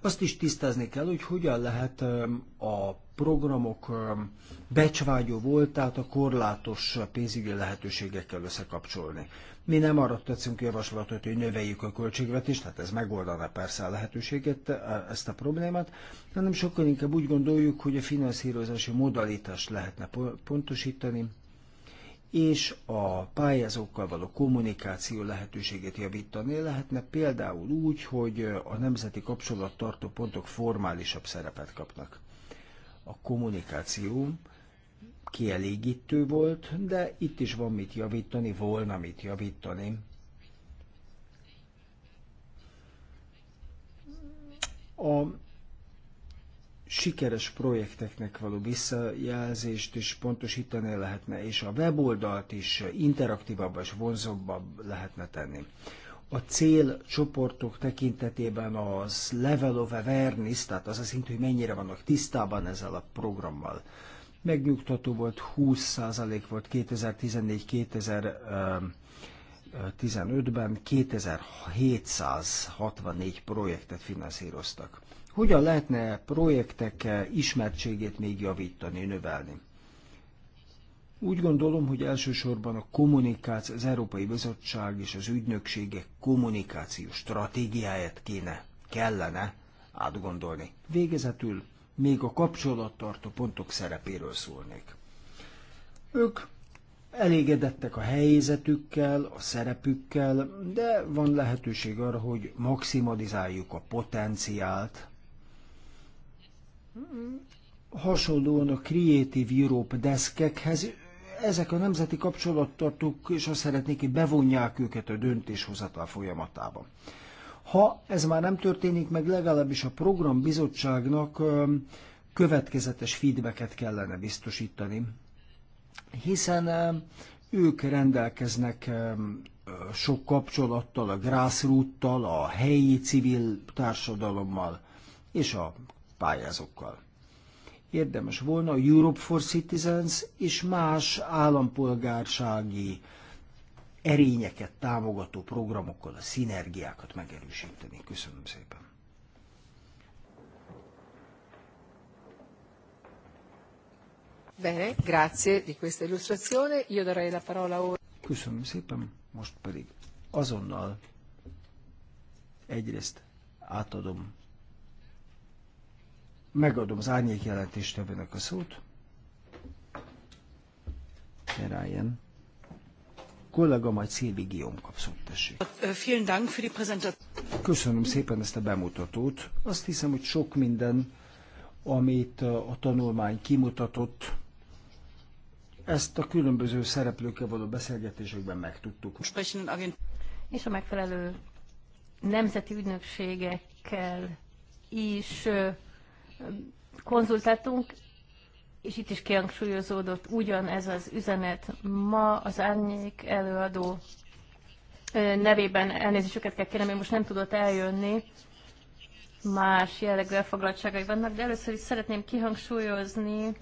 Azt is tisztázni kell, hogy hogyan lehet a programok becsvágyó voltát a korlátos pénzügyi lehetőségekkel összekapcsolni. Mi nem arra teszünk javaslatot, hogy növeljük a költségvetést, tehát ez megoldaná persze a lehetőséget, e, ezt a problémát, hanem sokkal inkább úgy gondoljuk, hogy a finanszírozási modalitást lehetne pontosítani, és a pályázókkal való kommunikáció lehetőségét javítani lehetne például úgy, hogy a nemzeti kapcsolattartó pontok formálisabb szerepet kapnak. A kommunikáció kielégítő volt, de itt is van mit javítani, volna mit javítani. A sikeres projekteknek való visszajelzést is pontosítani lehetne, és a weboldalt is interaktívabb és vonzóbbabb lehetne tenni. A célcsoportok tekintetében az level of awareness, tehát az a szint, hogy mennyire vannak tisztában ezzel a programmal, megnyugtató volt, 20% volt 2014-2015-ben, 2764 projektet finanszíroztak. Hogyan lehetne projektek ismertségét még javítani, növelni? Úgy gondolom, hogy elsősorban a kommunikáció, az Európai Bizottság és az ügynökségek kommunikációs stratégiáját kéne, kellene átgondolni. Végezetül még a kapcsolattartó pontok szerepéről szólnék. Ők elégedettek a helyzetükkel, a szerepükkel, de van lehetőség arra, hogy maximalizáljuk a potenciált. Hasonlóan a Creative Europe deszkekhez, ezek a nemzeti kapcsolattartók is azt szeretnék, hogy bevonják őket a döntéshozatal folyamatában. Ha ez már nem történik meg, legalábbis a programbizottságnak következetes feedbacket kellene biztosítani, hiszen ők rendelkeznek sok kapcsolattal, a grassroottal, a helyi civil társadalommal és a pályázókkal. Érdemes volna a Europe for Citizens és más állampolgársági erényeket támogató programokkal a szinergiákat megerősíteni. Köszönöm szépen. Bene, grazie di questa illustrazione. Io darei la parola ora. Köszönöm szépen, most pedig azonnal egyrészt átadom, megadom az árnyék jelentéstevőnek a szót. Ryan kollega, majd Szilvi Guillaume kapszott, tessék. Hát, Köszönöm szépen ezt a bemutatót. Azt hiszem, hogy sok minden, amit a tanulmány kimutatott, ezt a különböző szereplőkkel való beszélgetésekben megtudtuk. És a megfelelő nemzeti ügynökségekkel is konzultáltunk, és itt is kihangsúlyozódott ugyanez az üzenet. Ma az árnyék előadó nevében elnézésüket kell kérem, én most nem tudott eljönni, más jellegű elfoglaltságai vannak, de először is szeretném kihangsúlyozni,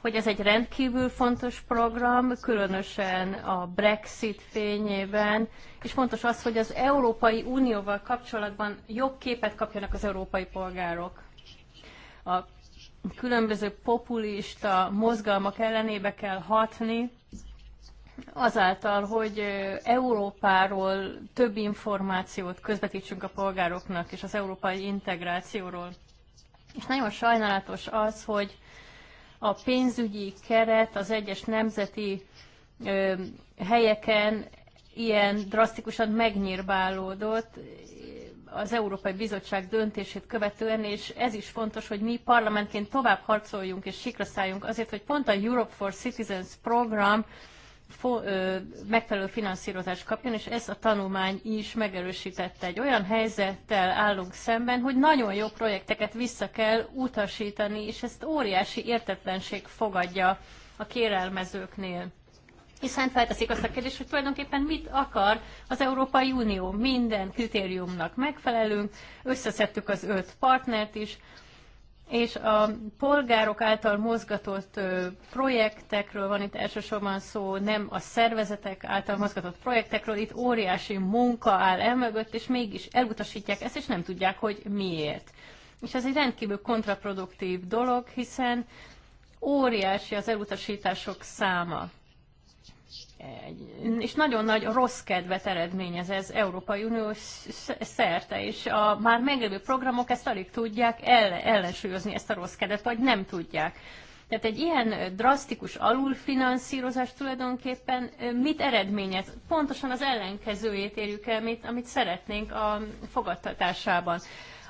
hogy ez egy rendkívül fontos program, különösen a Brexit fényében, és fontos az, hogy az Európai Unióval kapcsolatban jobb képet kapjanak az európai polgárok. A különböző populista mozgalmak ellenébe kell hatni, azáltal, hogy Európáról több információt közvetítsünk a polgároknak és az európai integrációról. És nagyon sajnálatos az, hogy a pénzügyi keret az egyes nemzeti helyeken ilyen drasztikusan megnyírbálódott, az Európai Bizottság döntését követően, és ez is fontos, hogy mi parlamentként tovább harcoljunk és sikraszálljunk azért, hogy pont a Europe for Citizens program megfelelő finanszírozást kapjon, és ez a tanulmány is megerősítette. Egy olyan helyzettel állunk szemben, hogy nagyon jó projekteket vissza kell utasítani, és ezt óriási értetlenség fogadja a kérelmezőknél hiszen felteszik azt a kérdést, hogy tulajdonképpen mit akar az Európai Unió. Minden kritériumnak megfelelünk, összeszedtük az öt partnert is, és a polgárok által mozgatott projektekről van itt elsősorban szó, nem a szervezetek által mozgatott projektekről, itt óriási munka áll elmögött, és mégis elutasítják ezt, és nem tudják, hogy miért. És ez egy rendkívül kontraproduktív dolog, hiszen óriási az elutasítások száma és nagyon nagy rossz kedvet eredményez ez Európai Unió szerte, és a már meglévő programok ezt alig tudják el, ellensúlyozni ezt a rossz kedvet, vagy nem tudják. Tehát egy ilyen drasztikus alulfinanszírozás tulajdonképpen mit eredményez? Pontosan az ellenkezőjét érjük el, amit, amit szeretnénk a fogadtatásában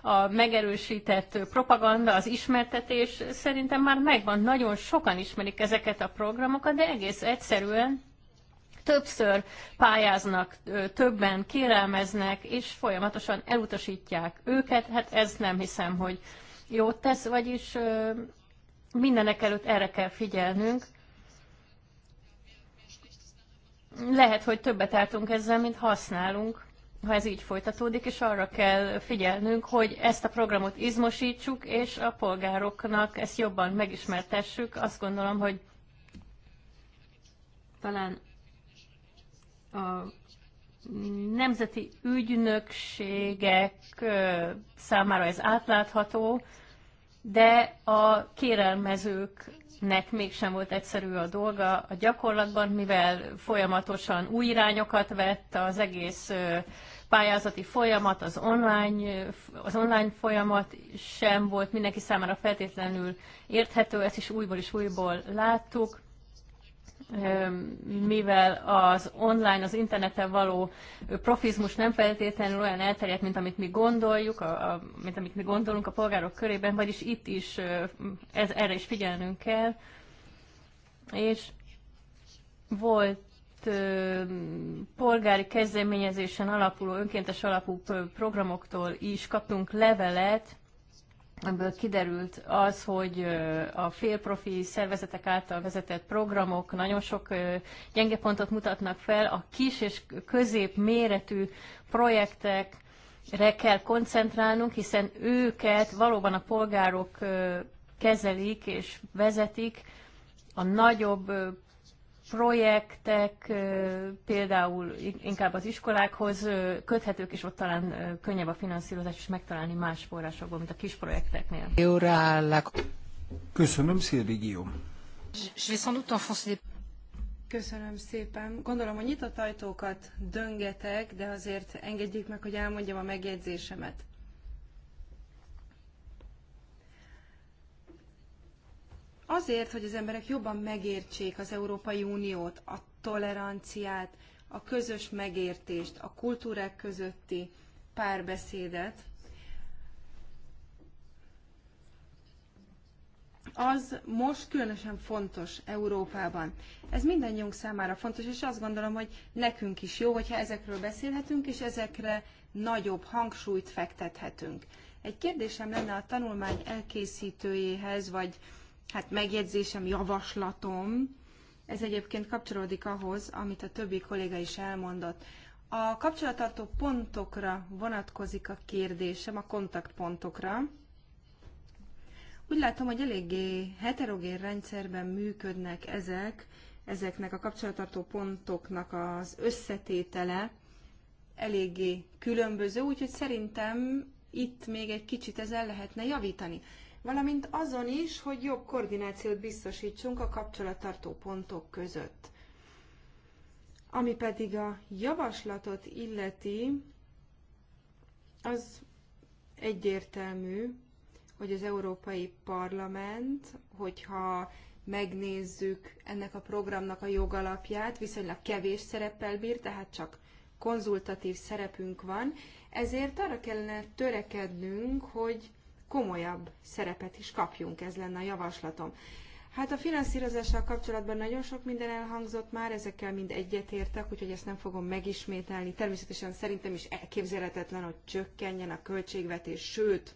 a megerősített propaganda, az ismertetés szerintem már megvan. Nagyon sokan ismerik ezeket a programokat, de egész egyszerűen Többször pályáznak, többen kérelmeznek, és folyamatosan elutasítják őket. Hát ez nem hiszem, hogy jót tesz, vagyis mindenek előtt erre kell figyelnünk. Lehet, hogy többet álltunk ezzel, mint használunk, ha ez így folytatódik, és arra kell figyelnünk, hogy ezt a programot izmosítsuk, és a polgároknak ezt jobban megismertessük. Azt gondolom, hogy talán a nemzeti ügynökségek számára ez átlátható, de a kérelmezőknek mégsem volt egyszerű a dolga a gyakorlatban, mivel folyamatosan új irányokat vett az egész pályázati folyamat, az online, az online folyamat sem volt mindenki számára feltétlenül érthető, ezt is újból és újból láttuk mivel az online, az interneten való profizmus nem feltétlenül olyan elterjedt, mint amit mi gondoljuk, a, a, mint amit mi gondolunk a polgárok körében, vagyis itt is ez, erre is figyelnünk kell. És volt polgári kezdeményezésen alapuló, önkéntes alapú programoktól is kaptunk levelet, ebből kiderült az, hogy a félprofi szervezetek által vezetett programok nagyon sok gyenge pontot mutatnak fel, a kis és közép méretű projektekre kell koncentrálnunk, hiszen őket valóban a polgárok kezelik és vezetik, a nagyobb projektek például inkább az iskolákhoz köthetők, és ott talán könnyebb a finanszírozás is megtalálni más forrásokból, mint a kis projekteknél. Köszönöm, Szilvigió. Köszönöm szépen. Gondolom, hogy nyitott ajtókat döngetek, de azért engedjék meg, hogy elmondjam a megjegyzésemet. azért, hogy az emberek jobban megértsék az Európai Uniót, a toleranciát, a közös megértést, a kultúrák közötti párbeszédet, az most különösen fontos Európában. Ez mindannyiunk számára fontos, és azt gondolom, hogy nekünk is jó, hogyha ezekről beszélhetünk, és ezekre nagyobb hangsúlyt fektethetünk. Egy kérdésem lenne a tanulmány elkészítőjéhez, vagy hát megjegyzésem, javaslatom, ez egyébként kapcsolódik ahhoz, amit a többi kolléga is elmondott. A kapcsolattartó pontokra vonatkozik a kérdésem, a kontaktpontokra. Úgy látom, hogy eléggé heterogén rendszerben működnek ezek, ezeknek a kapcsolattartó pontoknak az összetétele eléggé különböző, úgyhogy szerintem itt még egy kicsit ezzel lehetne javítani valamint azon is, hogy jobb koordinációt biztosítsunk a kapcsolattartó pontok között. Ami pedig a javaslatot illeti, az egyértelmű, hogy az Európai Parlament, hogyha megnézzük ennek a programnak a jogalapját, viszonylag kevés szereppel bír, tehát csak konzultatív szerepünk van, ezért arra kellene törekednünk, hogy komolyabb szerepet is kapjunk, ez lenne a javaslatom. Hát a finanszírozással kapcsolatban nagyon sok minden elhangzott már, ezekkel mind egyetértek, úgyhogy ezt nem fogom megismételni. Természetesen szerintem is elképzelhetetlen, hogy csökkenjen a költségvetés, sőt,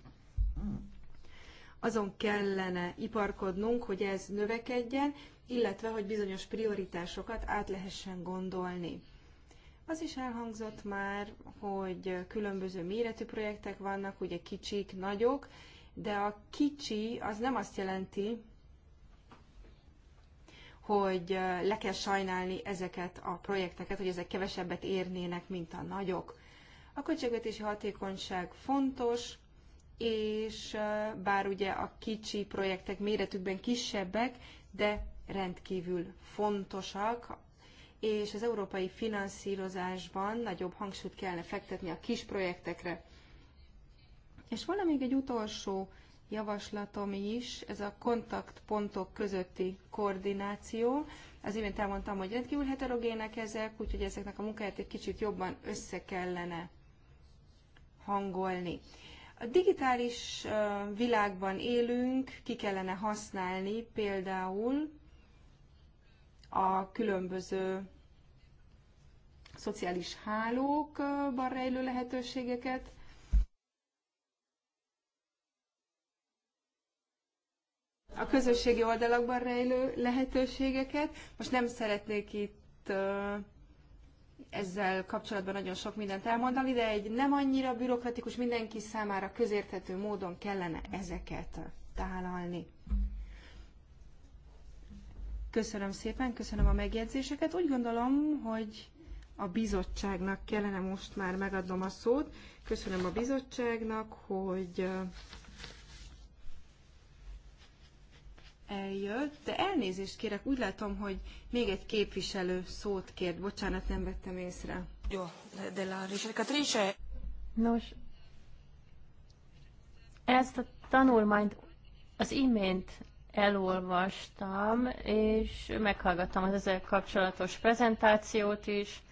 azon kellene iparkodnunk, hogy ez növekedjen, illetve hogy bizonyos prioritásokat át lehessen gondolni. Az is elhangzott már, hogy különböző méretű projektek vannak, ugye kicsik, nagyok, de a kicsi az nem azt jelenti, hogy le kell sajnálni ezeket a projekteket, hogy ezek kevesebbet érnének, mint a nagyok. A költségvetési hatékonyság fontos, és bár ugye a kicsi projektek méretükben kisebbek, de rendkívül fontosak és az európai finanszírozásban nagyobb hangsúlyt kellene fektetni a kis projektekre. És volna még egy utolsó javaslatom is, ez a kontaktpontok közötti koordináció. Az imént elmondtam, hogy rendkívül heterogének ezek, úgyhogy ezeknek a munkáját egy kicsit jobban össze kellene hangolni. A digitális világban élünk, ki kellene használni például a különböző szociális hálókban rejlő lehetőségeket, a közösségi oldalakban rejlő lehetőségeket. Most nem szeretnék itt ezzel kapcsolatban nagyon sok mindent elmondani, de egy nem annyira bürokratikus, mindenki számára közérthető módon kellene ezeket tálalni. Köszönöm szépen, köszönöm a megjegyzéseket. Úgy gondolom, hogy a bizottságnak kellene most már megadnom a szót. Köszönöm a bizottságnak, hogy eljött, de elnézést kérek, úgy látom, hogy még egy képviselő szót kért. Bocsánat, nem vettem észre. Jó, de la ricercatrice. Nos, ezt a tanulmányt az imént elolvastam, és meghallgattam az ezzel kapcsolatos prezentációt is,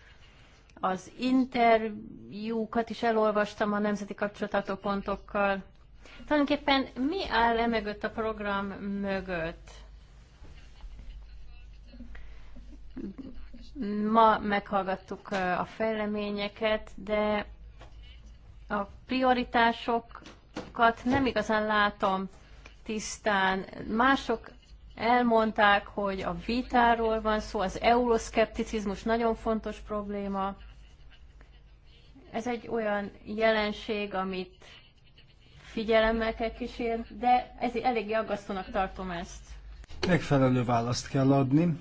az interjúkat is elolvastam a nemzeti kapcsolatartó pontokkal. Tulajdonképpen mi áll e mögött a program mögött? Ma meghallgattuk a fejleményeket, de a prioritásokat nem igazán látom tisztán. Mások elmondták, hogy a vitáról van szó, az euroszkepticizmus nagyon fontos probléma. Ez egy olyan jelenség, amit figyelemmel kell kísérni, de ez eléggé aggasztónak tartom ezt. Megfelelő választ kell adni,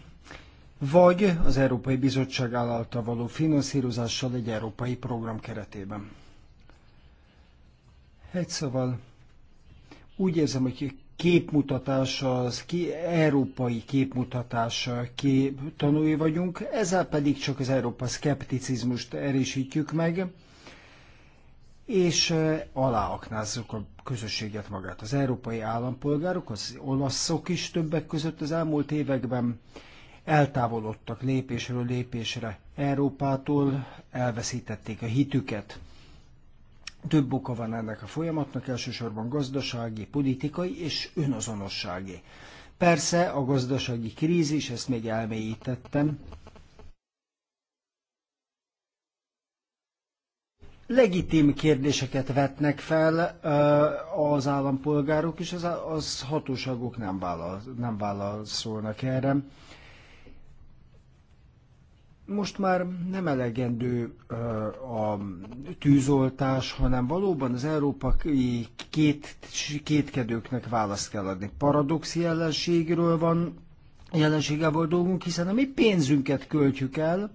vagy az Európai Bizottság állalta való finanszírozással egy európai program keretében. Egy szóval úgy érzem, hogy Képmutatása az ki, európai képmutatása, ki tanúi vagyunk, ezzel pedig csak az Európa szkepticizmust erősítjük meg, és eh, aláaknázzuk a közösséget magát. Az európai állampolgárok, az olaszok is többek között az elmúlt években eltávolodtak lépésről lépésre Európától, elveszítették a hitüket több oka van ennek a folyamatnak, elsősorban gazdasági, politikai és önazonossági. Persze a gazdasági krízis, ezt még elmélyítettem, legitim kérdéseket vetnek fel az állampolgárok, és az, hatóságok nem, nem válaszolnak erre most már nem elegendő a tűzoltás, hanem valóban az európai két, kétkedőknek választ kell adni. Paradox jelenségről van, jelenségával dolgunk, hiszen a mi pénzünket költjük el,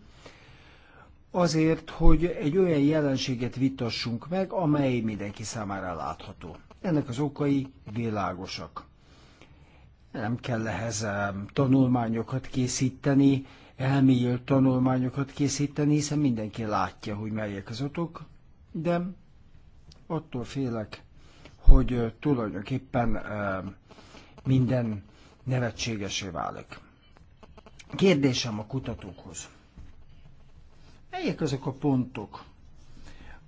azért, hogy egy olyan jelenséget vitassunk meg, amely mindenki számára látható. Ennek az okai világosak. Nem kell ehhez tanulmányokat készíteni, elmélyült tanulmányokat készíteni, hiszen mindenki látja, hogy melyek az otok, de attól félek, hogy tulajdonképpen minden nevetségesé válik. Kérdésem a kutatókhoz. Melyek azok a pontok?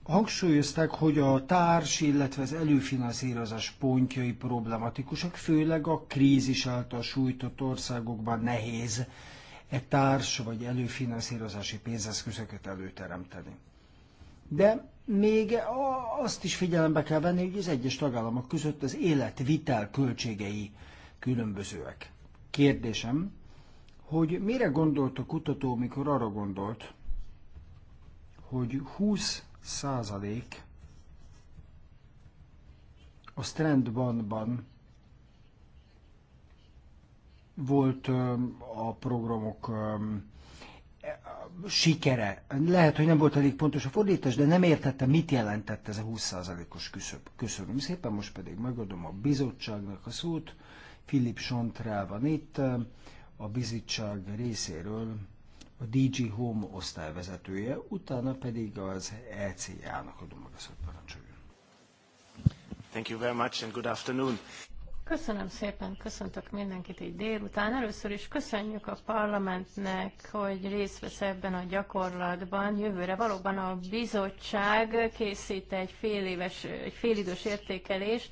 Hangsúlyozták, hogy a társ, illetve az előfinanszírozás pontjai problematikusak, főleg a krízis által sújtott országokban nehéz egy társ vagy előfinanszírozási pénzeszközöket előteremteni. De még azt is figyelembe kell venni, hogy az egyes tagállamok között az életvitel költségei különbözőek. Kérdésem, hogy mire gondolt a kutató, mikor arra gondolt, hogy 20 százalék a strandbanban volt a programok sikere. Lehet, hogy nem volt elég pontos a fordítás, de nem értette mit jelentett ez a 20%-os küszöb. Köszönöm szépen, most pedig megadom a bizottságnak a szót. Philip Santrál van itt, a bizottság részéről a DG Home osztályvezetője, utána pedig az ECA-nak adom meg a szót parancsoljon. Thank you very much and good afternoon. Köszönöm szépen, köszöntök mindenkit így délután. Először is köszönjük a parlamentnek, hogy részt vesz ebben a gyakorlatban. Jövőre valóban a bizottság készít egy éves, egy félidős értékelést,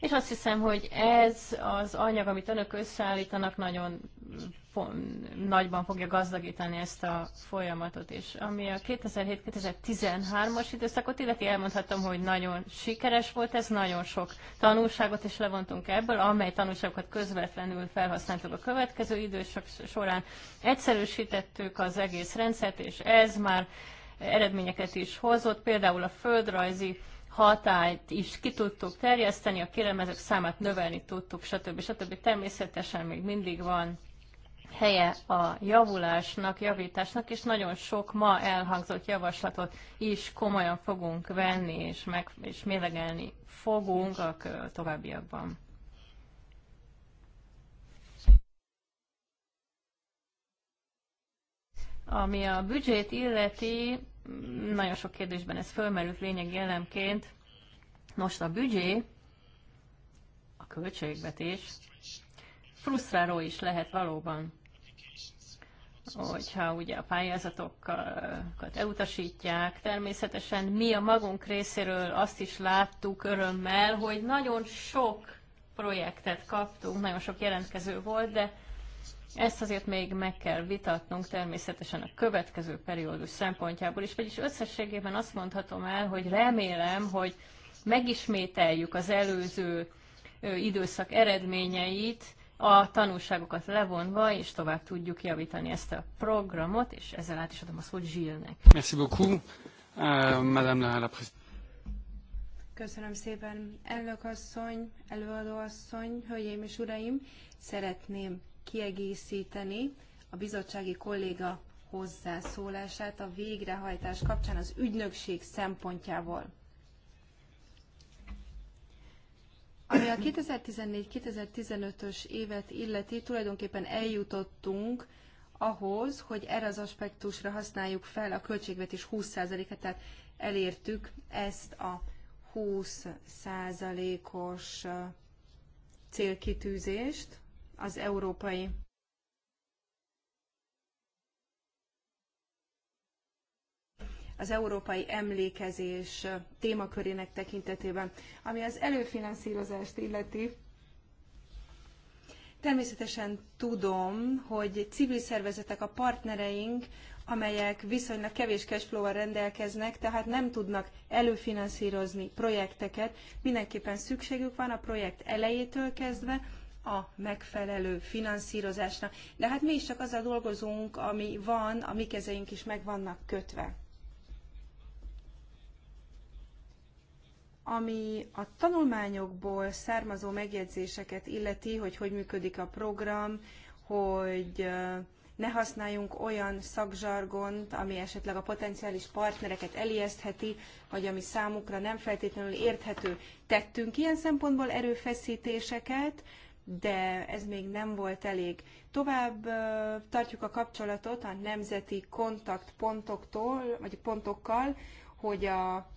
és azt hiszem, hogy ez az anyag, amit önök összeállítanak, nagyon nagyban fogja gazdagítani ezt a folyamatot is. Ami a 2007-2013-as időszakot illeti, elmondhatom, hogy nagyon sikeres volt ez, nagyon sok tanulságot is levontunk ebből, amely tanulságokat közvetlenül felhasználtuk a következő időszak során. Egyszerűsítettük az egész rendszert, és ez már eredményeket is hozott, például a földrajzi hatályt is ki tudtuk terjeszteni, a kérelmezők számát növelni tudtuk, stb. stb. Természetesen még mindig van helye a javulásnak, javításnak, és nagyon sok ma elhangzott javaslatot is komolyan fogunk venni, és, meg, és mérlegelni fogunk a továbbiakban. Ami a büdzsét illeti, nagyon sok kérdésben ez fölmerült lényegi elemként. Most a büdzsé, a költségvetés, frusztráló is lehet valóban, hogyha ugye a pályázatokat elutasítják. Természetesen mi a magunk részéről azt is láttuk örömmel, hogy nagyon sok projektet kaptunk, nagyon sok jelentkező volt, de ezt azért még meg kell vitatnunk természetesen a következő periódus szempontjából is, vagyis összességében azt mondhatom el, hogy remélem, hogy megismételjük az előző időszak eredményeit, a tanulságokat levonva, és tovább tudjuk javítani ezt a programot, és ezzel át is adom a szót Zsilnek. Merci beaucoup, euh, madame la Köszönöm szépen, elnök asszony, előadó asszony, hölgyeim és uraim, szeretném kiegészíteni a bizottsági kolléga hozzászólását a végrehajtás kapcsán az ügynökség szempontjából. Ami a 2014-2015-ös évet illeti, tulajdonképpen eljutottunk ahhoz, hogy erre az aspektusra használjuk fel a költségvetés 20%-et, tehát elértük ezt a 20%-os célkitűzést az európai az európai emlékezés témakörének tekintetében. Ami az előfinanszírozást illeti, természetesen tudom, hogy civil szervezetek a partnereink, amelyek viszonylag kevés cashflow-val rendelkeznek, tehát nem tudnak előfinanszírozni projekteket. Mindenképpen szükségük van a projekt elejétől kezdve, a megfelelő finanszírozásnak. De hát mi is csak azzal dolgozunk, ami van, a mi kezeink is meg vannak kötve. Ami a tanulmányokból származó megjegyzéseket illeti, hogy hogy működik a program, hogy ne használjunk olyan szakzsargont, ami esetleg a potenciális partnereket elijesztheti, vagy ami számukra nem feltétlenül érthető. Tettünk ilyen szempontból erőfeszítéseket, de ez még nem volt elég. Tovább tartjuk a kapcsolatot a nemzeti kontaktpontoktól, vagy pontokkal, hogy a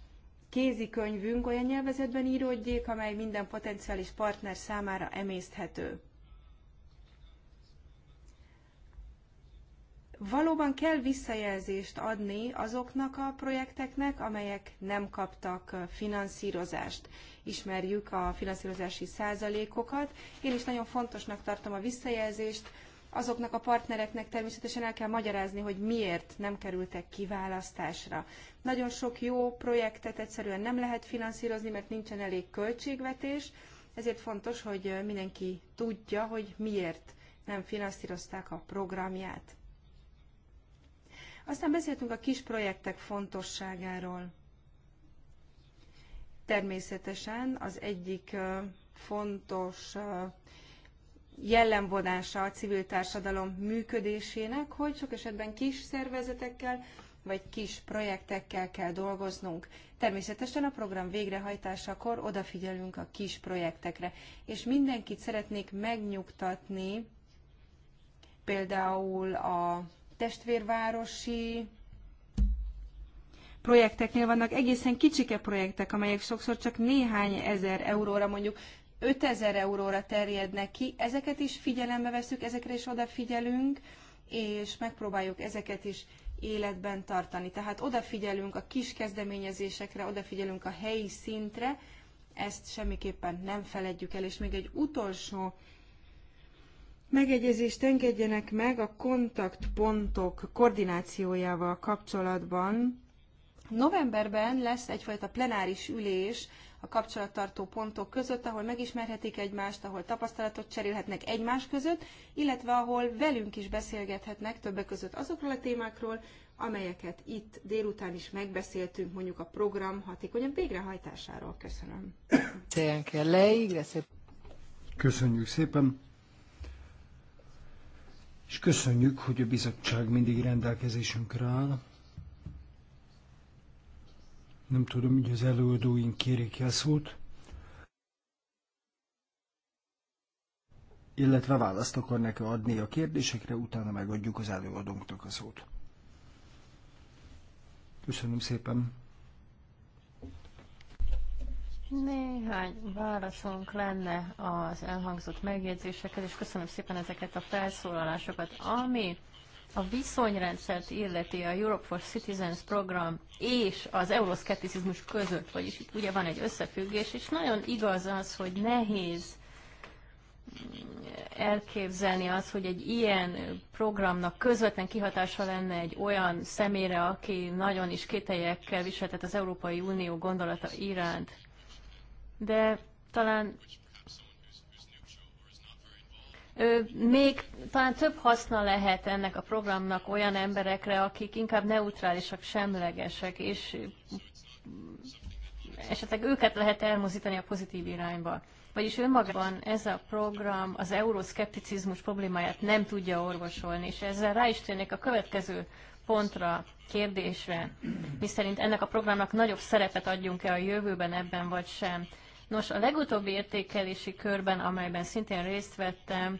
kézikönyvünk olyan nyelvezetben íródjék, amely minden potenciális partner számára emészthető. Valóban kell visszajelzést adni azoknak a projekteknek, amelyek nem kaptak finanszírozást. Ismerjük a finanszírozási százalékokat. Én is nagyon fontosnak tartom a visszajelzést, azoknak a partnereknek természetesen el kell magyarázni, hogy miért nem kerültek kiválasztásra. Nagyon sok jó projektet egyszerűen nem lehet finanszírozni, mert nincsen elég költségvetés, ezért fontos, hogy mindenki tudja, hogy miért nem finanszírozták a programját. Aztán beszéltünk a kis projektek fontosságáról. Természetesen az egyik fontos jellemvonása a civil társadalom működésének, hogy sok esetben kis szervezetekkel vagy kis projektekkel kell dolgoznunk. Természetesen a program végrehajtásakor odafigyelünk a kis projektekre, és mindenkit szeretnék megnyugtatni, például a testvérvárosi projekteknél vannak egészen kicsike projektek, amelyek sokszor csak néhány ezer euróra, mondjuk 5000 euróra terjednek ki, ezeket is figyelembe veszük, ezekre is odafigyelünk, és megpróbáljuk ezeket is életben tartani. Tehát odafigyelünk a kis kezdeményezésekre, odafigyelünk a helyi szintre, ezt semmiképpen nem feledjük el. És még egy utolsó megegyezést engedjenek meg a kontaktpontok koordinációjával kapcsolatban. Novemberben lesz egyfajta plenáris ülés a kapcsolattartó pontok között, ahol megismerhetik egymást, ahol tapasztalatot cserélhetnek egymás között, illetve ahol velünk is beszélgethetnek többek között azokról a témákról, amelyeket itt délután is megbeszéltünk, mondjuk a program hatékonyabb végrehajtásáról. Köszönöm. Köszönjük szépen. És köszönjük, hogy a bizottság mindig rendelkezésünkre áll nem tudom, hogy az előadóink kérik el szót. Illetve választ akar neki adni a kérdésekre, utána megadjuk az előadónknak a szót. Köszönöm szépen. Néhány válaszunk lenne az elhangzott megjegyzésekkel, és köszönöm szépen ezeket a felszólalásokat. Ami a viszonyrendszert illeti a Europe for Citizens program és az euroszkepticizmus között, vagyis itt ugye van egy összefüggés, és nagyon igaz az, hogy nehéz mm, elképzelni az, hogy egy ilyen programnak közvetlen kihatása lenne egy olyan szemére, aki nagyon is kételjekkel viseltet az Európai Unió gondolata iránt. De talán még talán több haszna lehet ennek a programnak olyan emberekre, akik inkább neutrálisak, semlegesek, és esetleg őket lehet elmozítani a pozitív irányba. Vagyis önmagában ez a program az euroszkepticizmus problémáját nem tudja orvosolni, és ezzel rá is térnék a következő pontra, kérdésre, miszerint ennek a programnak nagyobb szerepet adjunk-e a jövőben ebben vagy sem. Nos, a legutóbbi értékelési körben, amelyben szintén részt vettem,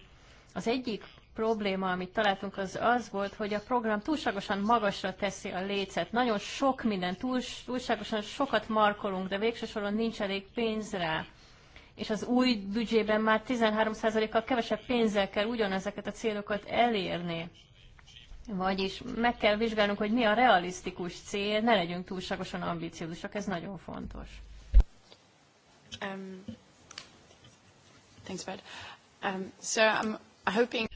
az egyik probléma, amit találtunk, az az volt, hogy a program túlságosan magasra teszi a lécet. Nagyon sok minden, túlságosan sokat markolunk, de végső soron nincs elég pénz rá. És az új büdzsében már 13%-kal kevesebb pénzzel kell ugyanezeket a célokat elérni. Vagyis meg kell vizsgálnunk, hogy mi a realisztikus cél, ne legyünk túlságosan ambiciózusak, ez nagyon fontos. Um, thanks, Fred. Um, so I'm um, hoping...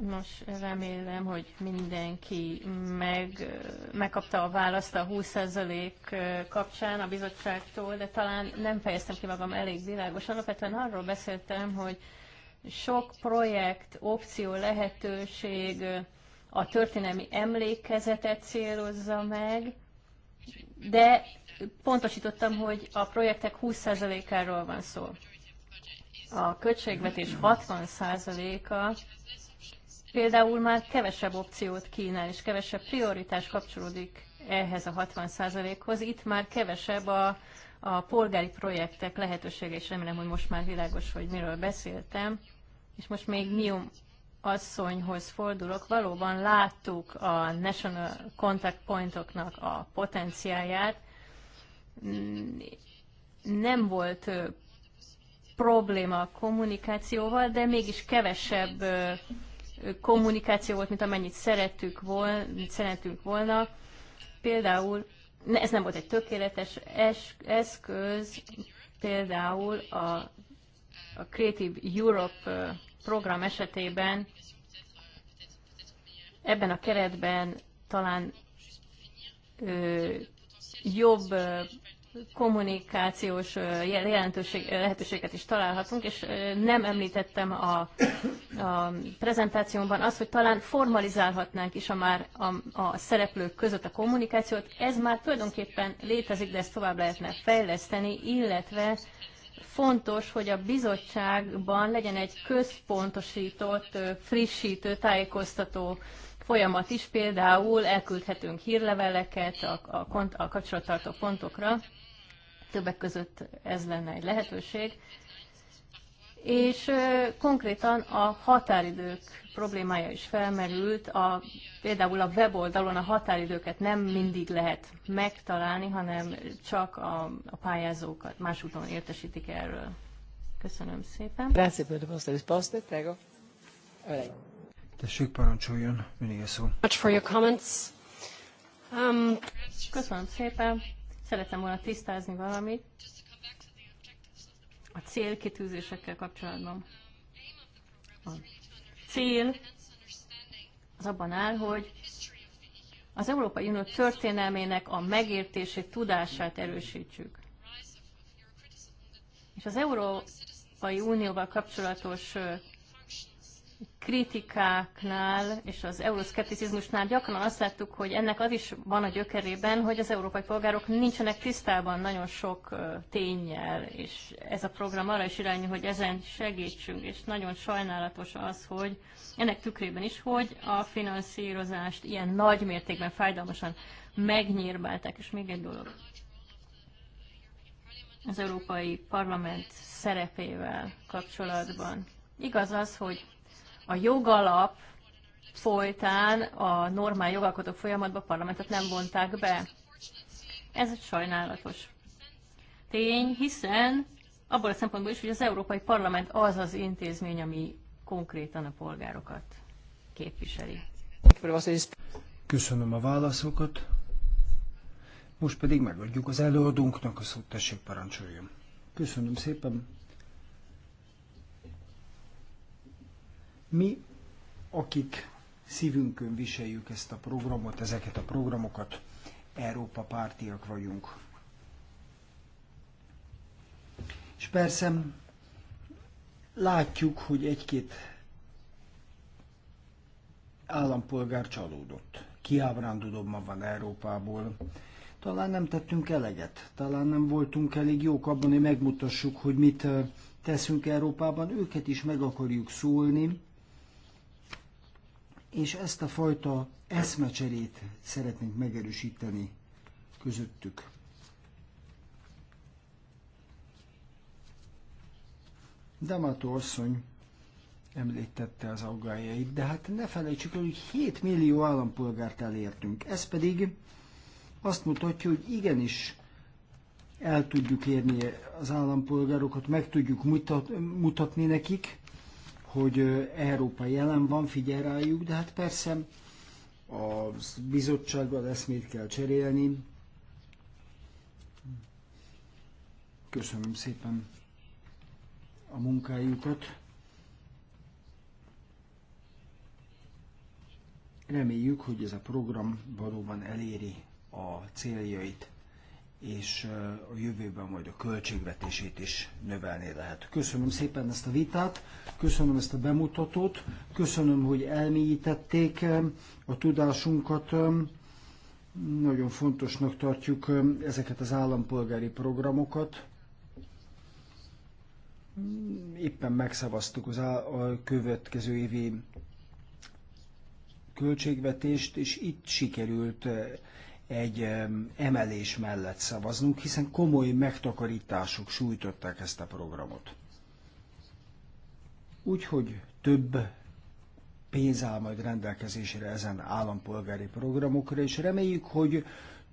Nos, remélem, hogy mindenki meg, megkapta a választ a 20% kapcsán a bizottságtól, de talán nem fejeztem ki magam elég világos. Alapvetően arról beszéltem, hogy sok projekt, opció, lehetőség a történelmi emlékezetet célozza meg, de pontosítottam, hogy a projektek 20%-áról van szó a költségvetés 60%-a például már kevesebb opciót kínál, és kevesebb prioritás kapcsolódik ehhez a 60%-hoz. Itt már kevesebb a, a polgári projektek lehetősége, és remélem, hogy most már világos, hogy miről beszéltem. És most még Mium asszonyhoz fordulok. Valóban láttuk a National Contact Pointoknak a potenciáját. Nem volt probléma a kommunikációval, de mégis kevesebb kommunikáció volt, mint amennyit szerettük volna, szerettünk volna. Például, ez nem volt egy tökéletes eszköz, például a, a Creative Europe program esetében ebben a keretben talán ö, jobb kommunikációs jelentőség, lehetőséget is találhatunk, és nem említettem a, a prezentációmban azt, hogy talán formalizálhatnánk is a már a, a szereplők között a kommunikációt. Ez már tulajdonképpen létezik, de ezt tovább lehetne fejleszteni, illetve fontos, hogy a bizottságban legyen egy központosított, frissítő, tájékoztató folyamat is, például elküldhetünk hírleveleket a, a, a kapcsolattartó pontokra, többek között ez lenne egy lehetőség, és konkrétan a határidők problémája is felmerült, a, például a weboldalon a határidőket nem mindig lehet megtalálni, hanem csak a, a pályázókat más úton értesítik erről. Köszönöm szépen. Grazie per la Tessék, parancsoljon, mindig a szó. for your comments. Um, Köszönöm szépen. Szeretem volna tisztázni valamit a célkitűzésekkel kapcsolatban. A cél az abban áll, hogy az Európai Unió történelmének a megértését, tudását erősítsük. És az Európai Unióval kapcsolatos kritikáknál és az euroszkepticizmusnál gyakran azt láttuk, hogy ennek az is van a gyökerében, hogy az európai polgárok nincsenek tisztában nagyon sok tényel, és ez a program arra is irányul, hogy ezen segítsünk, és nagyon sajnálatos az, hogy ennek tükrében is, hogy a finanszírozást ilyen nagy mértékben fájdalmasan megnyírbálták. És még egy dolog, az Európai Parlament szerepével kapcsolatban. Igaz az, hogy a jogalap folytán a normál jogalkotó folyamatba a parlamentet nem vonták be. Ez egy sajnálatos tény, hiszen abból a szempontból is, hogy az Európai Parlament az az intézmény, ami konkrétan a polgárokat képviseli. Köszönöm a válaszokat. Most pedig megadjuk az előadónknak a szót, tessék parancsoljon. Köszönöm szépen. Mi, akik szívünkön viseljük ezt a programot, ezeket a programokat, Európa pártiak vagyunk. És persze látjuk, hogy egy-két állampolgár csalódott. ma van Európából. Talán nem tettünk eleget, talán nem voltunk elég jók abban, hogy megmutassuk, hogy mit eh, teszünk Európában. Őket is meg akarjuk szólni, és ezt a fajta eszmecserét szeretnénk megerősíteni közöttük. Damato asszony említette az aggájait, de hát ne felejtsük el, hogy 7 millió állampolgárt elértünk. Ez pedig azt mutatja, hogy igenis el tudjuk érni az állampolgárokat, meg tudjuk mutat, mutatni nekik, hogy Európa jelen van, figyel rájuk, de hát persze a bizottságban eszmét kell cserélni. Köszönöm szépen a munkájukat. Reméljük, hogy ez a program valóban eléri a céljait és a jövőben majd a költségvetését is növelni lehet. Köszönöm szépen ezt a vitát, köszönöm ezt a bemutatót, köszönöm, hogy elmélyítették a tudásunkat. Nagyon fontosnak tartjuk ezeket az állampolgári programokat. Éppen megszavaztuk az a következő évi költségvetést, és itt sikerült egy emelés mellett szavaznunk, hiszen komoly megtakarítások sújtották ezt a programot. Úgyhogy több pénz áll majd rendelkezésére ezen állampolgári programokra, és reméljük, hogy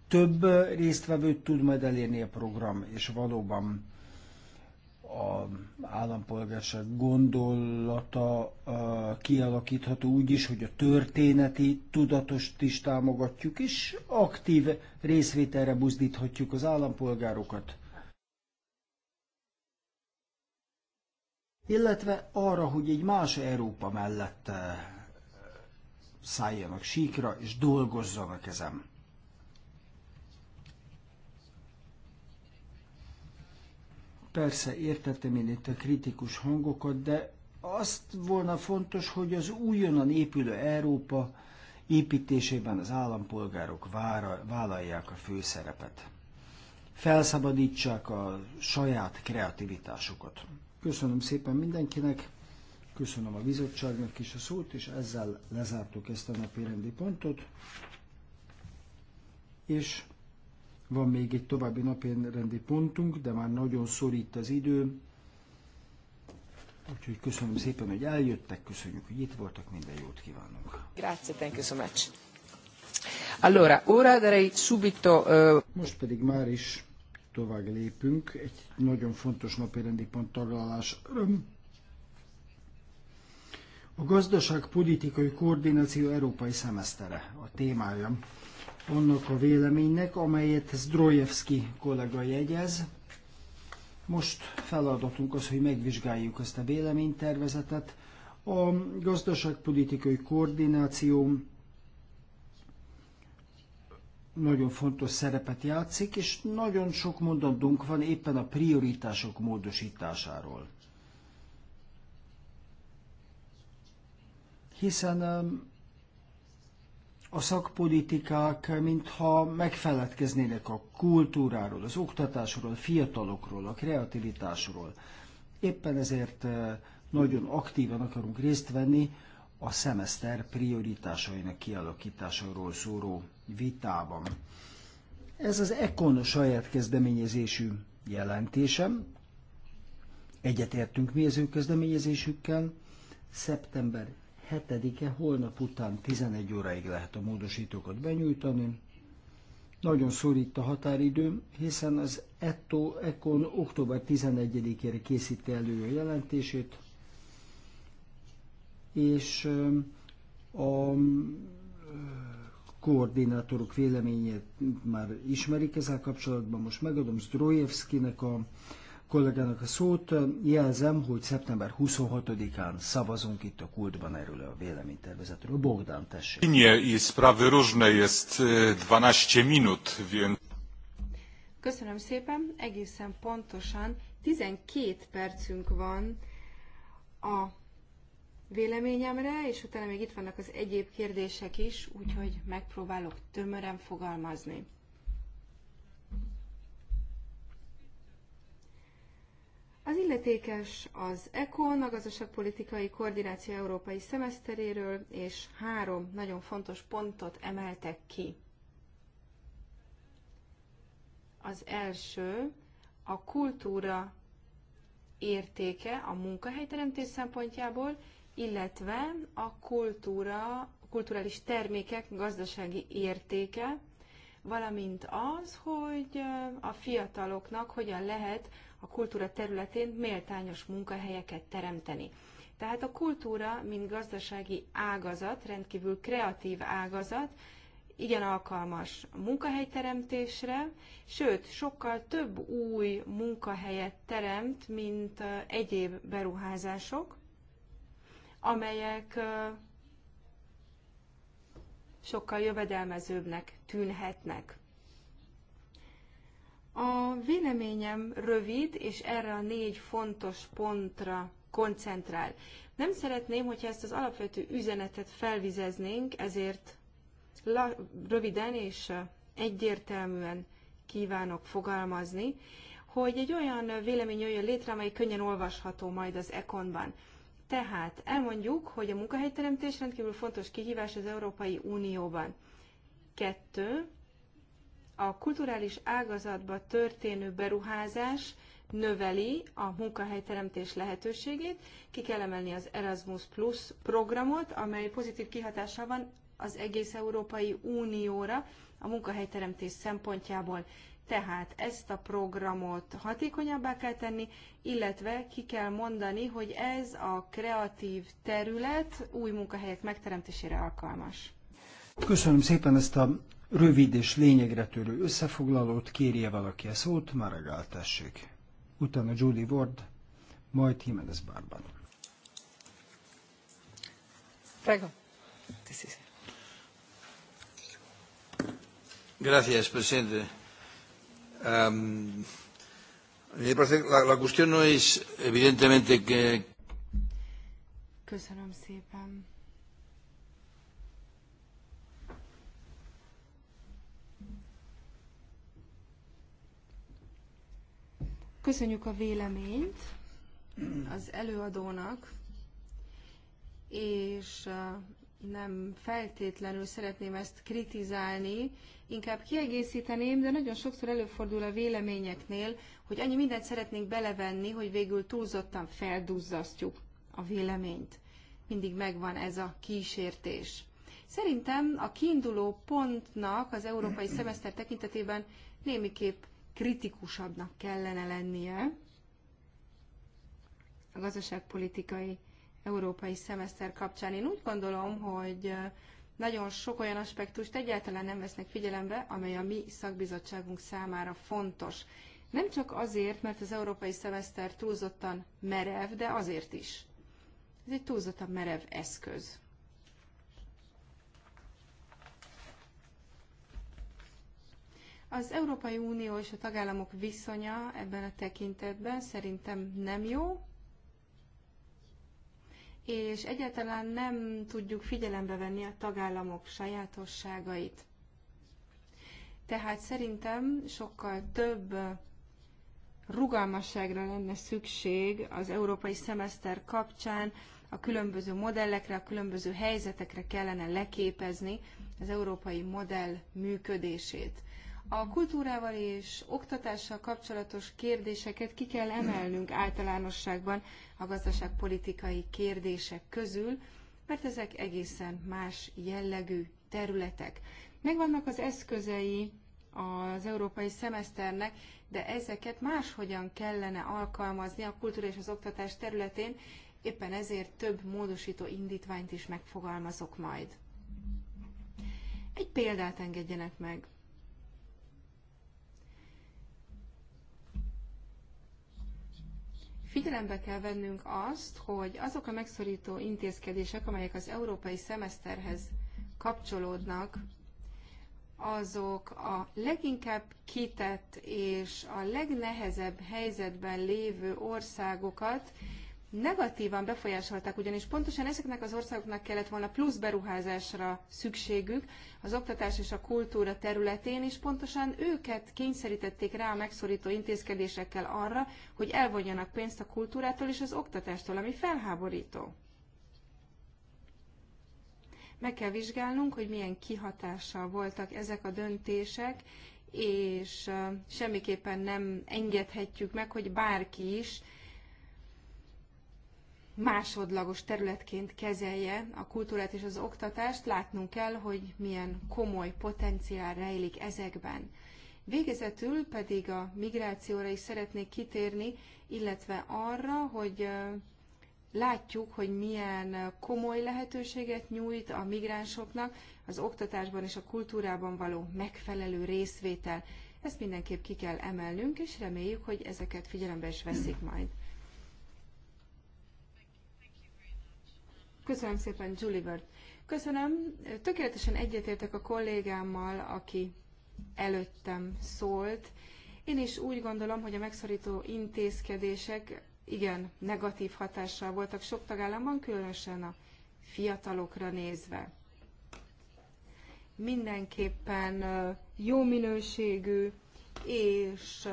több résztvevőt tud majd elérni a program, és valóban a állampolgárság gondolata kialakítható úgy is, hogy a történeti tudatost is támogatjuk, és aktív részvételre buzdíthatjuk az állampolgárokat. Illetve arra, hogy egy más Európa mellett szálljanak síkra, és dolgozzanak ezen. Persze értettem én itt a kritikus hangokat, de azt volna fontos, hogy az újonnan épülő Európa építésében az állampolgárok vára, vállalják a főszerepet. Felszabadítsák a saját kreativitásukat. Köszönöm szépen mindenkinek, köszönöm a bizottságnak is a szót, és ezzel lezártuk ezt a napi rendi pontot. És van még egy további rendi pontunk, de már nagyon szorít az idő. Úgyhogy köszönöm szépen, hogy eljöttek, köszönjük, hogy itt voltak, minden jót kívánunk. Grazie, thank you so much. Allora, ora darei subito... Uh... Most pedig már is tovább lépünk, egy nagyon fontos napirendi pont taglalás. A gazdaságpolitikai koordináció európai szemesztere a témája annak a véleménynek, amelyet Zdrojevski kollega jegyez. Most feladatunk az, hogy megvizsgáljuk ezt a véleménytervezetet. A gazdaságpolitikai koordináció nagyon fontos szerepet játszik, és nagyon sok mondatunk van éppen a prioritások módosításáról. Hiszen a szakpolitikák mintha megfeledkeznének a kultúráról, az oktatásról, a fiatalokról, a kreativitásról. Éppen ezért eh, nagyon aktívan akarunk részt venni a szemeszter prioritásainak kialakításáról szóró vitában. Ez az Econ saját kezdeményezésű jelentésem. Egyetértünk mi az ő kezdeményezésükkel. Szeptember 7-e, holnap után 11 óráig lehet a módosítókat benyújtani. Nagyon szorít a határidő, hiszen az etto ECON október 11-ére készíti elő a jelentését, és a koordinátorok véleményét már ismerik ezzel kapcsolatban. Most megadom Zdrojevszkinek a kollégának a szót. Jelzem, hogy szeptember 26-án szavazunk itt a kultban erről a véleménytervezetről. Bogdán, tessék. Linie i sprawy różne jest 12 e, minut, więc... Köszönöm szépen, egészen pontosan 12 percünk van a véleményemre, és utána még itt vannak az egyéb kérdések is, úgyhogy megpróbálok tömören fogalmazni. Az illetékes az ECON, a gazdaságpolitikai koordináció európai szemeszteréről, és három nagyon fontos pontot emeltek ki. Az első a kultúra értéke a munkahelyteremtés szempontjából, illetve a kultúra, kulturális termékek gazdasági értéke, valamint az, hogy a fiataloknak hogyan lehet a kultúra területén méltányos munkahelyeket teremteni. Tehát a kultúra, mint gazdasági ágazat, rendkívül kreatív ágazat, igen alkalmas munkahelyteremtésre, sőt, sokkal több új munkahelyet teremt, mint egyéb beruházások, amelyek sokkal jövedelmezőbbnek tűnhetnek. A véleményem rövid, és erre a négy fontos pontra koncentrál. Nem szeretném, hogyha ezt az alapvető üzenetet felvizeznénk, ezért la, röviden és egyértelműen kívánok fogalmazni, hogy egy olyan vélemény jöjjön létre, amely könnyen olvasható majd az Econban. Tehát elmondjuk, hogy a munkahelyteremtés rendkívül fontos kihívás az Európai Unióban. Kettő, a kulturális ágazatba történő beruházás növeli a munkahelyteremtés lehetőségét. Ki kell emelni az Erasmus Plus programot, amely pozitív kihatással van az egész Európai Unióra a munkahelyteremtés szempontjából. Tehát ezt a programot hatékonyabbá kell tenni, illetve ki kell mondani, hogy ez a kreatív terület új munkahelyek megteremtésére alkalmas. Köszönöm szépen ezt a rövid és lényegre törő összefoglalót kérje valaki a szót, már tessék. Utána Julie Ward, majd Jimenez Bárban. Prego. Gracias, presidente. Um, me parece, la, la cuestión no es evidentemente que... Köszönöm szépen. Köszönjük a véleményt az előadónak, és uh, nem feltétlenül szeretném ezt kritizálni, inkább kiegészíteném, de nagyon sokszor előfordul a véleményeknél, hogy annyi mindent szeretnénk belevenni, hogy végül túlzottan felduzzasztjuk a véleményt. Mindig megvan ez a kísértés. Szerintem a kiinduló pontnak az európai szemeszter tekintetében némiképp kritikusabbnak kellene lennie a gazdaságpolitikai európai szemeszter kapcsán. Én úgy gondolom, hogy nagyon sok olyan aspektust egyáltalán nem vesznek figyelembe, amely a mi szakbizottságunk számára fontos. Nem csak azért, mert az európai szemeszter túlzottan merev, de azért is. Ez egy túlzottan merev eszköz. Az Európai Unió és a tagállamok viszonya ebben a tekintetben szerintem nem jó, és egyáltalán nem tudjuk figyelembe venni a tagállamok sajátosságait. Tehát szerintem sokkal több rugalmasságra lenne szükség az európai szemeszter kapcsán, a különböző modellekre, a különböző helyzetekre kellene leképezni az európai modell működését a kultúrával és oktatással kapcsolatos kérdéseket ki kell emelnünk általánosságban a gazdaságpolitikai kérdések közül, mert ezek egészen más jellegű területek. Megvannak az eszközei az európai szemeszternek, de ezeket máshogyan kellene alkalmazni a kultúra és az oktatás területén, éppen ezért több módosító indítványt is megfogalmazok majd. Egy példát engedjenek meg. Figyelembe kell vennünk azt, hogy azok a megszorító intézkedések, amelyek az európai szemeszterhez kapcsolódnak, azok a leginkább kitett és a legnehezebb helyzetben lévő országokat negatívan befolyásolták, ugyanis pontosan ezeknek az országoknak kellett volna plusz beruházásra szükségük az oktatás és a kultúra területén, és pontosan őket kényszerítették rá a megszorító intézkedésekkel arra, hogy elvonjanak pénzt a kultúrától és az oktatástól, ami felháborító. Meg kell vizsgálnunk, hogy milyen kihatással voltak ezek a döntések, és semmiképpen nem engedhetjük meg, hogy bárki is másodlagos területként kezelje a kultúrát és az oktatást, látnunk kell, hogy milyen komoly potenciál rejlik ezekben. Végezetül pedig a migrációra is szeretnék kitérni, illetve arra, hogy látjuk, hogy milyen komoly lehetőséget nyújt a migránsoknak az oktatásban és a kultúrában való megfelelő részvétel. Ezt mindenképp ki kell emelnünk, és reméljük, hogy ezeket figyelembe is veszik majd. Köszönöm szépen, Julibert. Köszönöm. Tökéletesen egyetértek a kollégámmal, aki előttem szólt. Én is úgy gondolom, hogy a megszorító intézkedések igen negatív hatással voltak sok tagállamban, különösen a fiatalokra nézve. Mindenképpen jó minőségű és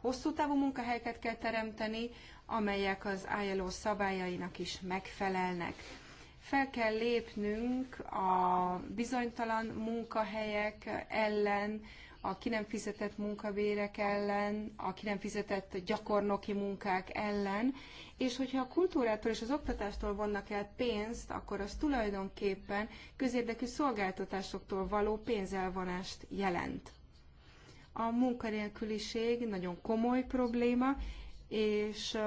hosszú távú munkahelyeket kell teremteni, amelyek az ILO szabályainak is megfelelnek fel kell lépnünk a bizonytalan munkahelyek ellen, a ki nem fizetett munkabérek ellen, a ki nem fizetett gyakornoki munkák ellen, és hogyha a kultúrától és az oktatástól vonnak el pénzt, akkor az tulajdonképpen közérdekű szolgáltatásoktól való pénzelvonást jelent. A munkanélküliség nagyon komoly probléma, és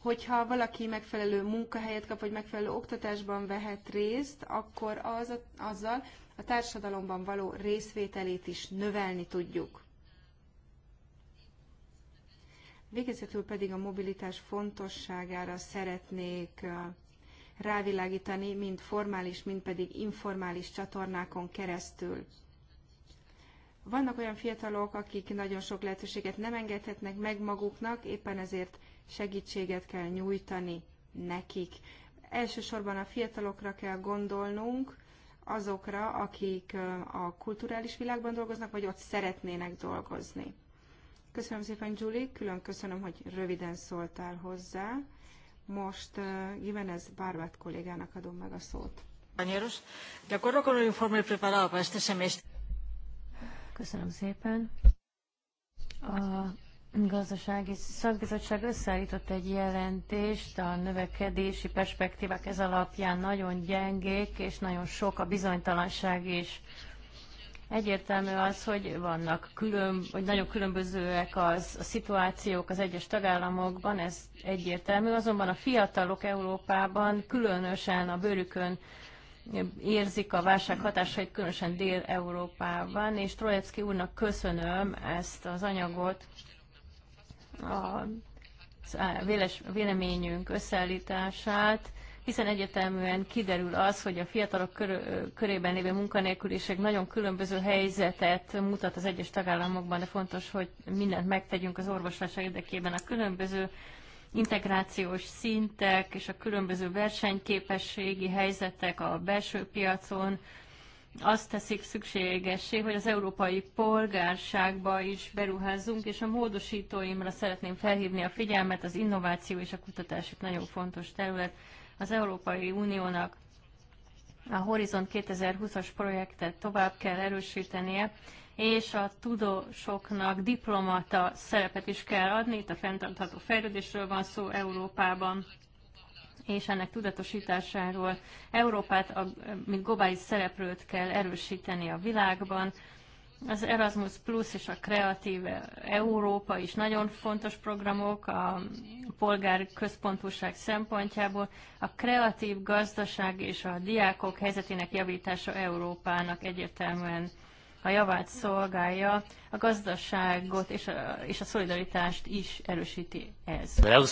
hogyha valaki megfelelő munkahelyet kap, vagy megfelelő oktatásban vehet részt, akkor az, azzal a társadalomban való részvételét is növelni tudjuk. Végezetül pedig a mobilitás fontosságára szeretnék rávilágítani, mind formális, mind pedig informális csatornákon keresztül. Vannak olyan fiatalok, akik nagyon sok lehetőséget nem engedhetnek meg maguknak, éppen ezért segítséget kell nyújtani nekik. Elsősorban a fiatalokra kell gondolnunk, azokra, akik a kulturális világban dolgoznak, vagy ott szeretnének dolgozni. Köszönöm szépen, Julie, külön köszönöm, hogy röviden szóltál hozzá. Most uh, Jimenez Bárbat kollégának adom meg a szót. Köszönöm szépen. A gazdasági szakbizottság összeállított egy jelentést, a növekedési perspektívák ez alapján nagyon gyengék, és nagyon sok a bizonytalanság is. Egyértelmű az, hogy vannak külön, vagy nagyon különbözőek az, a szituációk az egyes tagállamokban, ez egyértelmű, azonban a fiatalok Európában különösen a bőrükön érzik a válság hatásait, különösen Dél-Európában, és Trojecki úrnak köszönöm ezt az anyagot, a véleményünk összeállítását, hiszen egyeteműen kiderül az, hogy a fiatalok körében lévő munkanélküliség nagyon különböző helyzetet mutat az egyes tagállamokban, de fontos, hogy mindent megtegyünk az orvoslása érdekében. A különböző integrációs szintek és a különböző versenyképességi helyzetek a belső piacon, azt teszik szükségessé, hogy az európai polgárságba is beruházzunk, és a módosítóimra szeretném felhívni a figyelmet, az innováció és a kutatás egy nagyon fontos terület. Az Európai Uniónak a Horizont 2020-as projektet tovább kell erősítenie, és a tudósoknak diplomata szerepet is kell adni. Itt a fenntartható fejlődésről van szó Európában, és ennek tudatosításáról Európát, a, mint globális szereplőt kell erősíteni a világban. Az Erasmus Plus és a Kreatív Európa is nagyon fontos programok a polgári központúság szempontjából. A kreatív gazdaság és a diákok helyzetének javítása Európának egyértelműen a javát szolgálja, a gazdaságot és a, és a szolidaritást is erősíti ez. Bravo,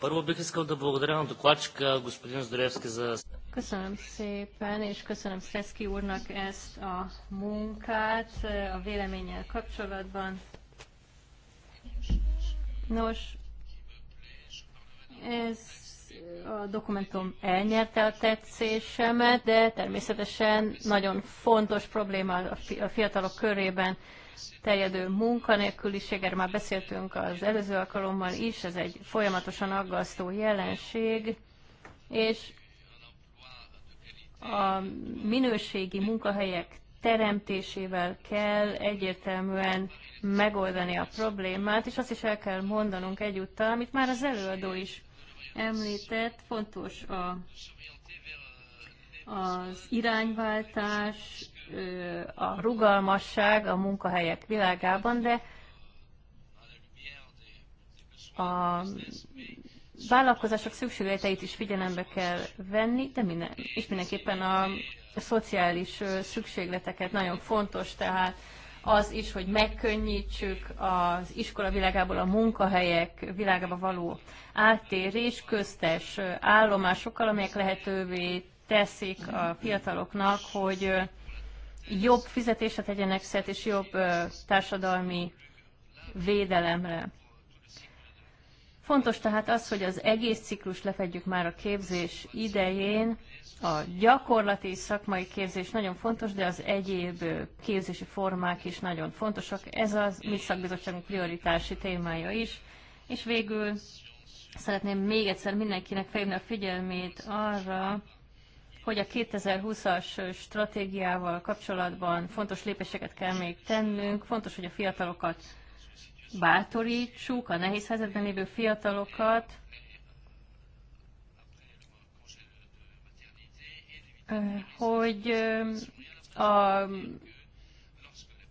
Първо бих искал да благодаря на докладчика господин Здоревски за... Köszönöm szépen, és köszönöm Szeszki úrnak ezt a munkát a véleménnyel kapcsolatban. Nos, ez a dokumentum elnyerte a tetszésemet, de természetesen nagyon fontos probléma a fiatalok körében terjedő munkanélküliségre már beszéltünk az előző alkalommal is, ez egy folyamatosan aggasztó jelenség, és a minőségi munkahelyek teremtésével kell egyértelműen megoldani a problémát, és azt is el kell mondanunk egyúttal, amit már az előadó is említett, fontos a, az irányváltás, a rugalmasság a munkahelyek világában, de a vállalkozások szükségleteit is figyelembe kell venni, de minden, és mindenképpen a szociális szükségleteket nagyon fontos, tehát az is, hogy megkönnyítsük az iskola világából a munkahelyek világába való áttérés köztes állomásokkal, amelyek lehetővé teszik a fiataloknak, hogy jobb fizetésre tegyenek szert, és jobb társadalmi védelemre. Fontos tehát az, hogy az egész ciklus lefedjük már a képzés idején. A gyakorlati szakmai képzés nagyon fontos, de az egyéb képzési formák is nagyon fontosak. Ez az mi szakbizottságunk prioritási témája is. És végül szeretném még egyszer mindenkinek felhívni a figyelmét arra, hogy a 2020-as stratégiával kapcsolatban fontos lépéseket kell még tennünk, fontos, hogy a fiatalokat bátorítsuk, a nehéz helyzetben lévő fiatalokat, hogy a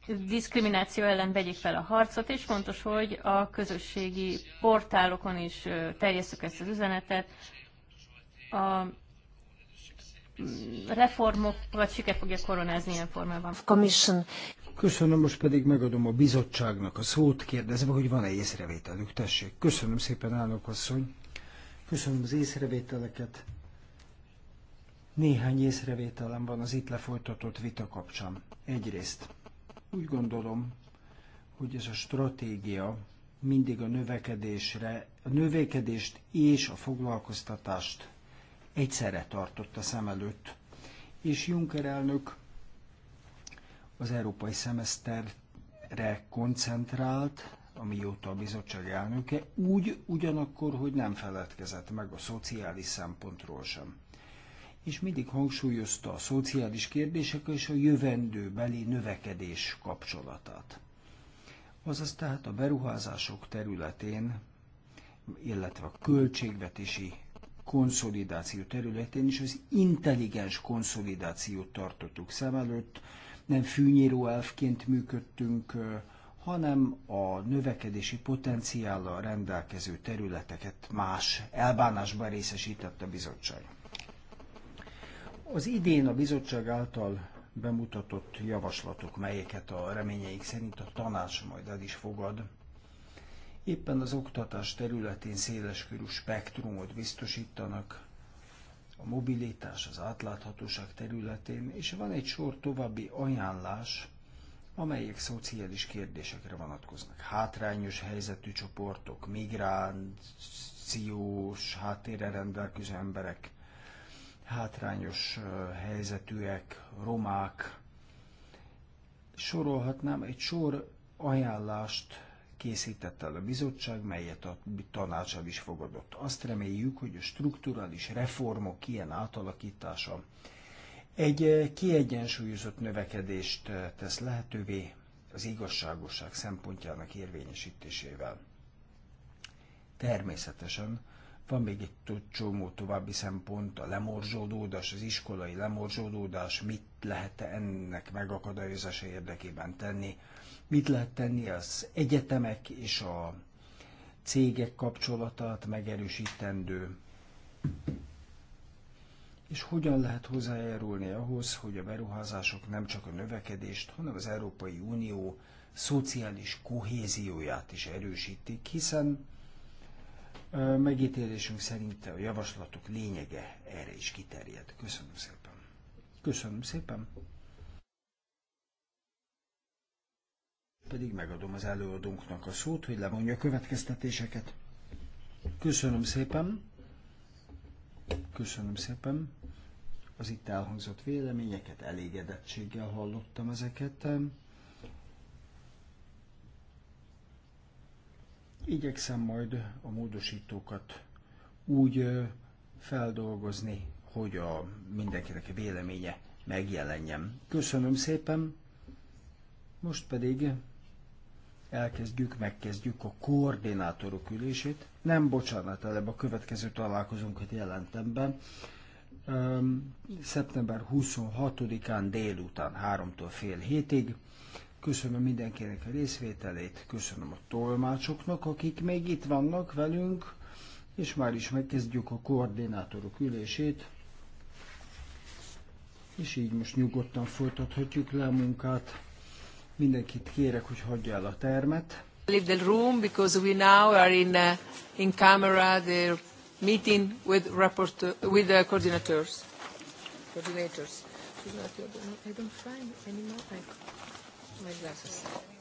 diszkrimináció ellen vegyék fel a harcot, és fontos, hogy a közösségi portálokon is terjesszük ezt az üzenetet. A reformokat siker fogja koronázni ilyen formában. Commission. Köszönöm, most pedig megadom a bizottságnak a szót, kérdezve, hogy van-e észrevételük. Tessék, köszönöm szépen, állok asszony. Köszönöm az észrevételeket. Néhány észrevételem van az itt lefolytatott vita kapcsán. Egyrészt úgy gondolom, hogy ez a stratégia mindig a növekedésre, a növekedést és a foglalkoztatást egyszerre tartotta szem előtt. És Juncker elnök az európai szemeszterre koncentrált, amióta a bizottság elnöke, úgy ugyanakkor, hogy nem feledkezett meg a szociális szempontról sem. És mindig hangsúlyozta a szociális kérdések és a jövendőbeli növekedés kapcsolatát. Azaz tehát a beruházások területén, illetve a költségvetési konszolidáció területén is az intelligens konszolidációt tartottuk szem előtt, nem fűnyíró elfként működtünk, hanem a növekedési potenciállal rendelkező területeket más elbánásban részesített a bizottság. Az idén a bizottság által bemutatott javaslatok, melyeket a reményeik szerint a tanács majd el is fogad, éppen az oktatás területén széleskörű spektrumot biztosítanak, a mobilitás, az átláthatóság területén, és van egy sor további ajánlás, amelyek szociális kérdésekre vonatkoznak. Hátrányos helyzetű csoportok, migrációs háttérre rendelkező emberek, hátrányos helyzetűek, romák. Sorolhatnám egy sor ajánlást, készített el a bizottság, melyet a tanácsal is fogadott. Azt reméljük, hogy a strukturális reformok ilyen átalakítása egy eh, kiegyensúlyozott növekedést eh, tesz lehetővé az igazságosság szempontjának érvényesítésével. Természetesen van még egy csomó további szempont, a lemorzsolódás, az iskolai lemorzsolódás, mit lehet -e ennek megakadályozása érdekében tenni, mit lehet tenni az egyetemek és a cégek kapcsolatát megerősítendő, és hogyan lehet hozzájárulni ahhoz, hogy a beruházások nem csak a növekedést, hanem az Európai Unió szociális kohézióját is erősítik, hiszen megítélésünk szerint a javaslatok lényege erre is kiterjed. Köszönöm szépen. Köszönöm szépen. pedig megadom az előadónknak a szót, hogy levonja a következtetéseket. Köszönöm szépen. Köszönöm szépen. Az itt elhangzott véleményeket elégedettséggel hallottam ezeket. Igyekszem majd a módosítókat úgy feldolgozni, hogy a mindenkinek a véleménye megjelenjen. Köszönöm szépen. Most pedig elkezdjük, megkezdjük a koordinátorok ülését. Nem, bocsánat, előbb a következő találkozónkat jelentem be. Um, szeptember 26-án délután 3-tól fél hétig. Köszönöm mindenkinek a részvételét, köszönöm a tolmácsoknak, akik még itt vannak velünk, és már is megkezdjük a koordinátorok ülését. És így most nyugodtan folytathatjuk le a munkát. Mindenkit kérek, hogy hagyja el a termet. Leave the room because we now are in uh, in camera the meeting with rapporteur, with uh, the coordinators. Coordinators. I don't find any more my glasses.